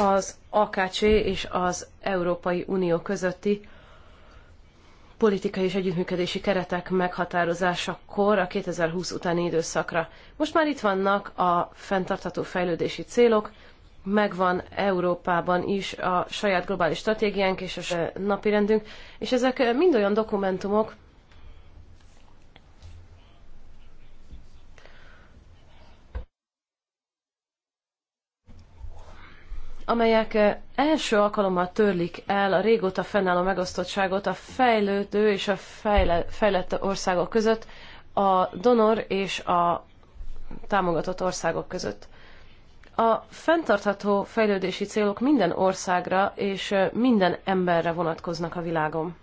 S1: az AKC és az Európai Unió közötti politikai és együttműködési keretek meghatározásakor a 2020 utáni időszakra. Most már itt vannak a fenntartható fejlődési célok, megvan Európában is a saját globális stratégiánk és a napirendünk, és ezek mind olyan dokumentumok, amelyek eh, első alkalommal törlik el a régóta fennálló megosztottságot a fejlődő és a fejle, fejlett országok között, a donor és a támogatott országok között. A fenntartható fejlődési célok minden országra és eh, minden emberre vonatkoznak a világon.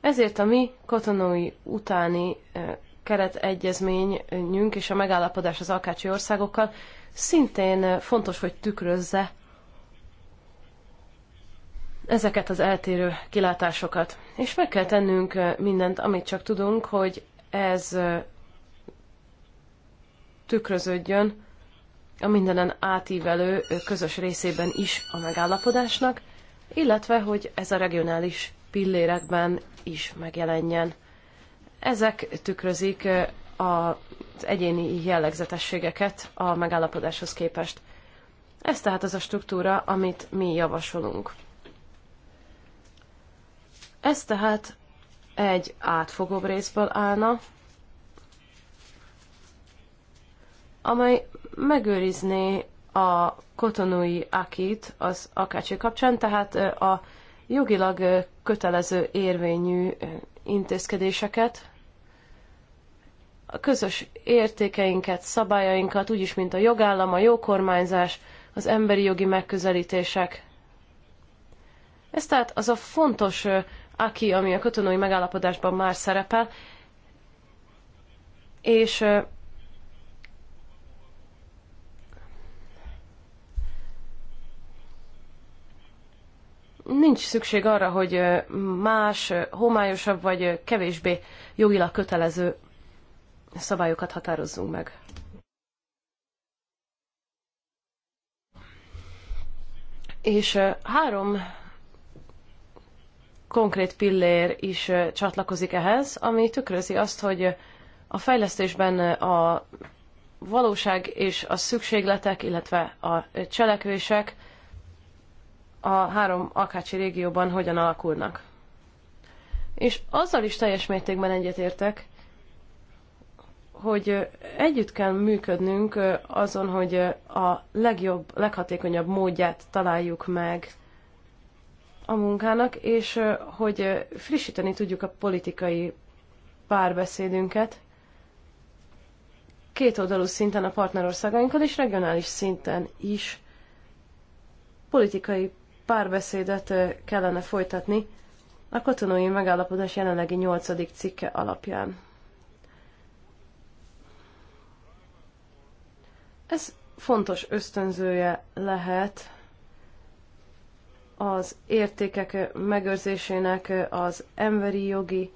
S1: Ezért a mi kotonói utáni eh, keretegyezményünk és a megállapodás az alkácsi országokkal szintén fontos, hogy tükrözze ezeket az eltérő kilátásokat. És meg kell tennünk mindent, amit csak tudunk, hogy ez tükröződjön a mindenen átívelő közös részében is a megállapodásnak, illetve hogy ez a regionális pillérekben is megjelenjen. Ezek tükrözik az egyéni jellegzetességeket a megállapodáshoz képest. Ez tehát az a struktúra, amit mi javasolunk. Ez tehát egy átfogóbb részből állna, amely megőrizné a kotonui akit az akácsi kapcsán, tehát a jogilag kötelező érvényű intézkedéseket, a közös értékeinket, szabályainkat, úgyis, mint a jogállam, a jó kormányzás, az emberi jogi megközelítések. Ez tehát az a fontos aki, ami a katonai megállapodásban már szerepel, és nincs szükség arra, hogy más, homályosabb vagy kevésbé jogilag kötelező szabályokat határozzunk meg. És három konkrét pillér is csatlakozik ehhez, ami tükrözi azt, hogy a fejlesztésben a valóság és a szükségletek, illetve a cselekvések a három akácsi régióban hogyan alakulnak. És azzal is teljes mértékben egyetértek, hogy együtt kell működnünk azon, hogy a legjobb, leghatékonyabb módját találjuk meg a munkának, és hogy frissíteni tudjuk a politikai párbeszédünket kétoldalú szinten a partnerországainkkal, és regionális szinten is politikai párbeszédet kellene folytatni a katonai megállapodás jelenlegi nyolcadik cikke alapján. Ez fontos ösztönzője lehet az értékek megőrzésének, az emberi jogi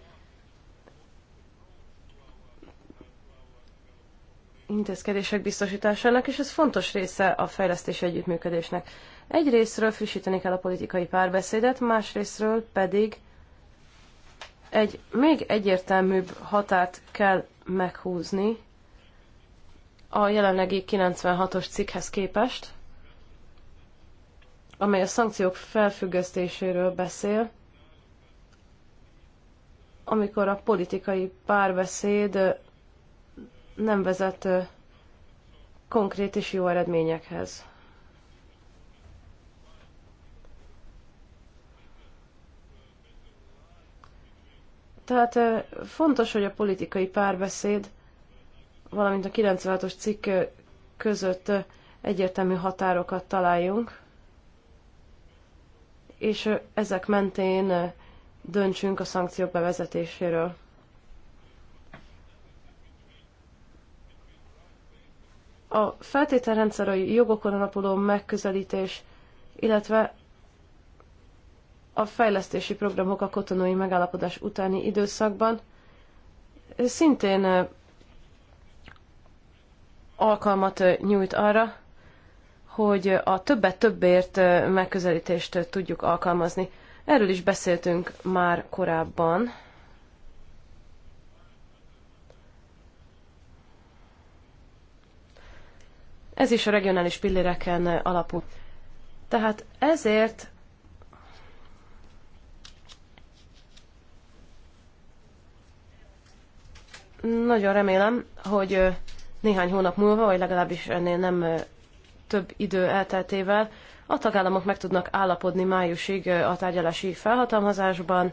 S1: intézkedések biztosításának, és ez fontos része a fejlesztési együttműködésnek. Egy részről frissíteni kell a politikai párbeszédet, másrésztről pedig egy még egyértelműbb határt kell meghúzni a jelenlegi 96-os cikkhez képest, amely a szankciók felfüggesztéséről beszél, amikor a politikai párbeszéd nem vezet konkrét és jó eredményekhez. Tehát fontos, hogy a politikai párbeszéd valamint a 96-os cikk között egyértelmű határokat találjunk, és ezek mentén döntsünk a szankciók bevezetéséről. A feltételrendszer a jogokon alapuló megközelítés, illetve a fejlesztési programok a kotonói megállapodás utáni időszakban szintén alkalmat nyújt arra, hogy a többet többért megközelítést tudjuk alkalmazni. Erről is beszéltünk már korábban. Ez is a regionális pilléreken alapul. Tehát ezért nagyon remélem, hogy néhány hónap múlva, vagy legalábbis ennél nem több idő elteltével, a tagállamok meg tudnak állapodni májusig a tárgyalási felhatalmazásban,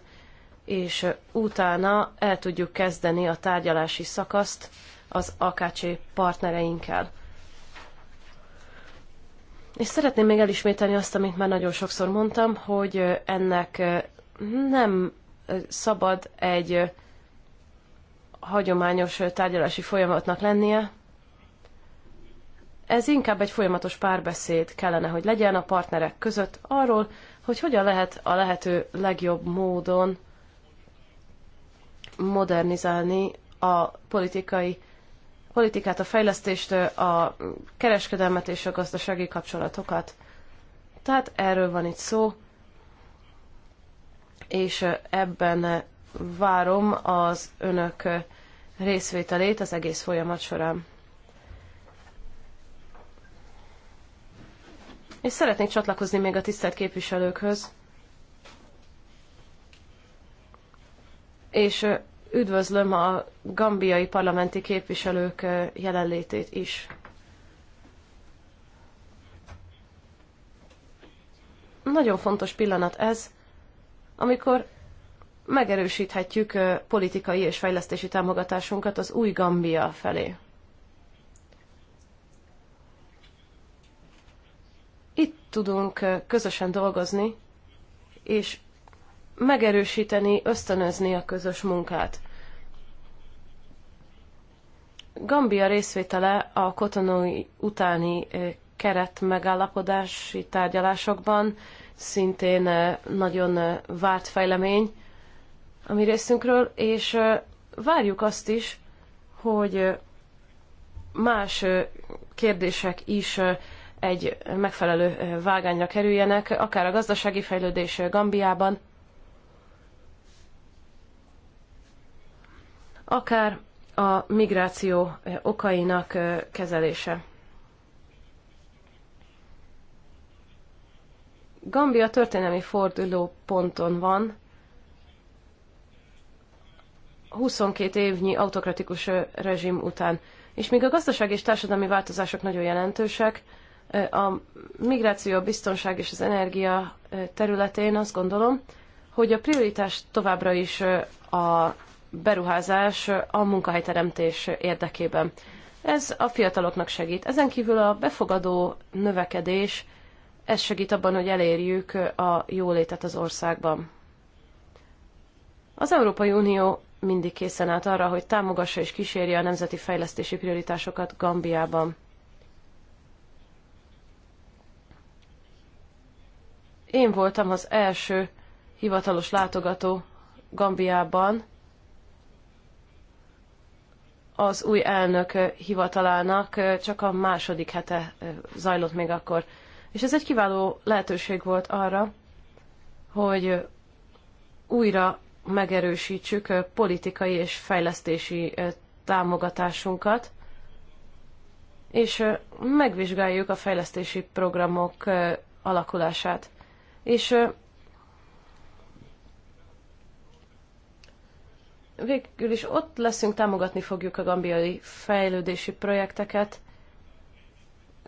S1: és utána el tudjuk kezdeni a tárgyalási szakaszt az AKC partnereinkkel. És szeretném még elismételni azt, amit már nagyon sokszor mondtam, hogy ennek nem szabad egy hagyományos tárgyalási folyamatnak lennie. Ez inkább egy folyamatos párbeszéd kellene, hogy legyen a partnerek között arról, hogy hogyan lehet a lehető legjobb módon modernizálni a politikai politikát, a fejlesztést, a kereskedelmet és a gazdasági kapcsolatokat. Tehát erről van itt szó, és ebben várom az önök részvételét az egész folyamat során. És szeretnék csatlakozni még a tisztelt képviselőkhöz. És üdvözlöm a gambiai parlamenti képviselők jelenlétét is. Nagyon fontos pillanat ez, amikor megerősíthetjük politikai és fejlesztési támogatásunkat az új Gambia felé. Itt tudunk közösen dolgozni, és megerősíteni, ösztönözni a közös munkát. Gambia részvétele a kotonói utáni keret megállapodási tárgyalásokban szintén nagyon várt fejlemény, a mi részünkről, és várjuk azt is, hogy más kérdések is egy megfelelő vágányra kerüljenek, akár a gazdasági fejlődés Gambiában, akár a migráció okainak kezelése. Gambia történelmi forduló ponton van, 22 évnyi autokratikus rezsim után. És míg a gazdaság és társadalmi változások nagyon jelentősek, a migráció, a biztonság és az energia területén azt gondolom, hogy a prioritás továbbra is a beruházás a munkahelyteremtés érdekében. Ez a fiataloknak segít. Ezen kívül a befogadó növekedés, ez segít abban, hogy elérjük a jólétet az országban. Az Európai Unió mindig készen állt arra, hogy támogassa és kísérje a nemzeti fejlesztési prioritásokat Gambiában. Én voltam az első hivatalos látogató Gambiában az új elnök hivatalának csak a második hete zajlott még akkor. És ez egy kiváló lehetőség volt arra, hogy újra megerősítsük politikai és fejlesztési támogatásunkat, és megvizsgáljuk a fejlesztési programok alakulását. És végül is ott leszünk, támogatni fogjuk a gambiai fejlődési projekteket,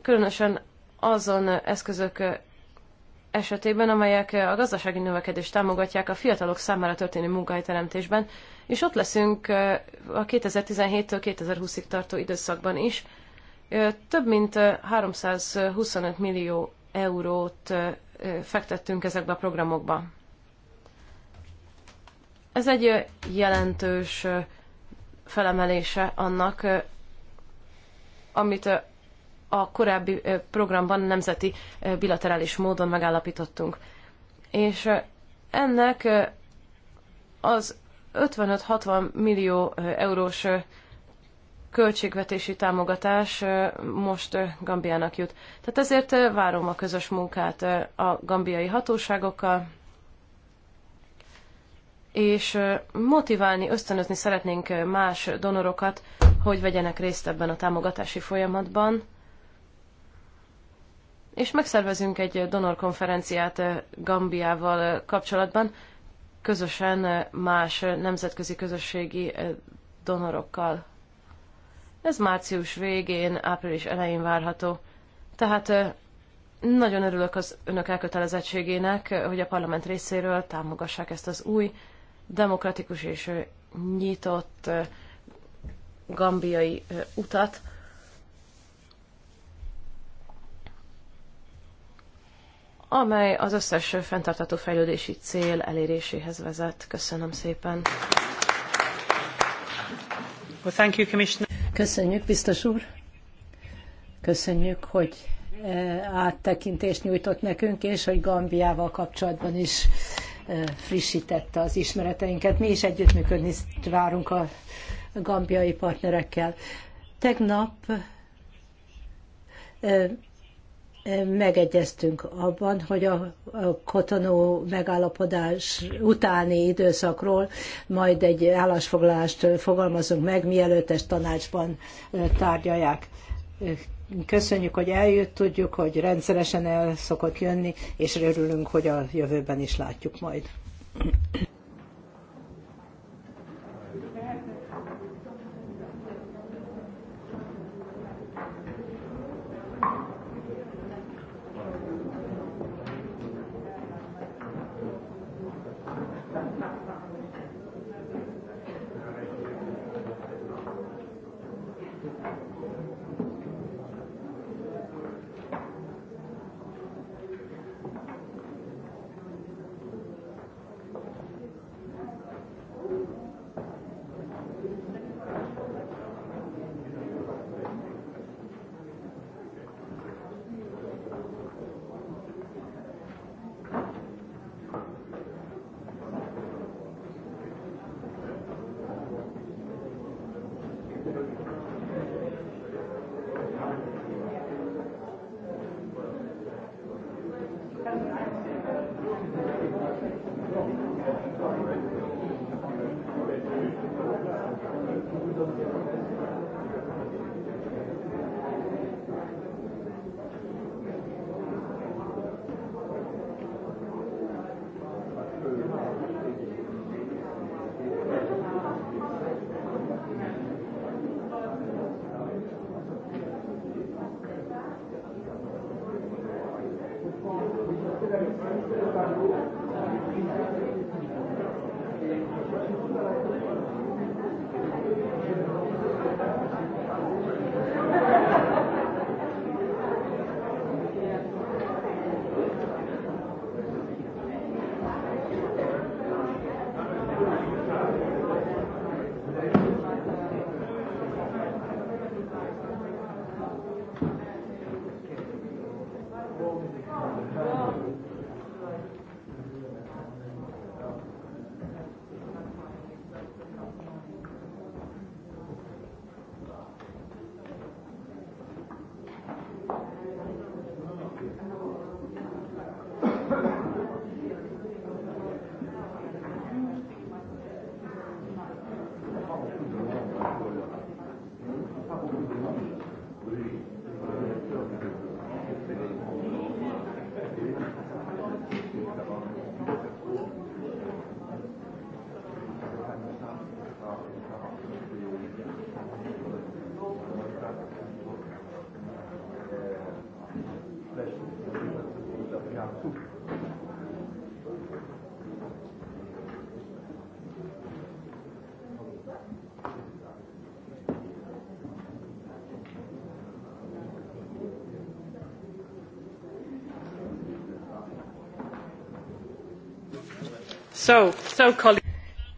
S1: különösen azon eszközök esetében, amelyek a gazdasági növekedést támogatják a fiatalok számára történő munkahelyteremtésben, és ott leszünk a 2017-től 2020-ig tartó időszakban is. Több mint 325 millió eurót fektettünk ezekbe a programokba. Ez egy jelentős felemelése annak, amit a korábbi programban nemzeti bilaterális módon megállapítottunk. És ennek az 55-60 millió eurós költségvetési támogatás most Gambiának jut. Tehát ezért várom a közös munkát a gambiai hatóságokkal, és motiválni, ösztönözni szeretnénk más donorokat, hogy vegyenek részt ebben a támogatási folyamatban és megszervezünk egy donorkonferenciát eh, Gambiával eh, kapcsolatban, közösen eh, más nemzetközi közösségi donorokkal. Ez március végén, április elején várható. Tehát nagyon örülök az önök elkötelezettségének, hogy a parlament részéről támogassák ezt az új, demokratikus és nyitott gambiai utat, amely az összes fenntartató fejlődési cél eléréséhez vezet. Köszönöm szépen.
S3: Köszönjük, biztos úr. Köszönjük, hogy e, áttekintést nyújtott nekünk, és hogy Gambiával kapcsolatban is e, frissítette az ismereteinket. Mi is együttműködni várunk a gambiai partnerekkel. Tegnap e, megegyeztünk abban, hogy a kotonó megállapodás utáni időszakról majd egy állásfoglalást fogalmazunk meg, mielőtt ezt tanácsban tárgyalják. Köszönjük, hogy eljött, tudjuk, hogy rendszeresen el szokott jönni, és örülünk, hogy a jövőben is látjuk majd.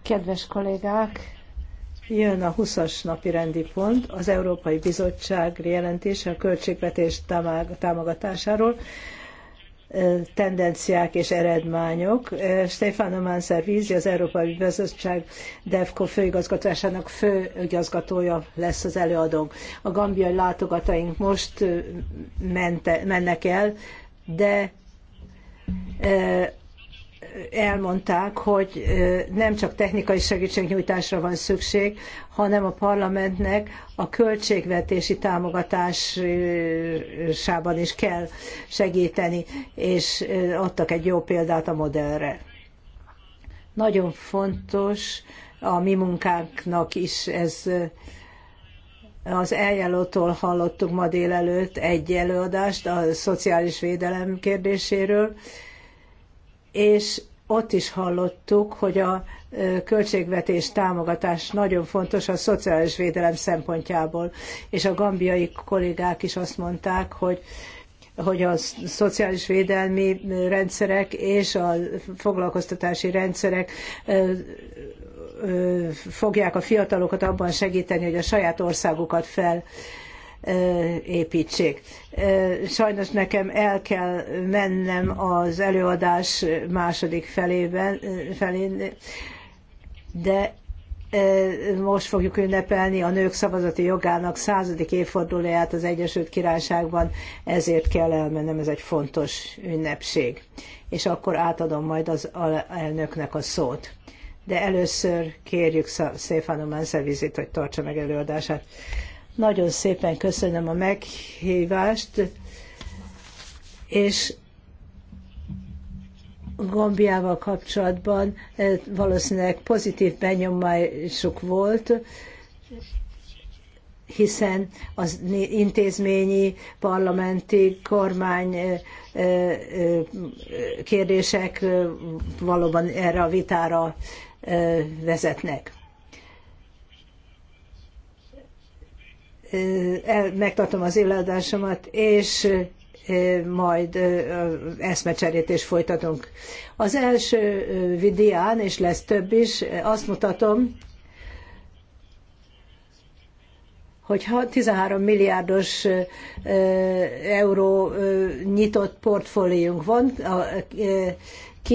S3: Kedves kollégák, jön a 20-as napi rendi pont, az Európai Bizottság jelentése a költségvetés támogatásáról, tendenciák és eredmányok. Stefano Manservizi, az Európai Bizottság DEVCO főigazgatásának főigazgatója lesz az előadónk. A gambiai látogataink most mente, mennek el, de elmondták, hogy nem csak technikai segítségnyújtásra van szükség, hanem a parlamentnek a költségvetési támogatásában is kell segíteni, és adtak egy jó példát a modellre. Nagyon fontos a mi munkánknak is ez az eljelótól hallottuk ma délelőtt egy előadást a szociális védelem kérdéséről, és ott is hallottuk, hogy a költségvetés támogatás nagyon fontos a szociális védelem szempontjából, és a gambiai kollégák is azt mondták, hogy hogy a szociális védelmi rendszerek és a foglalkoztatási rendszerek fogják a fiatalokat abban segíteni, hogy a saját országukat fel építsék. Sajnos nekem el kell mennem az előadás második felében, felén, de most fogjuk ünnepelni a nők szavazati jogának századik évfordulóját az Egyesült Királyságban, ezért kell elmennem, ez egy fontos ünnepség. És akkor átadom majd az elnöknek a szót. De először kérjük Széfánó Manszevizit, hogy tartsa meg előadását. Nagyon szépen köszönöm a meghívást, és Gombiával kapcsolatban eh, valószínűleg pozitív benyomásuk volt, hiszen az intézményi, parlamenti, kormány eh, eh, kérdések valóban erre a vitára vezetnek. el, megtartom az előadásomat, és majd eszmecserét is folytatunk. Az első videán, és lesz több is, azt mutatom, hogy 13 milliárdos euró nyitott portfóliónk van,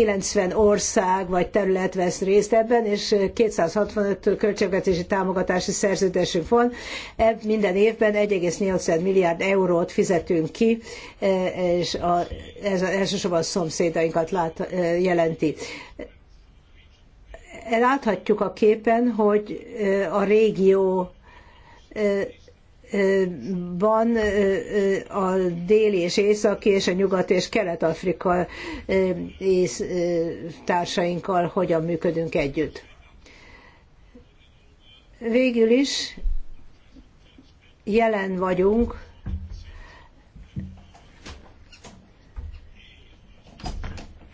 S3: 90 ország vagy terület vesz részt ebben, és 265 költségvetési támogatási szerződésünk van. E, minden évben 1,8 milliárd eurót fizetünk ki, e, és a, ez elsősorban a szomszédainkat lát, e, jelenti láthatjuk a képen, hogy a régió ban a déli és északi és a nyugat és kelet-afrika társainkkal hogyan működünk együtt. Végül is jelen vagyunk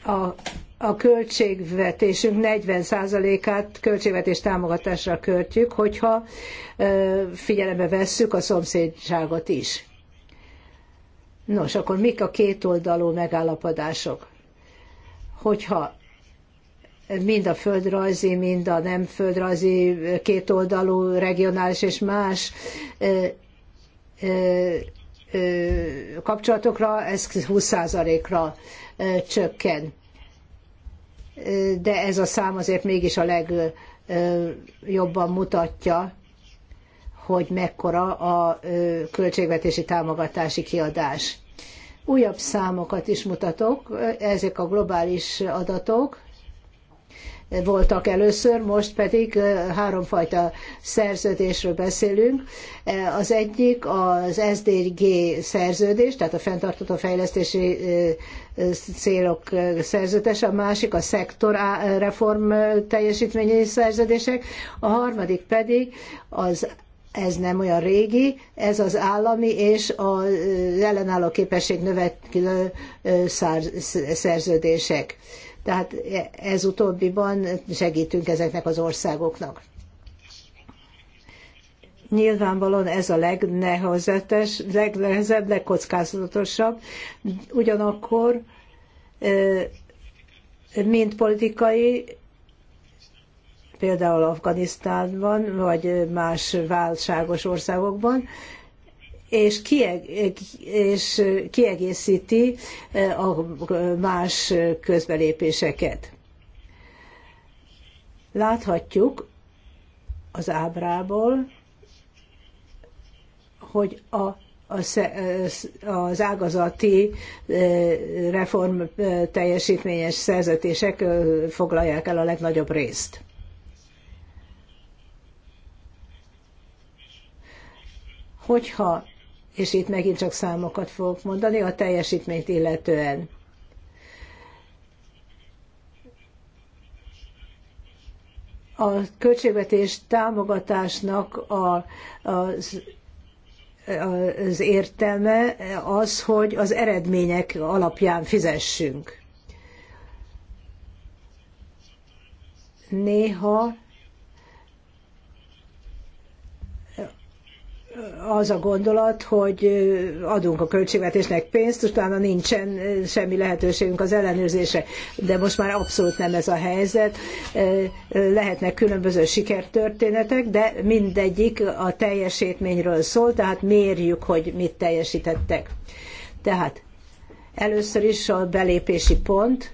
S3: a a költségvetésünk 40%-át költségvetés támogatásra költjük, hogyha figyelembe vesszük a szomszédságot is. Nos, akkor mik a kétoldalú megállapodások? Hogyha mind a földrajzi, mind a nem földrajzi, kétoldalú, regionális és más kapcsolatokra, ez 20%-ra csökken de ez a szám azért mégis a legjobban mutatja, hogy mekkora a költségvetési támogatási kiadás. Újabb számokat is mutatok, ezek a globális adatok, voltak először, most pedig háromfajta szerződésről beszélünk. Az egyik az SDG szerződés, tehát a fenntartató fejlesztési célok szerződése, a másik a szektor reform teljesítményi szerződések, a harmadik pedig az ez nem olyan régi, ez az állami és az ellenálló képesség növekvő szerződések. Tehát ez utóbbiban segítünk ezeknek az országoknak. Nyilvánvalóan ez a legnehezetes, legnehezebb, legkockázatosabb. Ugyanakkor mint politikai, például Afganisztánban, vagy más válságos országokban, és, kieg- és kiegészíti eh, a más közbelépéseket. Láthatjuk az ábrából, hogy a, az ágazati eh, reform eh, teljesítményes szerzetések foglalják el a legnagyobb részt. Hogyha és itt megint csak számokat fogok mondani, a teljesítményt illetően. A költségvetés támogatásnak a, az az értelme az, hogy az eredmények alapján fizessünk. Néha az a gondolat, hogy adunk a költségvetésnek pénzt, utána nincsen semmi lehetőségünk az ellenőrzésre. De most már abszolút nem ez a helyzet. Lehetnek különböző sikertörténetek, de mindegyik a teljesítményről szól, tehát mérjük, hogy mit teljesítettek. Tehát először is a belépési pont,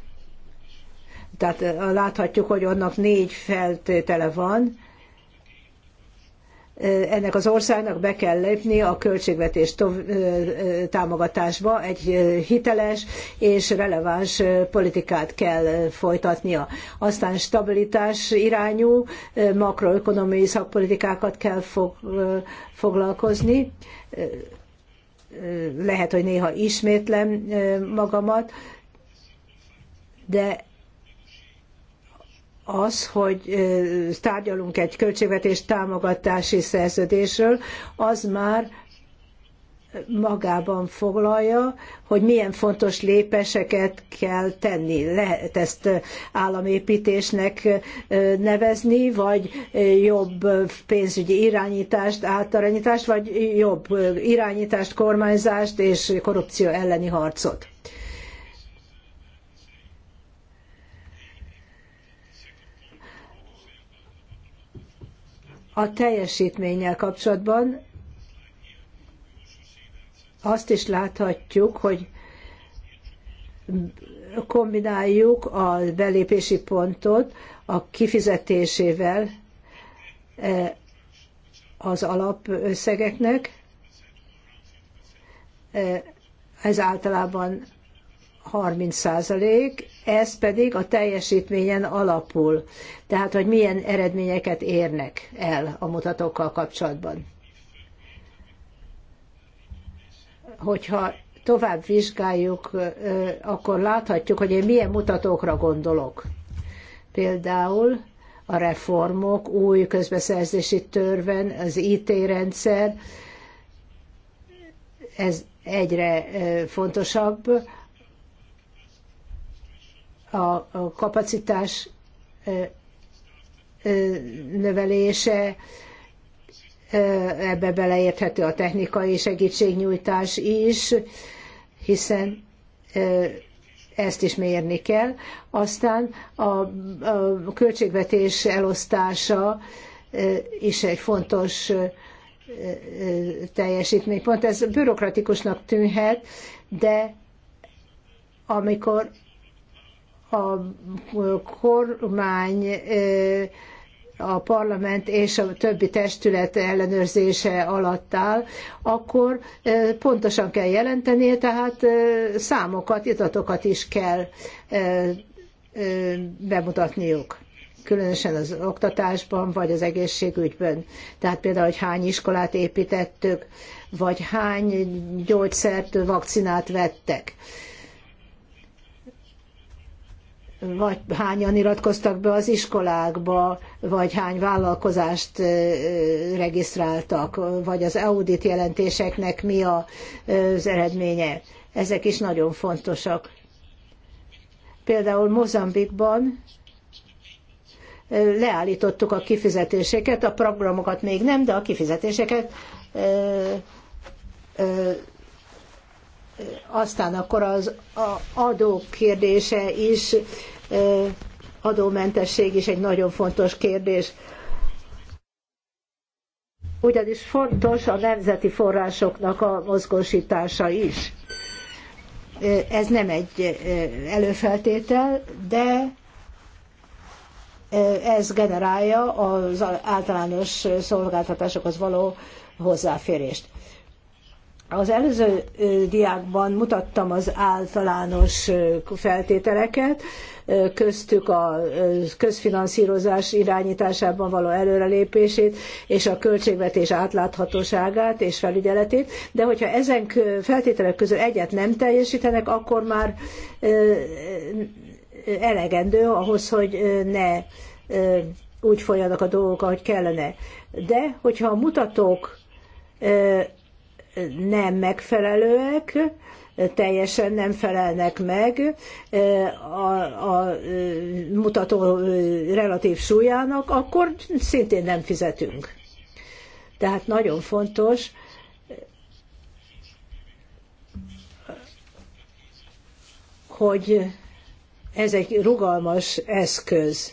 S3: tehát láthatjuk, hogy annak négy feltétele van, ennek az országnak be kell lépni a költségvetés támogatásba, egy hiteles és releváns politikát kell folytatnia. Aztán stabilitás irányú makroökonomiai szakpolitikákat kell foglalkozni. Lehet, hogy néha ismétlem magamat, de az, hogy tárgyalunk egy költségvetés támogatási szerződésről, az már magában foglalja, hogy milyen fontos lépéseket kell tenni. Lehet ezt államépítésnek nevezni, vagy jobb pénzügyi irányítást, átarányítást, vagy jobb irányítást, kormányzást és korrupció elleni harcot. A teljesítménnyel kapcsolatban azt is láthatjuk, hogy kombináljuk a belépési pontot a kifizetésével e, az alapösszegeknek. E, ez általában 30 százalék, ez pedig a teljesítményen alapul. Tehát, hogy milyen eredményeket érnek el a mutatókkal kapcsolatban. Hogyha tovább vizsgáljuk, akkor láthatjuk, hogy én milyen mutatókra gondolok. Például a reformok, új közbeszerzési törven, az IT-rendszer, ez egyre fontosabb, a kapacitás növelése, ebbe beleérthető a technikai segítségnyújtás is, hiszen ezt is mérni kell. Aztán a, költségvetés elosztása is egy fontos teljesítménypont. Ez bürokratikusnak tűnhet, de amikor a kormány a parlament és a többi testület ellenőrzése alatt áll, akkor pontosan kell jelenteni, tehát számokat, itatokat is kell bemutatniuk különösen az oktatásban, vagy az egészségügyben. Tehát például, hogy hány iskolát építettük, vagy hány gyógyszert, vakcinát vettek vagy hányan iratkoztak be az iskolákba, vagy hány vállalkozást regisztráltak, vagy az audit jelentéseknek mi az eredménye. Ezek is nagyon fontosak. Például Mozambikban leállítottuk a kifizetéseket, a programokat még nem, de a kifizetéseket aztán akkor az adók kérdése is adómentesség is egy nagyon fontos kérdés. Ugyanis fontos a nemzeti forrásoknak a mozgósítása is. Ez nem egy előfeltétel, de ez generálja az általános szolgáltatásokhoz való hozzáférést. Az előző diákban mutattam az általános feltételeket, köztük a közfinanszírozás irányításában való előrelépését és a költségvetés átláthatóságát és felügyeletét, de hogyha ezen feltételek közül egyet nem teljesítenek, akkor már elegendő ahhoz, hogy ne úgy folyanak a dolgok, ahogy kellene. De hogyha a mutatók nem megfelelőek, teljesen nem felelnek meg a, a mutató relatív súlyának, akkor szintén nem fizetünk. Tehát nagyon fontos, hogy ez egy rugalmas eszköz.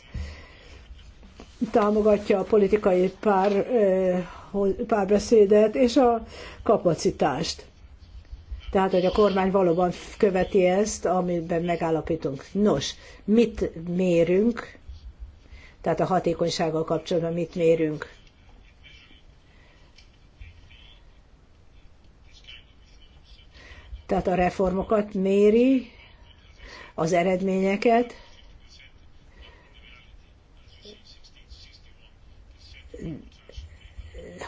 S3: Támogatja a politikai pár párbeszédet és a kapacitást. Tehát, hogy a kormány valóban követi ezt, amiben megállapítunk. Nos, mit mérünk? Tehát a hatékonysággal kapcsolatban mit mérünk? Tehát a reformokat méri, az eredményeket,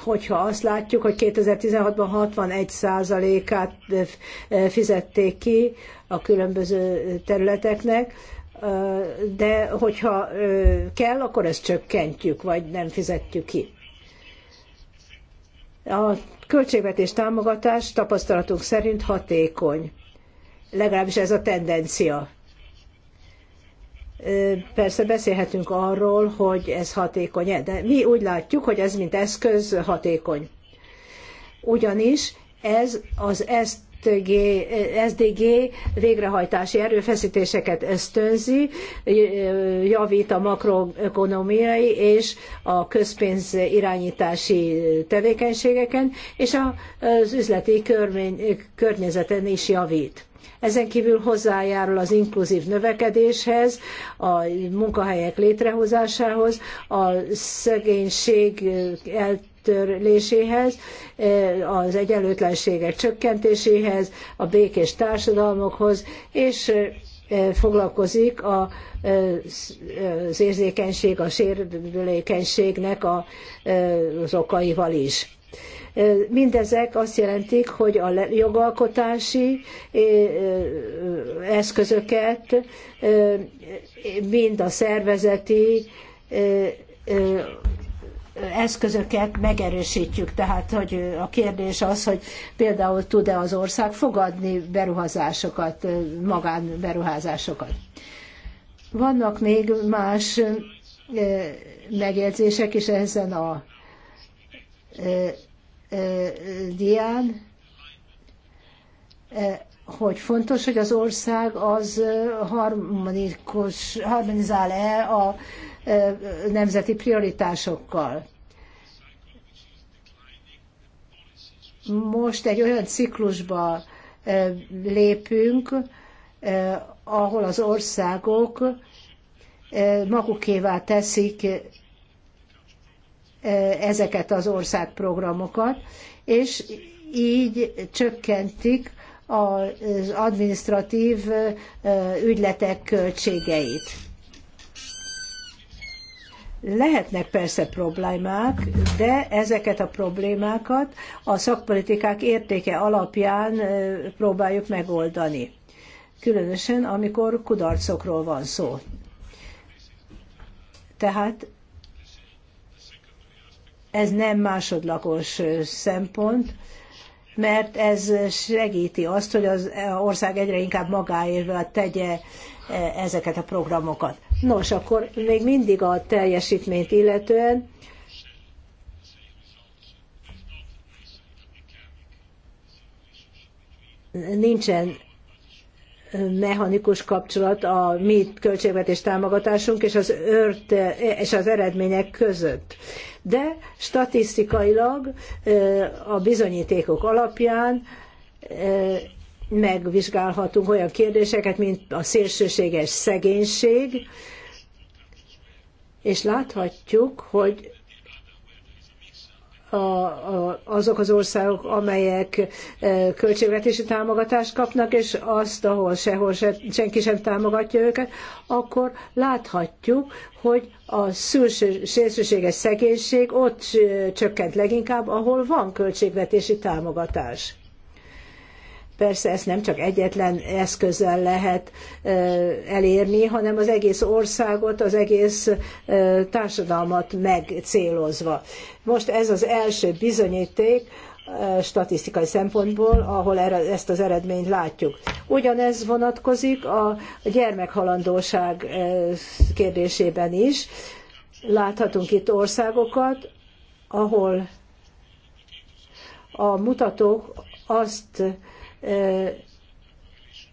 S3: hogyha azt látjuk, hogy 2016-ban 61 százalékát eh, eh, fizették ki a különböző területeknek, eh, de hogyha kell, akkor ezt csökkentjük, vagy nem fizetjük ki. A költségvetés támogatás tapasztalatunk szerint hatékony. Legalábbis ez a tendencia. Persze beszélhetünk arról, hogy ez hatékony -e, de mi úgy látjuk, hogy ez mint eszköz hatékony. Ugyanis ez az SDG végrehajtási erőfeszítéseket ösztönzi, javít a makroökonomiai és a közpénz irányítási tevékenységeken, és az üzleti környezeten is javít. Ezen kívül hozzájárul az inkluzív növekedéshez, a munkahelyek létrehozásához, a szegénység el az egyenlőtlenségek csökkentéséhez, a békés társadalmokhoz, és foglalkozik a, az érzékenység, a sérülékenységnek az okaival is. Mindezek azt jelentik, hogy a jogalkotási eh, eh, eszközöket eh, mind a szervezeti eszközöket megerősítjük. Tehát, hogy a kérdés az, hogy például tud-e az ország fogadni beruházásokat, magánberuházásokat. Vannak még más megjegyzések is ezen a dián, hogy fontos, hogy az ország az harmonikus, harmonizál-e a nemzeti prioritásokkal. Most egy olyan ciklusba lépünk, ahol az országok magukévá teszik ezeket az országprogramokat, és így csökkentik az administratív ügyletek költségeit. Lehetnek persze problémák, de ezeket a problémákat a szakpolitikák értéke alapján próbáljuk megoldani. Különösen, amikor kudarcokról van szó. Tehát ez nem másodlagos szempont, mert ez segíti azt, hogy az ország egyre inkább magáévvel tegye e, ezeket a programokat. Nos, akkor még mindig a teljesítményt illetően nincsen mechanikus kapcsolat a mi költségvetés támogatásunk és az, ört, és az eredmények között. De statisztikailag a bizonyítékok alapján megvizsgálhatunk olyan kérdéseket, mint a szélsőséges szegénység, és láthatjuk, hogy azok az országok, amelyek e, költségvetési támogatást kapnak, és azt, ahol sehol se, senki sem támogatja őket, akkor láthatjuk, hogy a szélsőséges szegénység ott e, csökkent leginkább, ahol van költségvetési támogatás. Persze ezt nem csak egyetlen eszközzel lehet elérni, hanem az egész országot, az egész társadalmat megcélozva. Most ez az első bizonyíték, statisztikai szempontból, ahol ezt az eredményt látjuk. Ugyanez vonatkozik a gyermekhalandóság kérdésében is. Láthatunk itt országokat, ahol a mutatók azt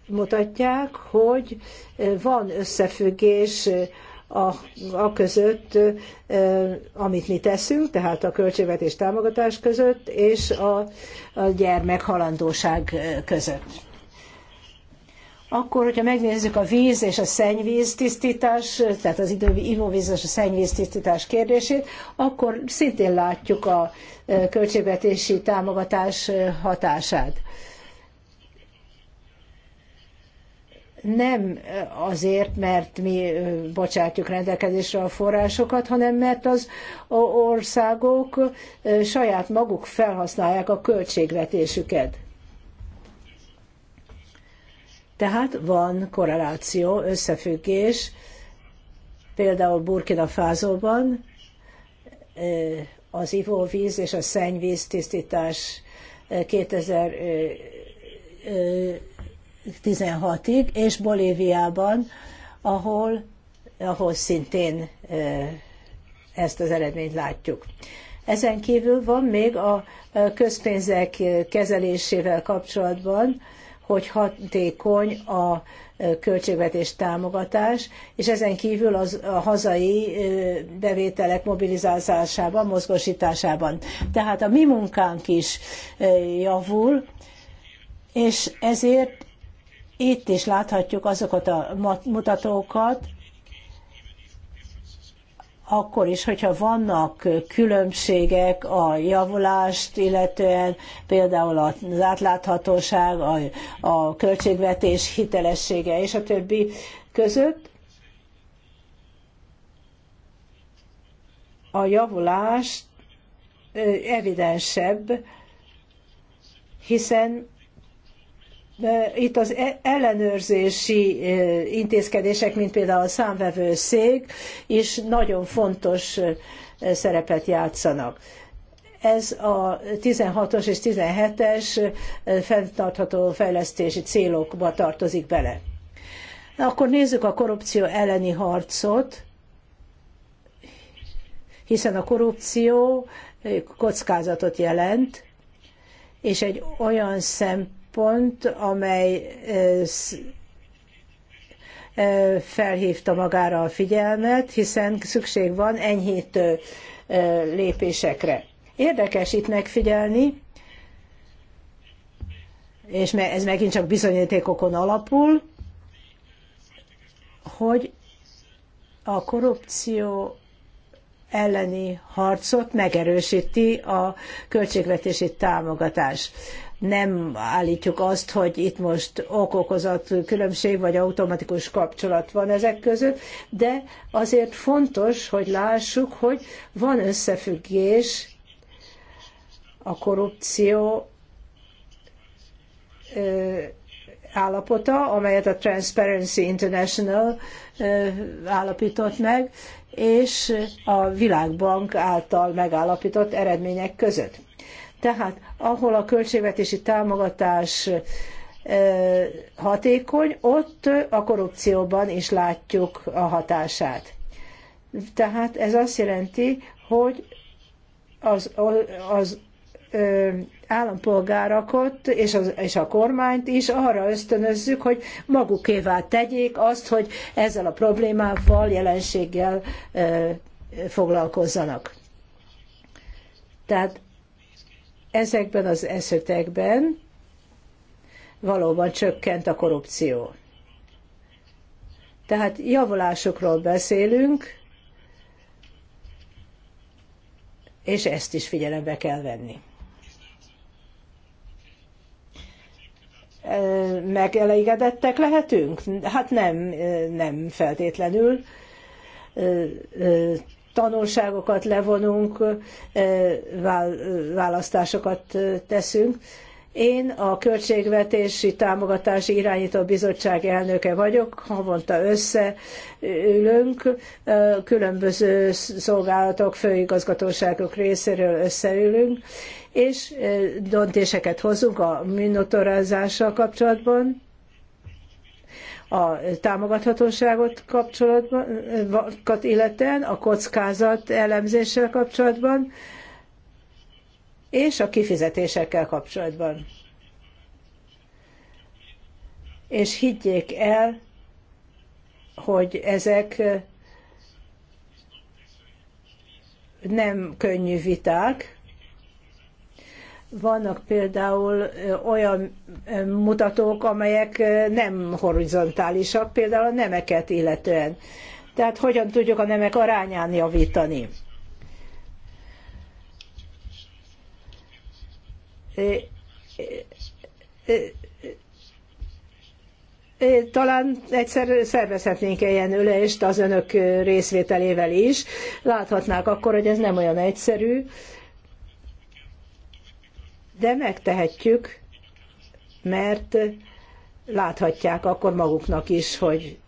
S3: mutatják, hogy van összefüggés a, a között, amit mi teszünk, tehát a költségvetés támogatás között, és a, a gyermek halandóság között. Akkor, hogyha megnézzük a víz és a szennyvíz tisztítás, tehát az ivóvíz és a szennyvíz tisztítás kérdését, akkor szintén látjuk a költségvetési támogatás hatását. nem azért, mert mi bocsátjuk rendelkezésre a forrásokat, hanem mert az országok saját maguk felhasználják a költségvetésüket. Tehát van korreláció, összefüggés, például Burkina Fázóban az ivóvíz és a szennyvíz tisztítás 2000 16-ig, és Bolíviában, ahol, ahol szintén ezt az eredményt látjuk. Ezen kívül van még a közpénzek kezelésével kapcsolatban, hogy hatékony a költségvetés támogatás, és ezen kívül az, a hazai bevételek mobilizálásában, mozgósításában. Tehát a mi munkánk is javul, és ezért itt is láthatjuk azokat a mutatókat, akkor is, hogyha vannak különbségek a javulást, illetően például az átláthatóság, a, a költségvetés hitelessége és a többi között, a javulást evidensebb, hiszen itt az e- ellenőrzési intézkedések, mint például a számvevőszék is nagyon fontos szerepet játszanak. Ez a 16-os és 17-es fenntartható fejlesztési célokba tartozik bele. akkor nézzük a korrupció elleni harcot, hiszen a korrupció kockázatot jelent, és egy olyan szempont, pont, amely felhívta magára a figyelmet, hiszen szükség van enyhítő lépésekre. Érdekes itt megfigyelni, és ez megint csak bizonyítékokon alapul, hogy a korrupció elleni harcot megerősíti a költségvetési támogatás nem állítjuk azt, hogy itt most okokozat különbség vagy automatikus kapcsolat van ezek között, de azért fontos, hogy lássuk, hogy van összefüggés a korrupció állapota, amelyet a Transparency International állapított meg, és a Világbank által megállapított eredmények között. Tehát ahol a költségvetési támogatás hatékony, ott a korrupcióban is látjuk a hatását. Tehát ez azt jelenti, hogy az, az és, az, és a kormányt is arra ösztönözzük, hogy magukévá tegyék azt, hogy ezzel a problémával, jelenséggel foglalkozzanak. Tehát ezekben az esetekben valóban csökkent a korrupció. Tehát javulásokról beszélünk, és ezt is figyelembe kell venni. Megelégedettek lehetünk? Hát nem, nem feltétlenül tanulságokat levonunk, választásokat teszünk. Én a Költségvetési Támogatási Irányító Bizottság elnöke vagyok, havonta összeülünk, különböző szolgálatok, főigazgatóságok részéről összeülünk, és döntéseket hozunk a minotorázással kapcsolatban, a támogathatóságot kapcsolatban, illetően, a kockázat elemzéssel kapcsolatban, és a kifizetésekkel kapcsolatban. És higgyék el, hogy ezek nem könnyű viták, vannak például olyan mutatók, amelyek nem horizontálisak, például a nemeket illetően. Tehát hogyan tudjuk a nemek arányán javítani? Talán egyszer szervezhetnénk ilyen ülést az önök részvételével is. Láthatnák akkor, hogy ez nem olyan egyszerű, de megtehetjük, mert láthatják akkor maguknak is, hogy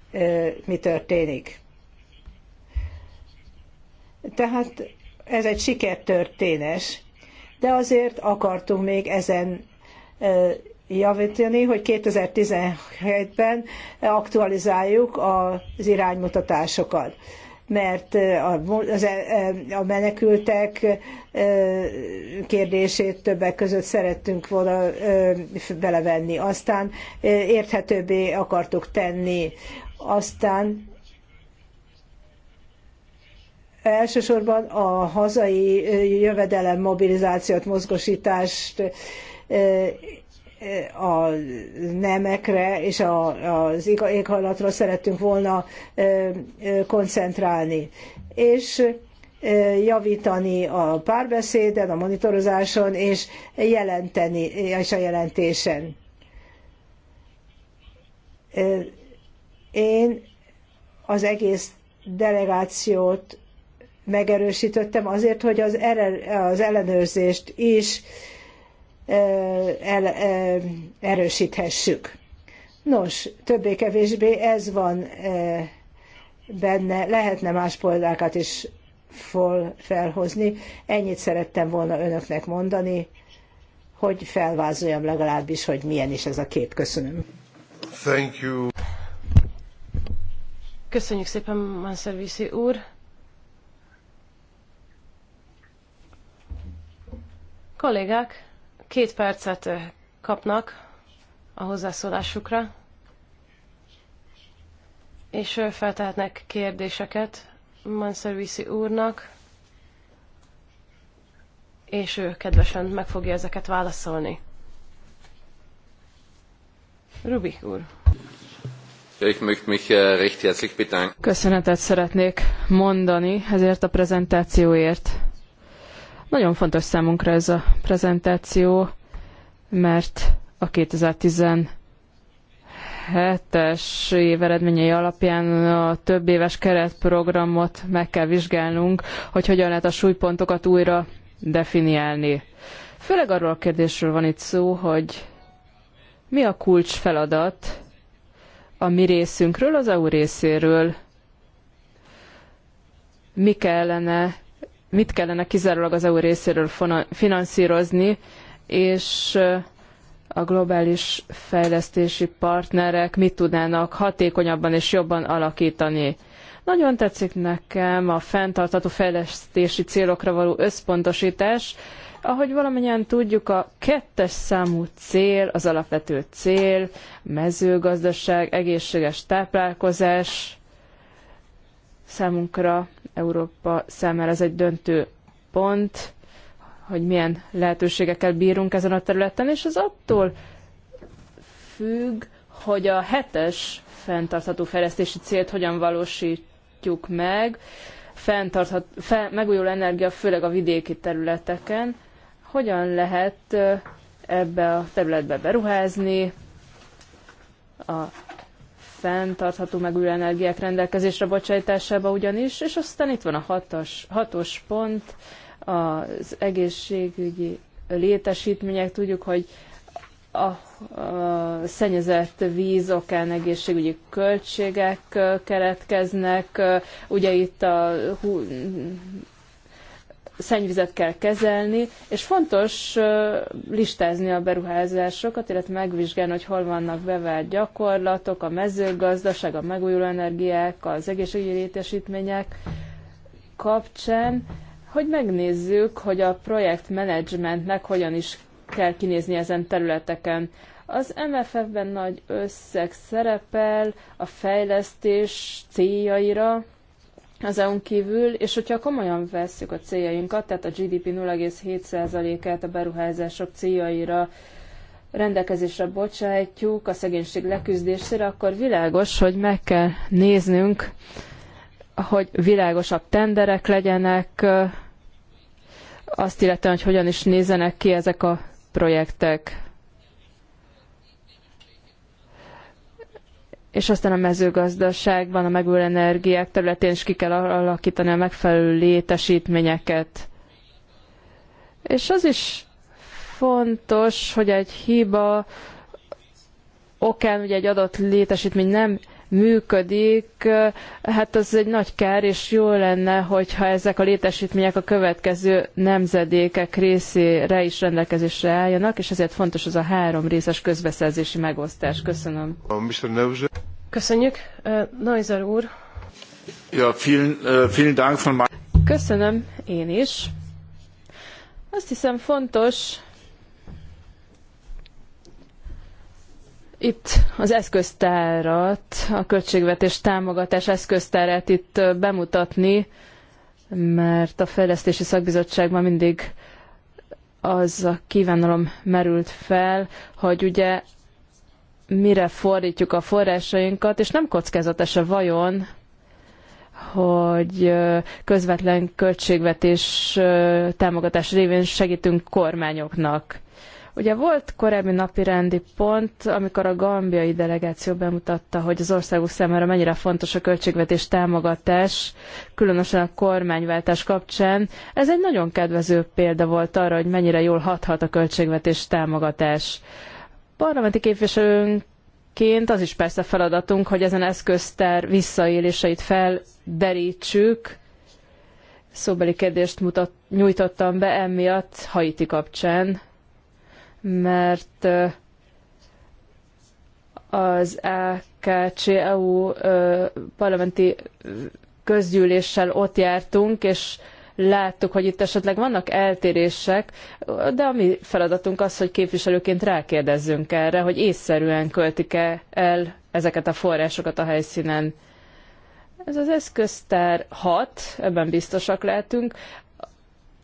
S3: mi történik. Tehát ez egy sikertörténes, de azért akartunk még ezen javítani, hogy 2017-ben aktualizáljuk az iránymutatásokat mert e, e, a menekültek kérdését többek között szerettünk volna belevenni. Aztán érthetőbbé akartuk tenni. Aztán elsősorban a hazai jövedelem mobilizációt, mozgosítást a nemekre és a, az éghajlatra szerettünk volna koncentrálni. És javítani a párbeszéden, a monitorozáson és jelenteni, és a jelentésen. Én az egész delegációt megerősítettem azért, hogy az, erre, az ellenőrzést is el, erősíthessük. Nos, többé-kevésbé ez van benne, lehetne más példákat is felhozni. Ennyit szerettem volna önöknek mondani, hogy felvázoljam legalábbis, hogy milyen is ez a kép. Köszönöm.
S2: Thank you.
S1: Köszönjük szépen, Manservisi úr. Kollégák, Két percet kapnak a hozzászólásukra, és feltehetnek kérdéseket Manservisi úrnak, és ő kedvesen meg fogja ezeket válaszolni. Rubik úr.
S3: Äh,
S4: Köszönetet szeretnék mondani ezért a prezentációért. Nagyon fontos számunkra ez a prezentáció, mert a 2017-es év eredményei alapján a több éves keretprogramot meg kell vizsgálnunk, hogy hogyan lehet a súlypontokat újra definiálni. Főleg arról a kérdésről van itt szó, hogy mi a kulcs feladat a mi részünkről, az EU részéről. Mi kellene mit kellene kizárólag az EU részéről finanszírozni, és a globális fejlesztési partnerek mit tudnának hatékonyabban és jobban alakítani. Nagyon tetszik nekem a fenntartató fejlesztési célokra való összpontosítás. Ahogy valamennyien tudjuk, a kettes számú cél, az alapvető cél, mezőgazdaság, egészséges táplálkozás, Számunkra Európa számára ez egy döntő pont, hogy milyen lehetőségekkel bírunk ezen a területen, és ez attól függ, hogy a hetes fenntartható fejlesztési célt hogyan valósítjuk meg, fenntarthat, fe, megújuló energia, főleg a vidéki területeken, hogyan lehet ebbe a területbe beruházni, a fenntartható megújuló energiák rendelkezésre bocsájtásába ugyanis, és aztán itt van a hatos, hatos pont, az egészségügyi létesítmények, tudjuk, hogy a, a szennyezett víz okán egészségügyi költségek keretkeznek Ugye itt a szennyvizet kell kezelni, és fontos listázni a beruházásokat, illetve megvizsgálni, hogy hol vannak bevált gyakorlatok, a mezőgazdaság, a megújuló energiák, az egészségügyi létesítmények kapcsán, hogy megnézzük, hogy a projektmenedzsmentnek hogyan is kell kinézni ezen területeken. Az MFF-ben nagy összeg szerepel a fejlesztés céljaira, az EU-n kívül, és hogyha komolyan vesszük a céljainkat, tehát a GDP 0,7%-át a beruházások céljaira rendelkezésre bocsátjuk, a szegénység leküzdésére, akkor világos, hogy meg kell néznünk, hogy világosabb tenderek legyenek, azt illetően, hogy hogyan is nézenek ki ezek a projektek. és aztán a mezőgazdaságban, a megújuló energiák területén is ki kell alakítani a megfelelő létesítményeket. És az is fontos, hogy egy hiba okán ugye egy adott létesítmény nem működik, hát az egy nagy kár, és jó lenne, hogyha ezek a létesítmények a következő nemzedékek részére is rendelkezésre álljanak, és ezért fontos az a három részes közbeszerzési megosztás. Köszönöm. Köszönjük. Neuser úr.
S2: Ja, vielen, vielen Dank von
S4: Köszönöm, én is. Azt hiszem fontos, itt az eszköztárat, a költségvetés támogatás eszköztárát itt bemutatni, mert a fejlesztési szakbizottságban mindig az a kívánalom merült fel, hogy ugye mire fordítjuk a forrásainkat, és nem kockázatos-e vajon, hogy közvetlen költségvetés támogatás révén segítünk kormányoknak. Ugye volt korábbi napi rendi pont, amikor a gambiai delegáció bemutatta, hogy az országok számára mennyire fontos a költségvetés támogatás, különösen a kormányváltás kapcsán. Ez egy nagyon kedvező példa volt arra, hogy mennyire jól hathat a költségvetés támogatás. Parlamenti képviselőnként, az is persze feladatunk, hogy ezen eszköztár visszaéléseit felderítsük. Szóbeli kérdést mutat, nyújtottam be emiatt Haiti kapcsán mert az AKC EU parlamenti közgyűléssel ott jártunk, és láttuk, hogy itt esetleg vannak eltérések, de a mi feladatunk az, hogy képviselőként rákérdezzünk erre, hogy észszerűen költik-e el ezeket a forrásokat a helyszínen. Ez az eszköztár hat, ebben biztosak lehetünk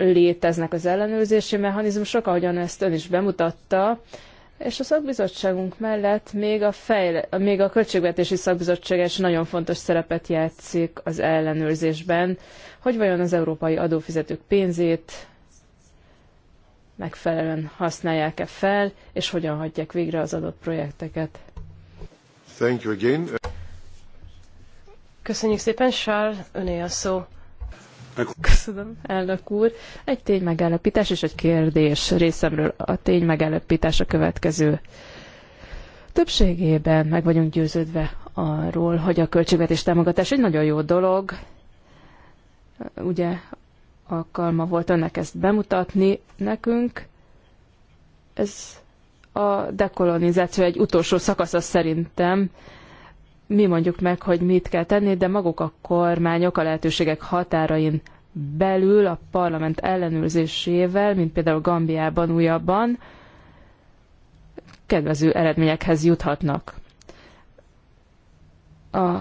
S4: léteznek az ellenőrzési mechanizmusok, ahogyan ezt ön is bemutatta, és a szakbizottságunk mellett még a, fejle- még a költségvetési szakbizottság is nagyon fontos szerepet játszik az ellenőrzésben, hogy vajon az európai adófizetők pénzét megfelelően használják-e fel, és hogyan hagyják végre az adott projekteket.
S2: Thank you again.
S4: Köszönjük szépen, Sál, öné a szó. Köszönöm, elnök úr. Egy tény és egy kérdés részemről. A tény a következő. Többségében meg vagyunk győződve arról, hogy a költségvetés támogatás egy nagyon jó dolog. Ugye alkalma volt önnek ezt bemutatni nekünk. Ez a dekolonizáció egy utolsó szakasza szerintem mi mondjuk meg, hogy mit kell tenni, de maguk a kormányok a lehetőségek határain belül a parlament ellenőrzésével, mint például Gambiában újabban, kedvező eredményekhez juthatnak. A,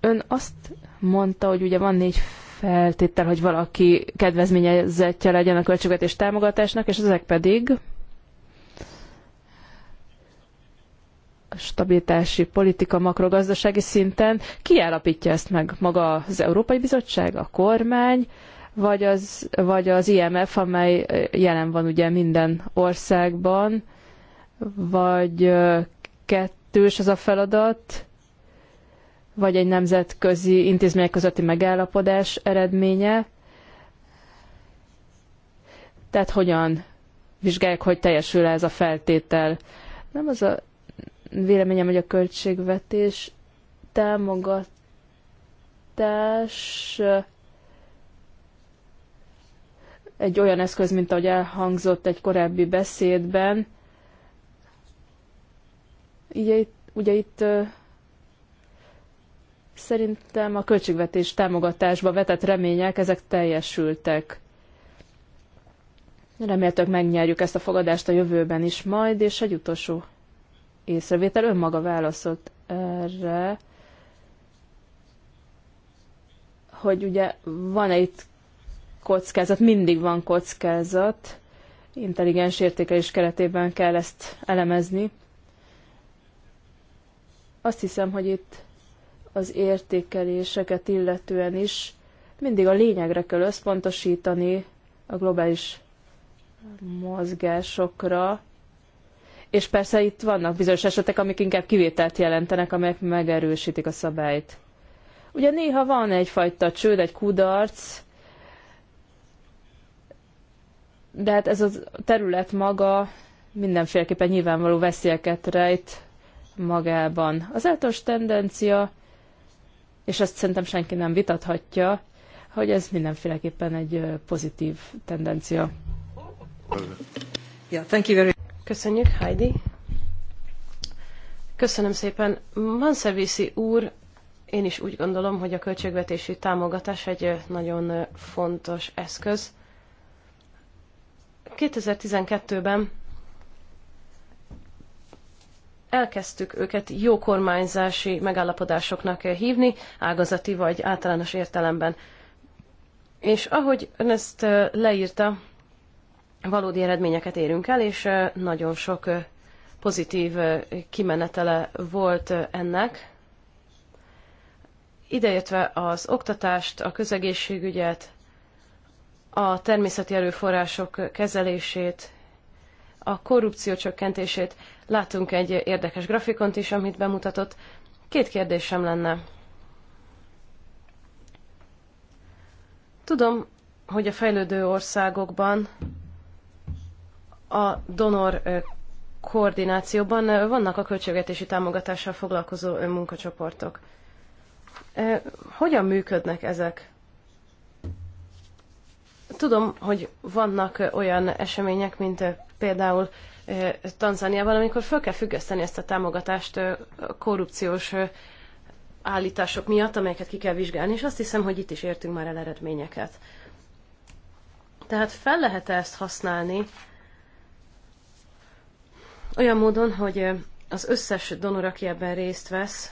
S4: ön azt mondta, hogy ugye van négy feltétel, hogy valaki kedvezményezettje legyen a költségvetés támogatásnak, és ezek pedig stabilitási politika makrogazdasági szinten. Ki állapítja ezt meg? Maga az Európai Bizottság, a kormány, vagy az, vagy az IMF, amely jelen van ugye minden országban, vagy kettős az a feladat, vagy egy nemzetközi intézmények közötti megállapodás eredménye. Tehát hogyan vizsgálják, hogy teljesül -e ez a feltétel. Nem az a véleményem, hogy a költségvetés támogatás eh, egy olyan eszköz, mint ahogy elhangzott egy korábbi beszédben. Ugye itt, ugye itt eh, szerintem a költségvetés támogatásba vetett remények, ezek teljesültek. Reméltek megnyerjük ezt a fogadást a jövőben is majd, és egy utolsó észrevétel, önmaga válaszolt erre, hogy ugye van-e itt kockázat, mindig van kockázat, intelligens értékelés keretében kell ezt elemezni. Azt hiszem, hogy itt az értékeléseket illetően is mindig a lényegre kell összpontosítani, a globális mozgásokra, és persze itt vannak bizonyos esetek, amik inkább kivételt jelentenek, amelyek megerősítik a szabályt. Ugye néha van egyfajta csőd, egy kudarc, de hát ez a terület maga mindenféleképpen nyilvánvaló veszélyeket rejt magában. Az általános tendencia, és ezt szerintem senki nem vitathatja, hogy ez mindenféleképpen egy pozitív tendencia. Yeah, thank you very Köszönjük, Heidi.
S1: Köszönöm szépen. Manservisi úr, én is úgy gondolom, hogy a költségvetési támogatás egy nagyon fontos eszköz. 2012-ben elkezdtük őket jó kormányzási megállapodásoknak hívni, ágazati vagy általános értelemben. És ahogy ezt leírta, valódi eredményeket érünk el, és nagyon sok pozitív kimenetele volt ennek. Ideértve az oktatást, a közegészségügyet, a természeti erőforrások kezelését, a korrupció csökkentését. Látunk egy érdekes grafikont is, amit bemutatott. Két kérdésem lenne. Tudom, hogy a fejlődő országokban a donor koordinációban vannak a költségvetési támogatással foglalkozó munkacsoportok. Hogyan működnek ezek? Tudom, hogy vannak olyan események, mint például Tanzániában, amikor föl kell függeszteni ezt a támogatást korrupciós állítások miatt, amelyeket ki kell vizsgálni, és azt hiszem, hogy itt is értünk már el eredményeket. Tehát fel lehet -e ezt használni olyan módon, hogy az összes donor, aki ebben részt vesz,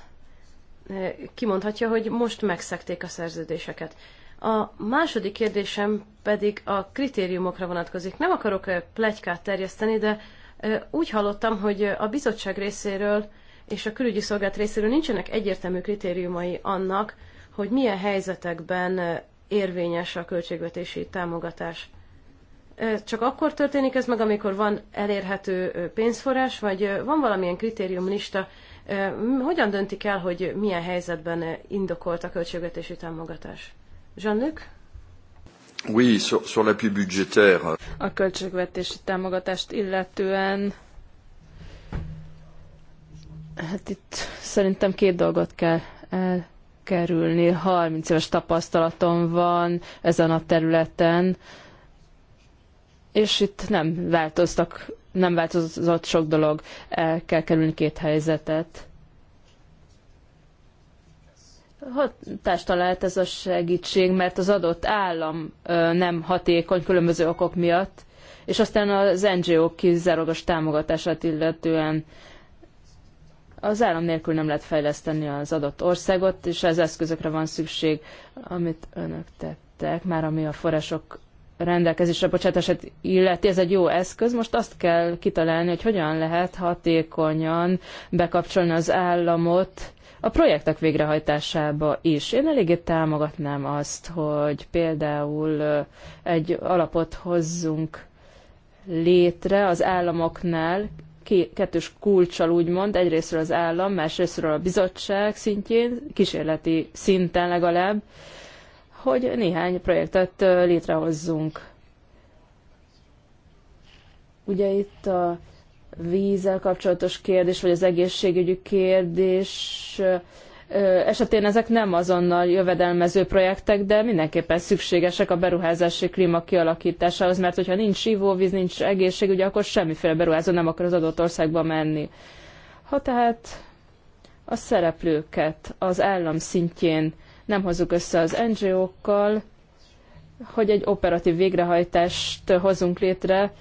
S1: kimondhatja, hogy most megszekték a szerződéseket. A második kérdésem pedig a kritériumokra vonatkozik. Nem akarok plegykát terjeszteni, de úgy hallottam, hogy a bizottság részéről és a külügyi szolgált részéről nincsenek egyértelmű kritériumai annak, hogy milyen helyzetekben érvényes a költségvetési támogatás csak akkor történik ez meg, amikor van elérhető pénzforrás, vagy van valamilyen kritériumlista, hogyan döntik el, hogy milyen helyzetben indokolt a költségvetési támogatás? Jean-Luc?
S2: Oui, sur, sur l'appui budgétaire.
S4: A költségvetési támogatást illetően hát itt szerintem két dolgot kell elkerülni. 30 éves tapasztalatom van ezen a területen, és itt nem változtak, nem változott sok dolog, el kell kerülni két helyzetet. Hatást lehet ez a segítség, mert az adott állam nem hatékony különböző okok miatt, és aztán az NGO kizárólagos támogatását illetően az állam nélkül nem lehet fejleszteni az adott országot, és ez eszközökre van szükség, amit önök tettek, már ami a források rendelkezésre bocsátását illeti, ez egy jó eszköz. Most azt kell kitalálni, hogy hogyan lehet hatékonyan bekapcsolni az államot a projektek végrehajtásába is. Én eléggé támogatnám azt, hogy például egy alapot hozzunk létre az államoknál, kettős kulcsal úgymond, egyrésztről az állam, másrésztről a bizottság szintjén, kísérleti szinten legalább, hogy néhány projektet létrehozzunk. Ugye itt a vízzel kapcsolatos kérdés, vagy az egészségügyi kérdés esetén ezek nem azonnal jövedelmező projektek, de mindenképpen szükségesek a beruházási klíma kialakításához, mert hogyha nincs ivóvíz, nincs egészségügy, akkor semmiféle beruházó nem akar az adott országba menni. Ha tehát a szereplőket az állam szintjén nem hozzuk össze az NGO-kkal, hogy egy operatív végrehajtást hozunk létre,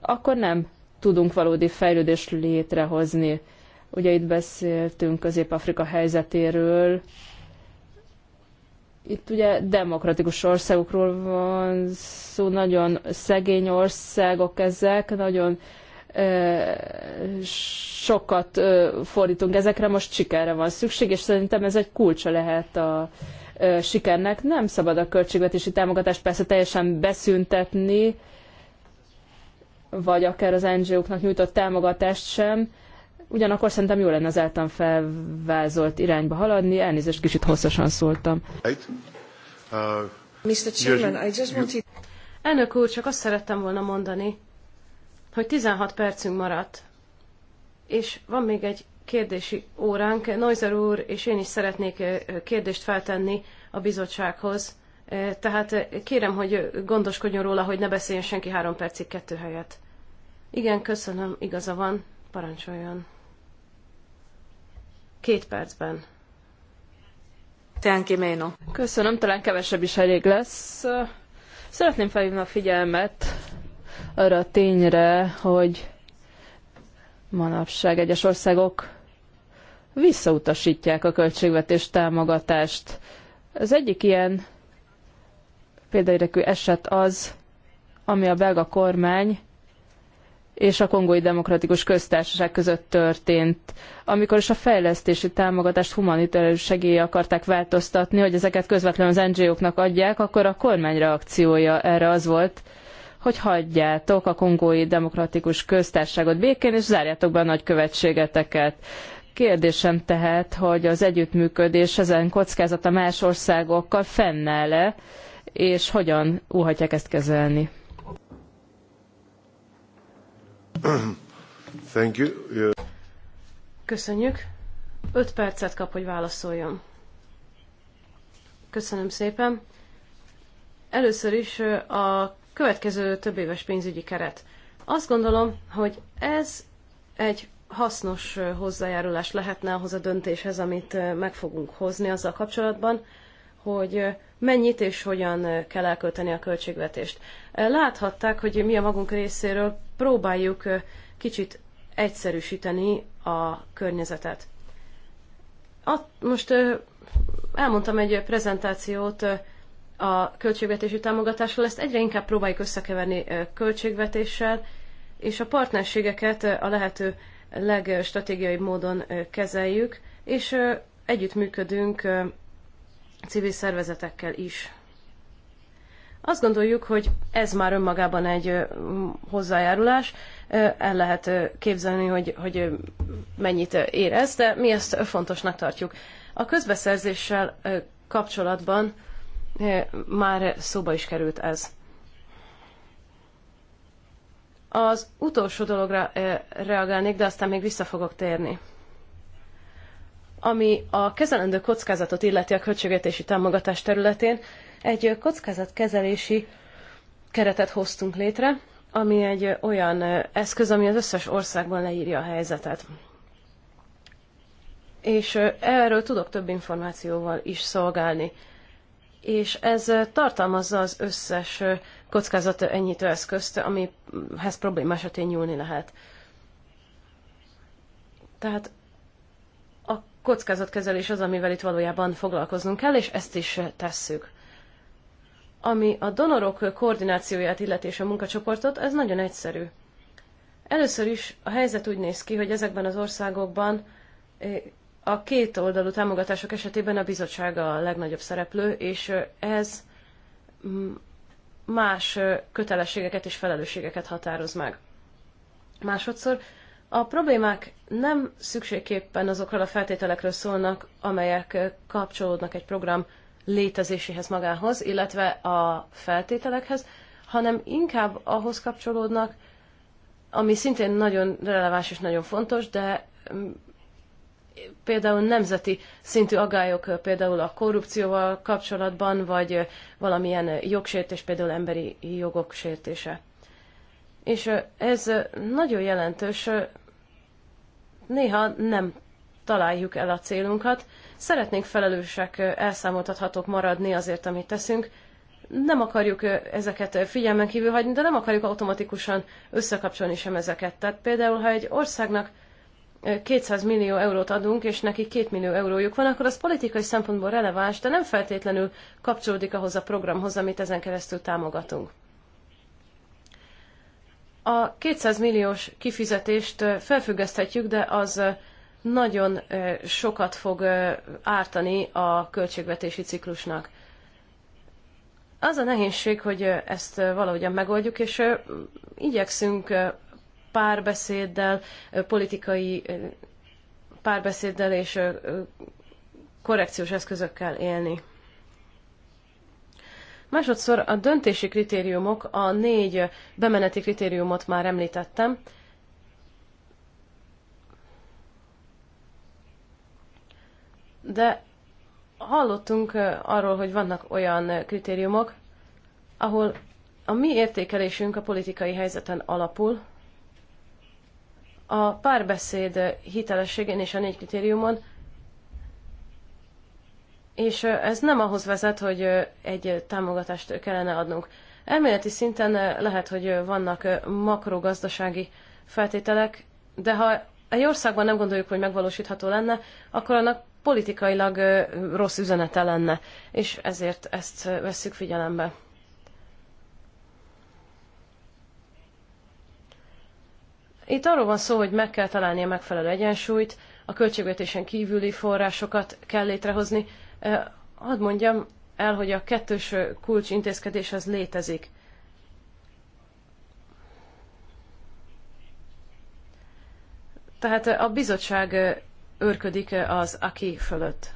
S4: akkor nem tudunk valódi fejlődést létrehozni. Ugye itt beszéltünk Közép-Afrika helyzetéről, itt ugye demokratikus országokról van szó, nagyon szegény országok ezek, nagyon uh, sokat fordítunk ezekre, most sikerre van szükség, és szerintem ez egy kulcsa lehet a sikernek. Nem szabad a költségvetési támogatást persze teljesen beszüntetni, vagy akár az NGO-knak nyújtott támogatást sem, ugyanakkor szerintem jó lenne az általán felvázolt irányba haladni. Elnézést, kicsit hosszasan szóltam. Uh,
S1: Mr. Chairman, I just wanted... Elnök úr, csak azt szerettem volna mondani, hogy 16 percünk maradt, és van még egy kérdési óránk. Neuser úr és én is szeretnék kérdést feltenni a bizottsághoz. Tehát kérem, hogy gondoskodjon róla, hogy ne beszéljen senki három percig kettő helyet. Igen, köszönöm, igaza van,
S4: parancsoljon. Két percben. Köszönöm, talán kevesebb is elég lesz. Szeretném felhívni a figyelmet arra a tényre, hogy manapság egyes országok visszautasítják a költségvetés támogatást. Az egyik ilyen példaérekű eset az, ami a belga kormány és a Kongói Demokratikus Köztársaság között történt, amikor is a fejlesztési támogatást humanitárius segélye akarták változtatni, hogy ezeket közvetlenül az NGO-knak adják, akkor a kormány reakciója erre az volt, hogy hagyjátok a kongói demokratikus köztársaságot békén, és zárjátok be a nagykövetségeteket. Kérdésem tehát, hogy az együttműködés ezen kockázata más országokkal fennáll-e, és hogyan óhatják ezt kezelni?
S2: Thank you. Yeah.
S1: Köszönjük. Öt percet kap, hogy válaszoljon. Köszönöm szépen. Először is a következő több éves pénzügyi keret. Azt gondolom, hogy ez egy hasznos hozzájárulás lehetne ahhoz a döntéshez, amit meg fogunk hozni azzal kapcsolatban, hogy mennyit és hogyan kell elkölteni a költségvetést. Láthatták, hogy mi a magunk részéről próbáljuk kicsit egyszerűsíteni a környezetet. Most elmondtam egy prezentációt a költségvetési támogatásról, ezt egyre inkább próbáljuk összekeverni költségvetéssel, és a partnerségeket a lehető legstratégiai módon kezeljük, és együttműködünk civil szervezetekkel is. Azt gondoljuk, hogy ez már önmagában egy hozzájárulás, el lehet képzelni, hogy, hogy mennyit érez, de mi ezt fontosnak tartjuk. A közbeszerzéssel kapcsolatban Eh, már szóba is került ez. Az utolsó dologra eh, reagálnék, de aztán még vissza fogok térni. Ami a kezelendő kockázatot illeti a költségvetési támogatás területén, egy kockázatkezelési keretet hoztunk létre, ami egy olyan eh, eszköz, ami az összes országban leírja a helyzetet. És erről tudok több információval is szolgálni és ez tartalmazza az összes kockázat enyhítő eszközt, amihez probléma esetén nyúlni lehet. Tehát a kockázatkezelés az, amivel itt valójában foglalkoznunk kell, és ezt is tesszük. Ami a donorok koordinációját illeti és a munkacsoportot, ez nagyon egyszerű. Először is a helyzet úgy néz ki, hogy ezekben az országokban a két oldalú támogatások esetében a bizottság a legnagyobb szereplő, és ez más kötelességeket és felelősségeket határoz meg. Másodszor, a problémák nem szükségképpen azokról a feltételekről szólnak, amelyek kapcsolódnak egy program létezéséhez magához, illetve a feltételekhez, hanem inkább ahhoz kapcsolódnak, ami szintén nagyon releváns és nagyon fontos, de például nemzeti szintű agályok, például a korrupcióval kapcsolatban, vagy valamilyen jogsértés, például emberi jogok sértése. És ez nagyon jelentős, néha nem találjuk el a célunkat, szeretnénk felelősek, elszámoltathatók maradni azért, amit teszünk, nem akarjuk ezeket figyelmen kívül hagyni, de nem akarjuk automatikusan összekapcsolni sem ezeket. Tehát például, ha egy országnak 200 millió eurót adunk, és neki 2 millió eurójuk van, akkor az politikai szempontból releváns, de nem feltétlenül kapcsolódik ahhoz a programhoz, amit ezen keresztül támogatunk. A 200 milliós kifizetést felfüggeszthetjük, de az nagyon sokat fog ártani a költségvetési ciklusnak. Az a nehézség, hogy ezt valahogyan megoldjuk, és igyekszünk párbeszéddel, politikai párbeszéddel és korrekciós eszközökkel élni. Másodszor a döntési kritériumok, a négy bemeneti kritériumot már említettem. De hallottunk arról, hogy vannak olyan kritériumok, ahol a mi értékelésünk a politikai helyzeten alapul, a párbeszéd hitelességén és a négy kritériumon, és ez nem ahhoz vezet, hogy egy támogatást kellene adnunk. Elméleti szinten lehet, hogy vannak makrogazdasági feltételek, de ha egy országban nem gondoljuk, hogy megvalósítható lenne, akkor annak politikailag rossz üzenete lenne, és ezért ezt vesszük figyelembe. Itt arról van szó, hogy meg kell találni a megfelelő egyensúlyt, a költségvetésen kívüli forrásokat kell létrehozni. Hadd mondjam el, hogy a kettős kulcs intézkedés az létezik. Tehát a bizottság őrködik az aki fölött.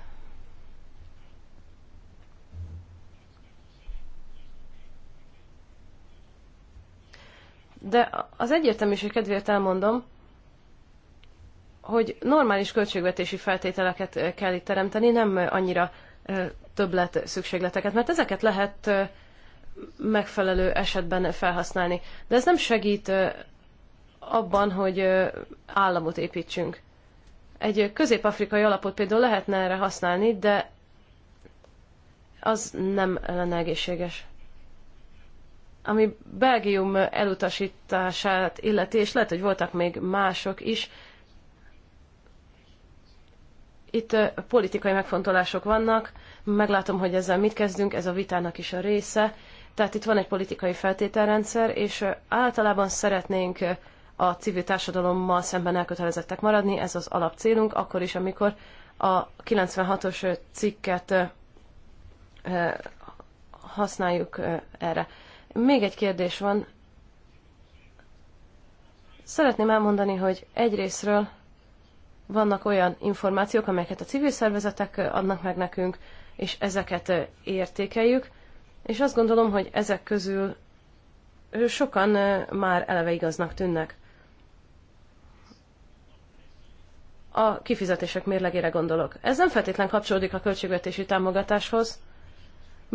S1: de az egyértelműség kedvéért elmondom, hogy normális költségvetési feltételeket eh, kell itt teremteni, nem eh, annyira eh, többlet szükségleteket, mert ezeket lehet megfelelő esetben felhasználni. De ez nem segít abban, hogy államot építsünk. Egy közép-afrikai alapot például lehetne erre használni, de az nem lenne egészséges ami Belgium elutasítását illeti, és lehet, hogy voltak még mások is, itt politikai megfontolások vannak, meglátom, hogy ezzel mit kezdünk, ez a vitának is a része. Tehát itt van egy politikai feltételrendszer, és általában szeretnénk a civil társadalommal szemben elkötelezettek maradni, ez az alapcélunk, akkor is, amikor a 96-os cikket használjuk erre. Még egy kérdés van. Szeretném elmondani, hogy egyrésztről vannak olyan információk, amelyeket a civil szervezetek adnak meg nekünk, és ezeket értékeljük, és azt gondolom, hogy ezek közül sokan már eleve igaznak tűnnek. A kifizetések mérlegére gondolok. Ez nem feltétlen kapcsolódik a költségvetési támogatáshoz,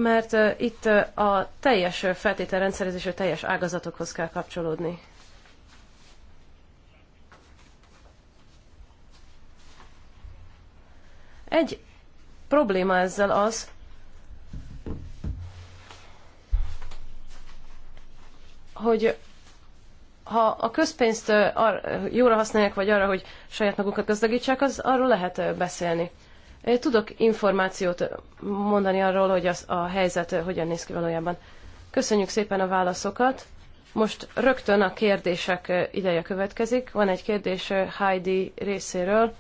S1: mert itt a teljes feltételrendszerezésű teljes ágazatokhoz kell kapcsolódni. Egy probléma ezzel az, hogy ha a közpénzt arra, jóra használják, vagy arra, hogy saját magukat gazdagítsák, az arról lehet beszélni. Tudok információt mondani arról, hogy az a helyzet hogyan néz ki valójában. Köszönjük szépen a válaszokat. Most rögtön a kérdések ideje következik. Van egy kérdés Heidi részéről.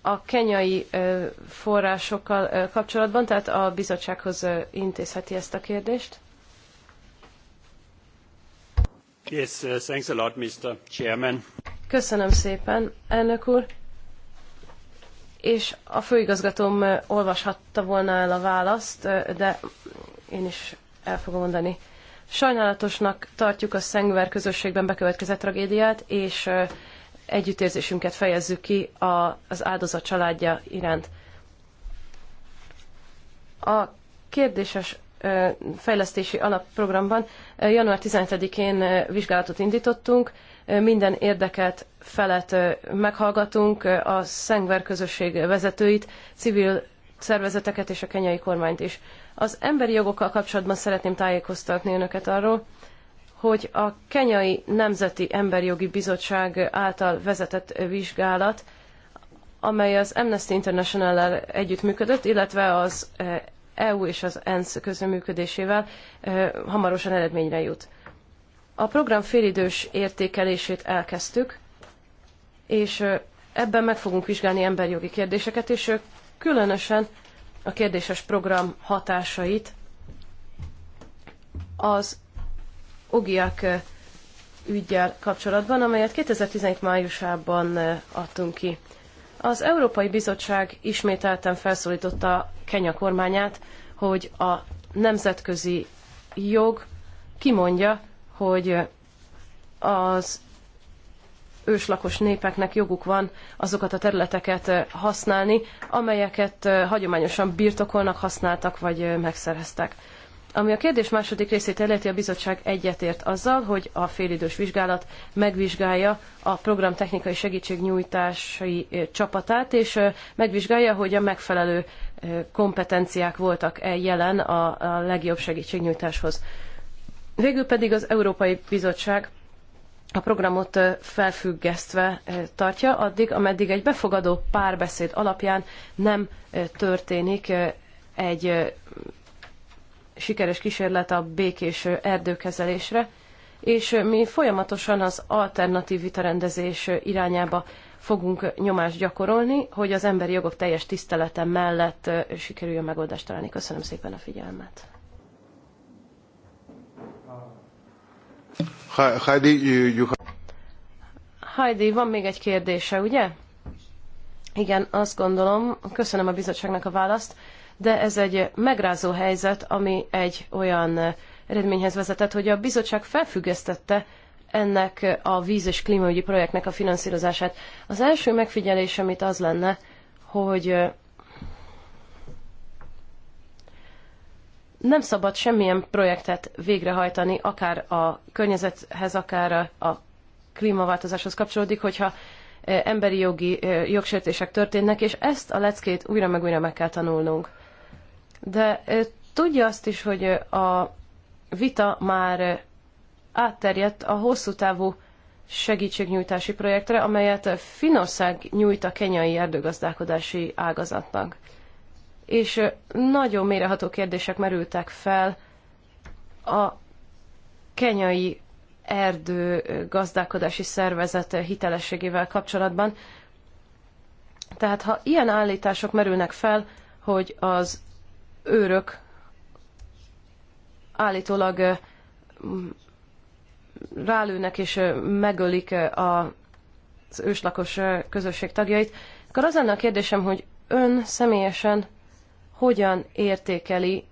S1: A kenyai forrásokkal kapcsolatban, tehát a bizottsághoz intézheti ezt a kérdést.
S2: Yes, uh, thanks a lot, Mr. Chairman.
S1: Köszönöm szépen, elnök úr és a főigazgatóm olvashatta volna el a választ, de én is el fogom mondani. Sajnálatosnak tartjuk a Szengver közösségben bekövetkezett tragédiát, és együttérzésünket fejezzük ki az áldozat családja iránt. A kérdéses fejlesztési alapprogramban január 17-én vizsgálatot indítottunk, minden érdeket felet meghallgatunk, a Szengver közösség vezetőit, civil szervezeteket és a kenyai kormányt is. Az emberi jogokkal kapcsolatban szeretném tájékoztatni önöket arról, hogy a Kenyai Nemzeti Emberi Jogi Bizottság által vezetett vizsgálat, amely az Amnesty International-el együttműködött, illetve az EU és az ENSZ közreműködésével hamarosan eredményre jut. A program félidős értékelését elkezdtük, és ebben meg fogunk vizsgálni emberjogi kérdéseket, és különösen a kérdéses program hatásait az ogiak ügyjel kapcsolatban, amelyet 2017 májusában adtunk ki. Az Európai Bizottság ismételten felszólította Kenya kormányát, hogy a nemzetközi jog kimondja, hogy az őslakos népeknek joguk van azokat a területeket eh, használni, amelyeket eh, hagyományosan birtokolnak, használtak vagy eh, megszereztek. Ami a kérdés második részét illeti, a bizottság egyetért azzal, hogy a félidős vizsgálat megvizsgálja a program technikai segítségnyújtási csapatát, és megvizsgálja, hogy a megfelelő kompetenciák voltak-e jelen a legjobb segítségnyújtáshoz. Végül pedig az Európai Bizottság a programot felfüggesztve tartja, addig, ameddig egy befogadó párbeszéd alapján nem történik egy sikeres kísérlet a békés erdőkezelésre, és mi folyamatosan az alternatív vitarendezés irányába fogunk nyomást gyakorolni, hogy az emberi jogok teljes tisztelete mellett sikerüljön megoldást találni. Köszönöm szépen a figyelmet.
S2: Heidi, you, you...
S1: Heidi, van még egy kérdése, ugye? Igen, azt gondolom, köszönöm a bizottságnak a választ, de ez egy megrázó helyzet, ami egy olyan eredményhez vezetett, hogy a bizottság felfüggesztette ennek a víz- és klímaügyi projektnek a finanszírozását. Az első megfigyelés, amit az lenne, hogy nem szabad semmilyen projektet végrehajtani, akár a környezethez, akár a klímaváltozáshoz kapcsolódik, hogyha e, emberi jogi e, jogsértések történnek, és ezt a leckét újra meg újra meg kell tanulnunk. De e, tudja azt is, hogy a vita már átterjedt a hosszú távú segítségnyújtási projektre, amelyet Finország nyújt a kenyai erdőgazdálkodási ágazatnak és nagyon méreható kérdések merültek fel a kenyai erdő gazdálkodási szervezet hitelességével kapcsolatban. Tehát ha ilyen állítások merülnek fel, hogy az őrök állítólag rálőnek és megölik az őslakos közösség tagjait, akkor az lenne a kérdésem, hogy ön személyesen hogyan értékeli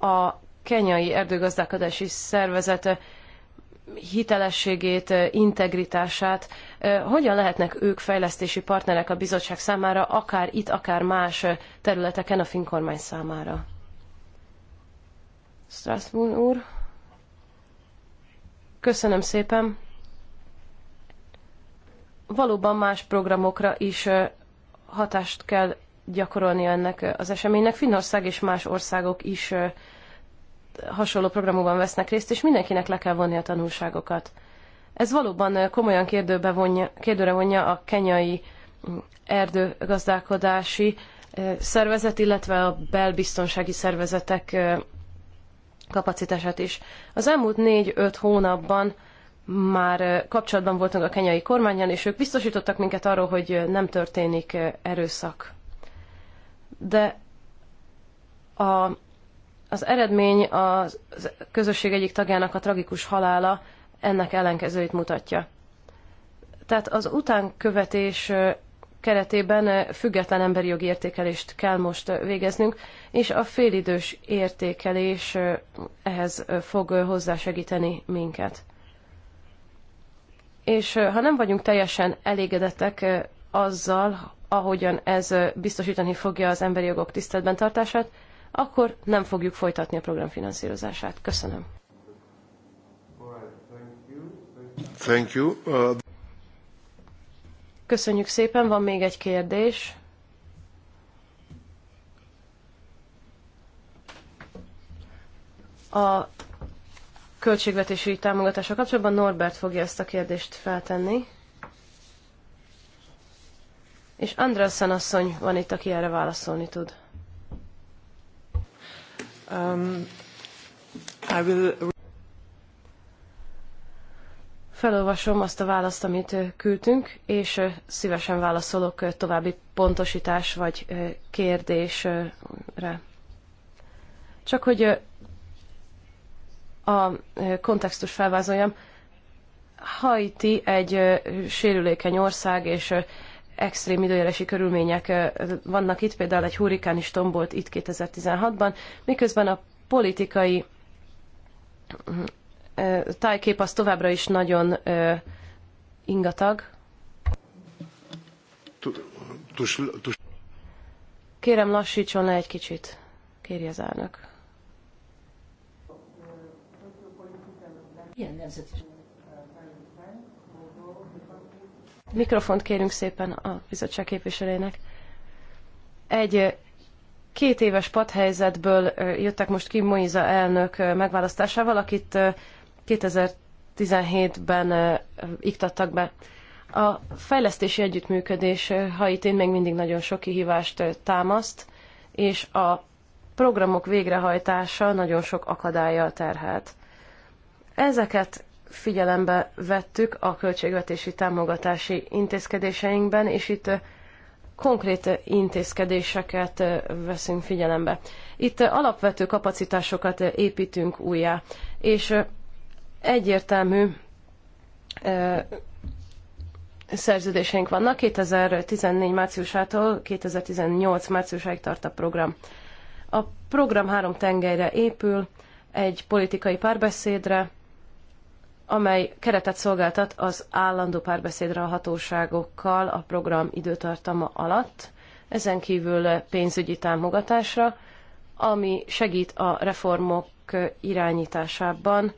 S1: a kenyai erdőgazdálkodási szervezet hitelességét, integritását, hogyan lehetnek ők fejlesztési partnerek a bizottság számára, akár itt, akár más területeken a finkormány számára? Strasbourg úr, köszönöm szépen. Valóban más programokra is hatást kell gyakorolni ennek eh, az eseménynek. Finnország és más országok is eh, hasonló programokban vesznek részt, és mindenkinek le kell vonni a tanulságokat. Ez valóban eh, komolyan kérdőbe vonja, kérdőre vonja a kenyai mm, erdőgazdálkodási szervezet, illetve a belbiztonsági szervezetek kapacitását is. Az elmúlt négy-öt hónapban már kapcsolatban voltunk a kenyai kormányon, és ők biztosítottak minket arról, hogy nem történik erőszak de a, az eredmény a közösség egyik tagjának a tragikus halála ennek ellenkezőit mutatja. Tehát az utánkövetés keretében független emberi jogi értékelést kell most végeznünk, és a félidős értékelés ehhez fog hozzásegíteni minket. És ha nem vagyunk teljesen elégedettek azzal, ahogyan ez biztosítani fogja az emberi jogok tiszteletben tartását, akkor nem fogjuk folytatni a program finanszírozását. Köszönöm.
S2: Thank you. Uh...
S1: Köszönjük szépen, van még egy kérdés. A költségvetési támogatása kapcsolatban Norbert fogja ezt a kérdést feltenni. És Andrászen asszony van itt, aki erre válaszolni tud. Um, I will... Felolvasom azt a választ, amit küldtünk, és szívesen válaszolok további pontosítás vagy kérdésre. Csak hogy a kontextus felvázoljam, Haiti egy sérülékeny ország, és extrém időjárási körülmények vannak itt, például egy hurrikán is tombolt itt 2016-ban, miközben a politikai tájkép az továbbra is nagyon ingatag. Kérem, lassítson le egy kicsit, kéri az elnök.
S2: Ilyen nemzeti.
S1: Mikrofont kérünk szépen a bizottság képviselőjének. Egy két éves padhelyzetből jöttek most ki Moiza elnök megválasztásával, akit 2017-ben iktattak be. A fejlesztési együttműködés haitén még mindig nagyon sok kihívást támaszt, és a programok végrehajtása nagyon sok akadályjal terhelt. Ezeket figyelembe vettük a költségvetési támogatási intézkedéseinkben, és itt konkrét intézkedéseket veszünk figyelembe. Itt alapvető kapacitásokat építünk újjá, és egyértelmű szerződéseink vannak. 2014 márciusától 2018 márciusáig tart a program. A program három tengelyre épül, egy politikai párbeszédre, amely keretet szolgáltat az állandó párbeszédre a hatóságokkal a program időtartama alatt, ezen kívül pénzügyi támogatásra, ami segít a reformok irányításában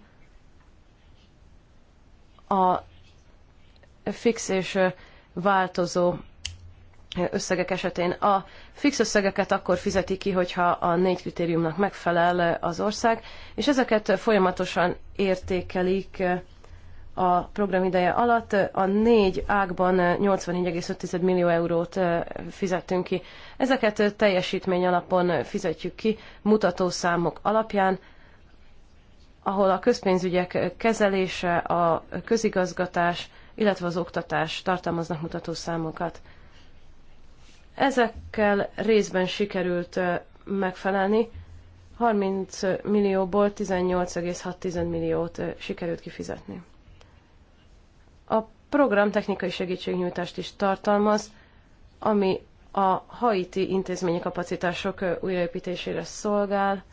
S1: a fix és változó összegek esetén. A fix összegeket akkor fizeti ki, hogyha a négy kritériumnak megfelel az ország, és ezeket folyamatosan értékelik a program ideje alatt. A négy ágban 84,5 millió eurót fizettünk ki. Ezeket teljesítmény alapon fizetjük ki, mutatószámok alapján, ahol a közpénzügyek kezelése, a közigazgatás, illetve az oktatás tartalmaznak mutatószámokat. Ezekkel részben sikerült megfelelni. 30 millióból 18,6 milliót sikerült kifizetni. A program technikai segítségnyújtást is tartalmaz, ami a haiti intézményi kapacitások újraépítésére szolgál,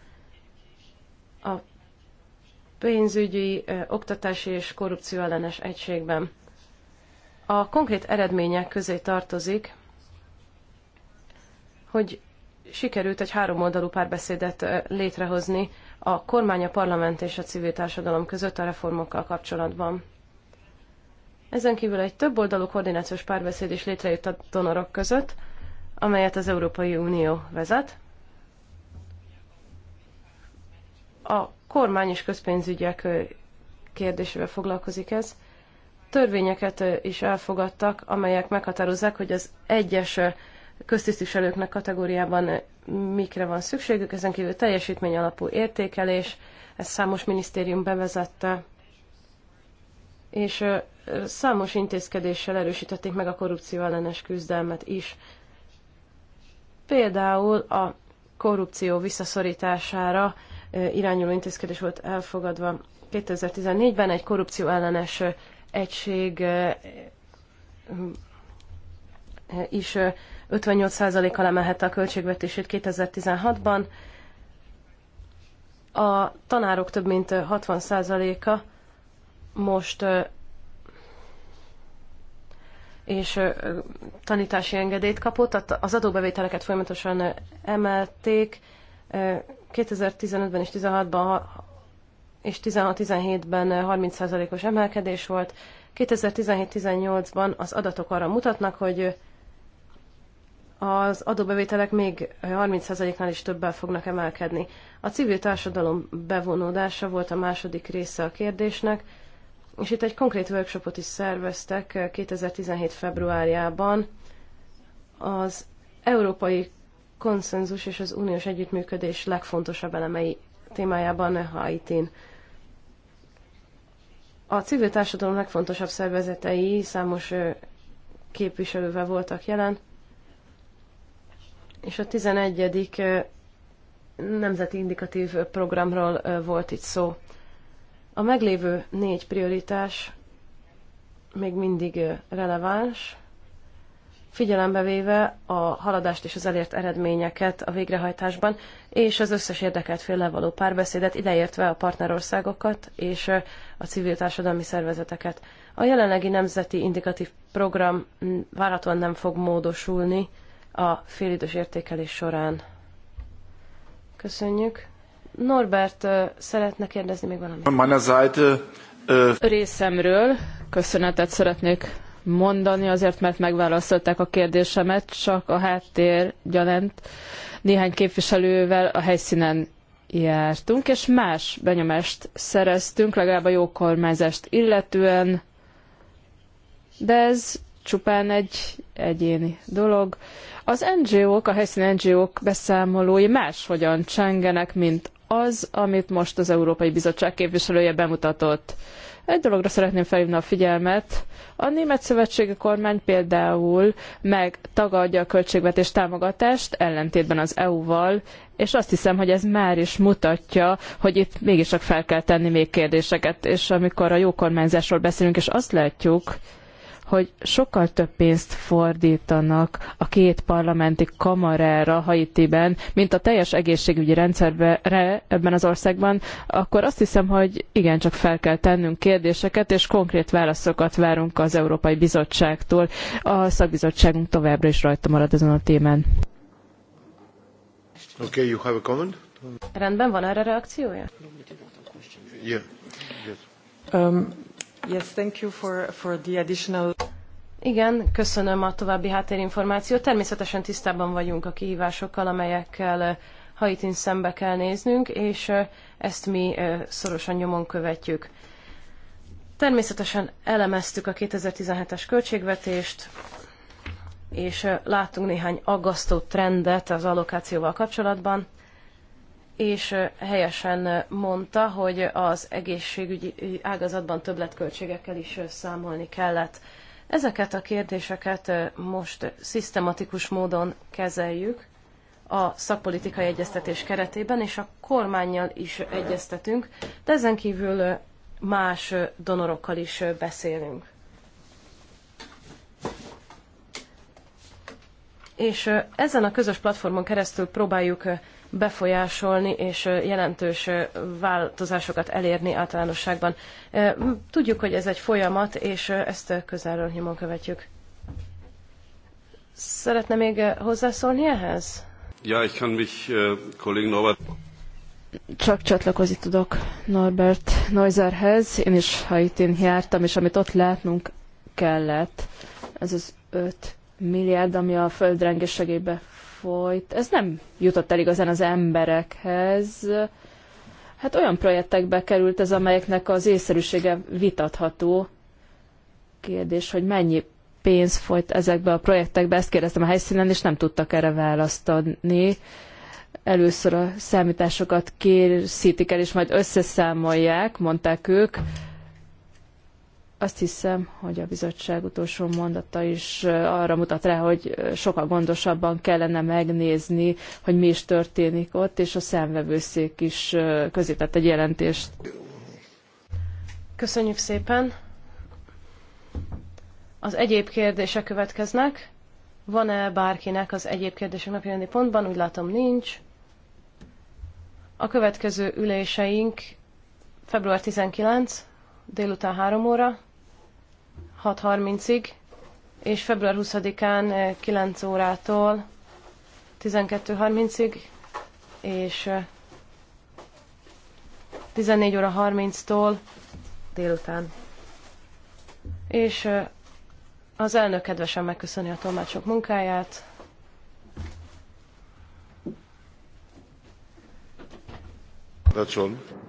S1: a pénzügyi, oktatási és korrupció ellenes egységben. A konkrét eredmények közé tartozik hogy sikerült egy háromoldalú párbeszédet létrehozni a kormány, a parlament és a civil társadalom között a reformokkal kapcsolatban. Ezen kívül egy többoldalú koordinációs párbeszéd is létrejött a donorok között, amelyet az Európai Unió vezet. A kormány és közpénzügyek kérdésével foglalkozik ez. Törvényeket is elfogadtak, amelyek meghatározzák, hogy az egyes köztisztviselőknek kategóriában mikre van szükségük, ezen kívül teljesítmény alapú értékelés, ezt számos minisztérium bevezette, és számos intézkedéssel erősítették meg a korrupció ellenes küzdelmet is. Például a korrupció visszaszorítására irányuló intézkedés volt elfogadva 2014-ben egy korrupció ellenes egység is 58%-kal emelhette a költségvetését 2016-ban. A tanárok több mint 60%-a most és tanítási engedélyt kapott. Az adóbevételeket folyamatosan emelték. 2015-ben és 16-ban és 16-17-ben 30%-os emelkedés volt. 2017-18-ban az adatok arra mutatnak, hogy az adóbevételek még 30%-nál is többel fognak emelkedni. A civil társadalom bevonódása volt a második része a kérdésnek, és itt egy konkrét workshopot is szerveztek 2017. Eh, februárjában az Európai Konszenzus és az Uniós Együttműködés legfontosabb elemei témájában eh, Haitin. A civil társadalom legfontosabb szervezetei számos eh, képviselővel voltak jelen, és a 11. nemzeti indikatív programról volt itt szó. A meglévő négy prioritás még mindig releváns, figyelembe véve a haladást és az elért eredményeket a végrehajtásban, és az összes érdekelt féllel való párbeszédet, ideértve a partnerországokat és a civil társadalmi szervezeteket. A jelenlegi nemzeti indikatív program várhatóan nem fog módosulni a félidős értékelés során. Köszönjük.
S4: Norbert szeretne kérdezni még valamit.
S2: Meiner Seite,
S4: Részemről köszönetet szeretnék mondani, azért mert megválaszolták a kérdésemet, csak a háttér gyanánt néhány képviselővel a helyszínen jártunk, és más benyomást szereztünk, legalább a jó kormányzást illetően, de ez csupán egy egyéni dolog. Az NGO-k, a helyszíni NGO-k beszámolói máshogyan csengenek, mint az, amit most az Európai Bizottság képviselője bemutatott. Egy dologra szeretném felhívni a figyelmet. A Német Szövetségi Kormány például megtagadja a költségvetés támogatást, ellentétben az EU-val, és azt hiszem, hogy ez már is mutatja, hogy itt mégiscsak fel kell tenni még kérdéseket, és amikor a jó kormányzásról beszélünk, és azt látjuk, hogy sokkal több pénzt fordítanak a két parlamenti kamarára Haitiben, mint a teljes egészségügyi rendszerbe ebben az országban, akkor azt hiszem, hogy igencsak fel kell tennünk kérdéseket, és konkrét válaszokat várunk az Európai Bizottságtól. A szakbizottságunk továbbra is rajta marad ezen a témán.
S2: Okay, you have a comment?
S1: Rendben, van erre reakciója?
S2: Yeah. Yes. Um, Yes, thank you
S1: for, for the additional... Igen, köszönöm a további háttérinformációt. Természetesen tisztában vagyunk a kihívásokkal, amelyekkel eh, Haitin szembe kell néznünk, és eh, ezt mi eh, szorosan nyomon követjük. Természetesen elemeztük a 2017-es költségvetést, és láttunk néhány aggasztó trendet az allokációval kapcsolatban és helyesen mondta, hogy az egészségügyi ágazatban többletköltségekkel is számolni kellett. Ezeket a kérdéseket most szisztematikus módon kezeljük a szakpolitikai egyeztetés keretében, és a kormányjal is egyeztetünk, de ezen kívül más donorokkal is beszélünk. És ezen a közös platformon keresztül próbáljuk befolyásolni és jelentős változásokat elérni általánosságban. Tudjuk, hogy ez egy folyamat, és ezt közelről nyomon követjük. Szeretne még hozzászólni
S4: ehhez?
S2: Ja, ich kann mich, uh, Norbert...
S4: Csak csatlakozni tudok Norbert Neuserhez. Én is Haitén jártam, és amit ott látnunk kellett, ez az 5 milliárd, ami a földrengés segélybe folyt, ez nem jutott el igazán az emberekhez. Hát olyan projektekbe került ez, amelyeknek az észszerűsége vitatható. Kérdés, hogy mennyi pénz folyt ezekbe a projektekbe, ezt kérdeztem a helyszínen, és nem tudtak erre választ adni. Először a számításokat készítik el, és majd összeszámolják, mondták ők. Azt hiszem, hogy a bizottság utolsó mondata is arra mutat rá, hogy sokkal gondosabban kellene megnézni, hogy mi is történik ott, és a számvevőszék is tett egy jelentést.
S1: Köszönjük szépen! Az egyéb kérdések következnek. Van-e bárkinek az egyéb kérdések napjelenti pontban? Úgy látom, nincs. A következő üléseink február 19, délután 3 óra, 6.30-ig, és február 20-án 9 eh, órától 12.30-ig, és 14 eh, óra 30-tól délután. És eh, az elnök kedvesen megköszöni a tolmácsok munkáját.
S2: That's all.